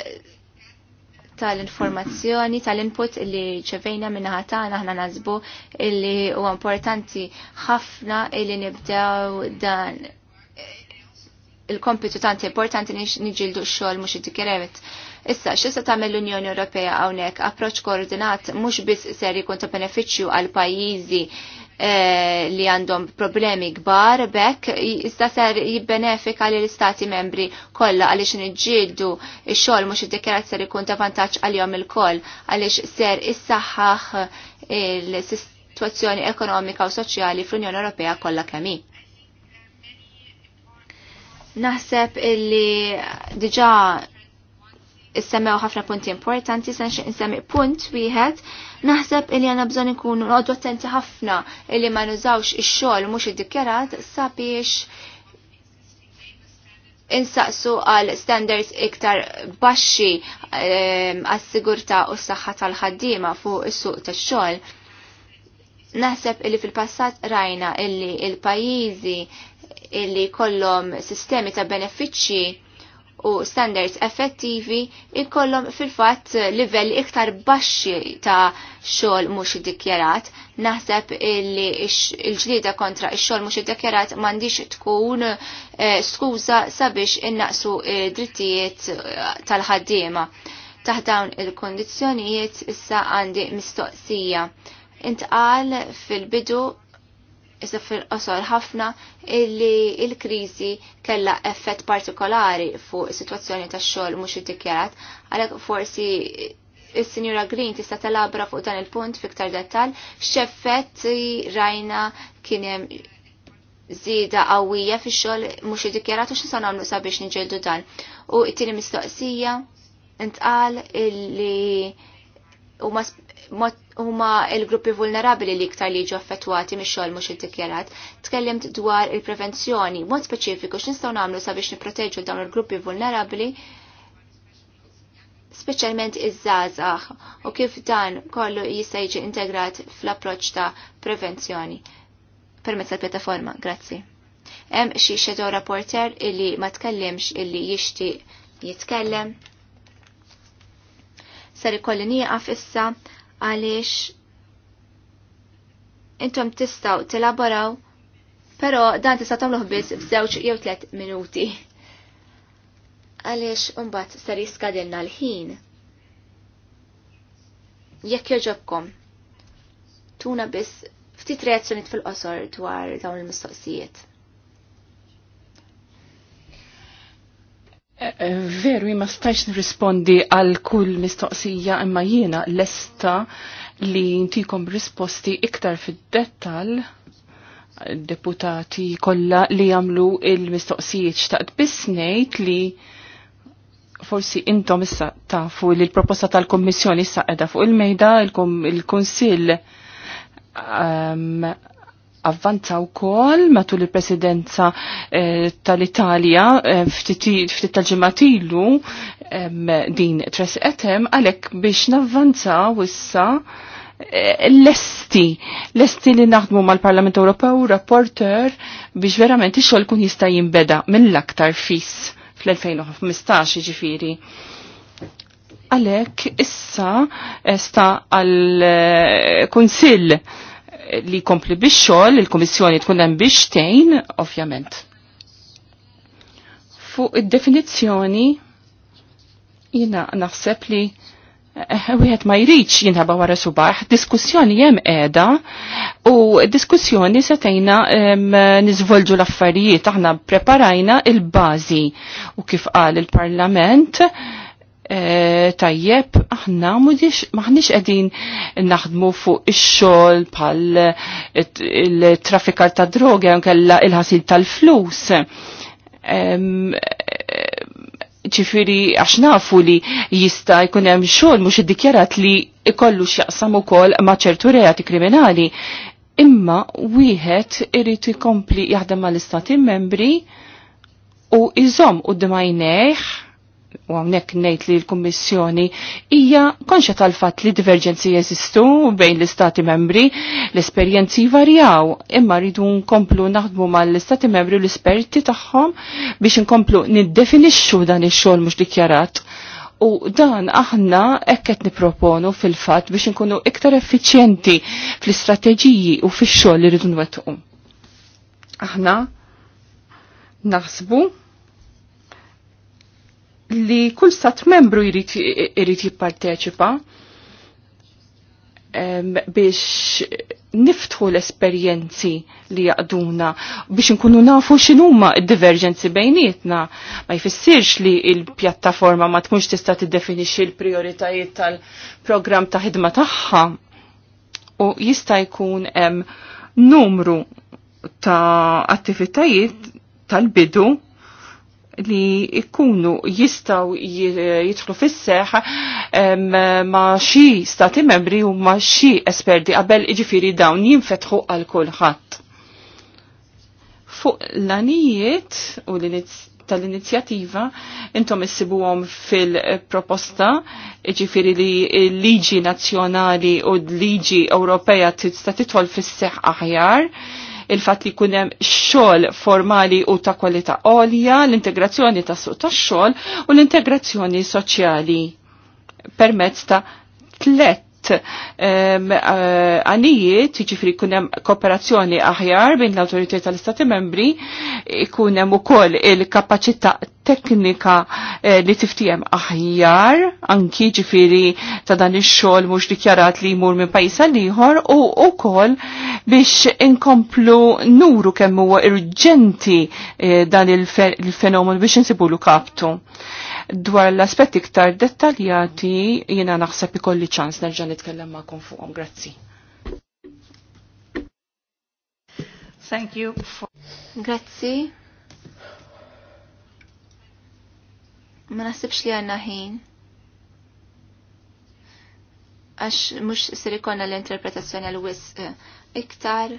tal-informazzjoni, tal-input li ċevejna minna ħatana ħna nazbu li u importanti ħafna li nibdew dan il-kompitu tant importanti niġildu xogħol mhux dikirevet Issa, x'issa tagħmel l-Unjoni Ewropea hawnhekk approċċ koordinat mhux biss ser jkun ta' benefiċċju għal pajjiżi Eh, li għandhom problemi kbar bekk jista' ser jibbenefika li l-istati membri kollha għaliex niġġieldu x-xogħol mhux id dikjarazzjoni jkun ta' vantaġġ għalihom ilkoll għaliex ser issaħħaħ il-sitwazzjoni ekonomika u soċjali fl-Unjoni Ewropea kollha kemm Naħseb illi diġà issemmew ħafna punti importanti, sen insemmi punt wieħed, naħseb illi għanna bżon ikunu għoddu attenti ħafna illi ma nużawx ix-xogħol mhux iddikjarat sabiex insaqsu għal standards iktar baxxi ehm, għas-sigurta u s-saħħa tal-ħaddiema fuq is-suq tax-xogħol. Naħseb illi fil-passat rajna illi il-pajjiżi illi kollhom sistemi ta' benefiċċji u standards effettivi ikollhom fil-fatt livelli iktar baxxi ta' xogħol mhux iddikjarat. Naħseb li l-ġlieda kontra x-xogħol mhux iddikjarat m'għandix tkun eh, skuża sabiex innaqsu drittijiet eh, tal-ħaddiema. Taħt dawn il-kondizzjonijiet issa għandi mistoqsija. Intqal fil-bidu issa fil-qosor ħafna illi il-krizi kella effett partikolari fuq is-sitwazzjoni tax-xogħol mhux iddikjarat, għalhekk forsi is-Sinjura Green tista' telabra fuq dan il-punt fiktar dettall x'effett rajna kien hemm żieda qawwija fix-xogħol mhux iddikjarat u x'nisa nagħmlu sabiex niġġeldu dan. U t-tieni mistoqsija intqal illi huma il-gruppi vulnerabili li iktar liġu affettwati mix xogħol mhux iddikjarat. Tkellimt dwar il-prevenzjoni, mod speċifiku x'nistgħu nagħmlu sabiex nipproteġu dawn il-gruppi vulnerabbli speċjalment iż-żgħażagħ u kif dan kollu jista' jiġi integrat fl-approċċ ta' prevenzjoni permezz tal-pjattaforma. Grazzi. Hemm xi shadow rapporter illi ma tkellimx illi jixtieq jitkellem ser ikolli nieqaf issa għaliex intom tistaw tilaboraw, pero dan tista' tagħmluh biss f'żewġ jew tliet minuti. Għaliex imbagħad ser jiskadilna l-ħin. Jekk joġobkom, tuna biss ftit reazzjoniet fil-qosor dwar
dawn il-mistoqsijiet. Eh, eh, veru, ma stajx nirrispondi għal kull mistoqsija imma jiena lesta li ntikom risposti iktar fid-dettal deputati kollha li jagħmlu il-mistoqsijiet xtaqt biss ngħid li forsi intom issa tafu li l-proposta tal-Kommissjoni issa qiegħda fuq il-mejda il-Kunsill ehm, avvanzaw kol matul il-presidenza eh, tal-Italja eh, ftit tal-ġematilu eh, din tres etem għalek biex navvanzaw issa eh, l-esti, l-esti li naħdmu mal-Parlament Ewropew, rapporter, biex verament ix kun jista' jinbeda mill-aktar fis fl-2015 ġifiri. Għalek issa sta għal-Kunsill eh, li kompli biex xogħol il-Kummissjoni tkun hemm biex tejn, ovvjament. Fuq id-definizzjoni jina naħseb li eh, wieħed ma jridx jinħaba wara subaħ, diskussjoni hemm qiegħda u diskussjoni setejna niżvolġu l-affarijiet aħna preparajna il-bażi u kif qal il-Parlament Eh, tajjeb, aħna maħnix qegħdin naħdmu fuq ix-xogħol bħal il-traffikar ta' droga kella il-ħasil tal-flus. Ċifiri għax nafu li jista' jkun hemm xogħol mhux iddikjarat li ikollu x'jaqsam ukoll ma' ċertu reati kriminali. Imma wieħed irid ikompli jaħdem mal-istati membri u iżom u d u għamnek nejt li l-Kommissjoni hija konxa tal-fat li divergenzi jeżistu bejn l-Istati membri, l-esperjenzi varjaw, imma rridu nkomplu naħdmu mal-Istati membri u l-esperti tagħhom biex nkomplu niddefinixxu dan ix-xogħol mhux dikjarat. U dan aħna ekket niproponu fil-fat biex nkunu iktar effiċjenti fl-istrateġiji u fix-xogħol li rridu nwettqu. Aħna naħsbu li kull stat membru jrid jipparteċipa biex niftħu l-esperjenzi li jaqduna biex nkunu nafu x'inhuma d-divergenzi bejnietna. Ma jfissirx li l-pjattaforma ma tkunx tista' tiddefinixxi l-prijoritajiet tal-programm ta' ħidma tagħha. U jista' jkun hemm numru ta' attivitajiet tal-bidu li ikkunu jistaw jidħlu fis ma xi stati membri u ma xi esperti qabel iġifiri dawn jinfetħu għal kulħadd. Fuq l-anijiet u l tal-inizjativa intom issibuhom fil-proposta ġifiri li l-liġi nazjonali u l-liġi Ewropea tista' titħol fis-seħ aħjar il-fat li kunem xol formali u ta' kwalità olja, l-integrazzjoni ta' suq ta' xol u l-integrazzjoni soċjali permezz ta' tlet eh, għanijiet, um, uh, ġifri kunem kooperazzjoni aħjar bejn l-autoritet tal-Istati membri, kunem u koll il-kapacità teknika eh, li tiftijem aħjar, anki ġifiri ta' dan ix-xogħol mhux dikjarat li jmur minn pajsa għal ieħor u wkoll biex inkomplu nuru kemm huwa urġenti eh, dan il-fenomen biex insibulu kaptu. Dwar l-aspetti iktar dettaljati jiena naħseb ikolli ċans nerġa' nitkellem ma'kom fuqhom. Grazzi. Thank you for... Grazzi
ma nasibx li għanna ħin. Għax mux sir ikonna l-interpretazzjoni għal-wis eh, iktar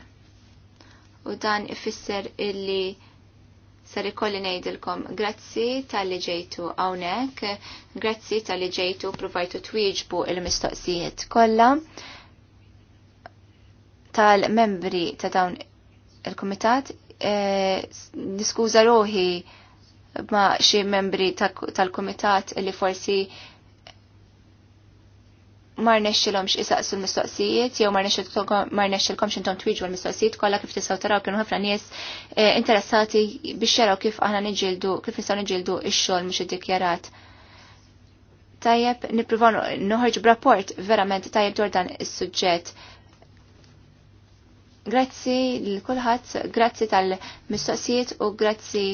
u dan ifisser illi ser ikolli ngħidilkom grazzi tal-li ġejtu hawnhekk, grazzi tal-li ġejtu provajtu twieġbu il-mistoqsijiet kollha tal-membri ta' dawn il-kumitat. E, niskuża ruħi ma' xi membri tal-kumitat li forsi mar nexxilhomx isaqsu l-mistoqsijiet jew mar nexxilkomx intom twiġu l-mistoqsijiet kollha kif tistgħu taraw kienu ħafna nies eh, interessati biex jaraw kif aħna niġġieldu kif nistgħu niġġieldu x-xogħol mhux iddikjarat. Tajjeb nippruvaw noħorġ b'rapport verament tajjeb dwar dan is-suġġett. Grazzi l kulħadd, grazzi tal-mistoqsijiet u grazzi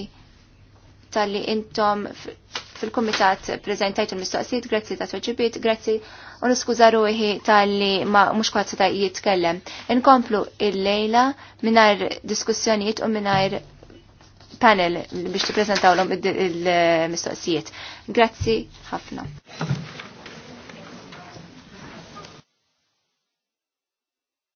tal-li intom fil-komitat prezentajtu l-mistoqsijiet, grazzi ta' tweġibiet, grazzi u niskuża ruħi tal-li ma mhux kwatt ta' jitkellem. Inkomplu il-lejla mingħajr diskussjonijiet u mingħajr panel biex tippreżentawlhom il-mistoqsijiet.
Grazzi ħafna.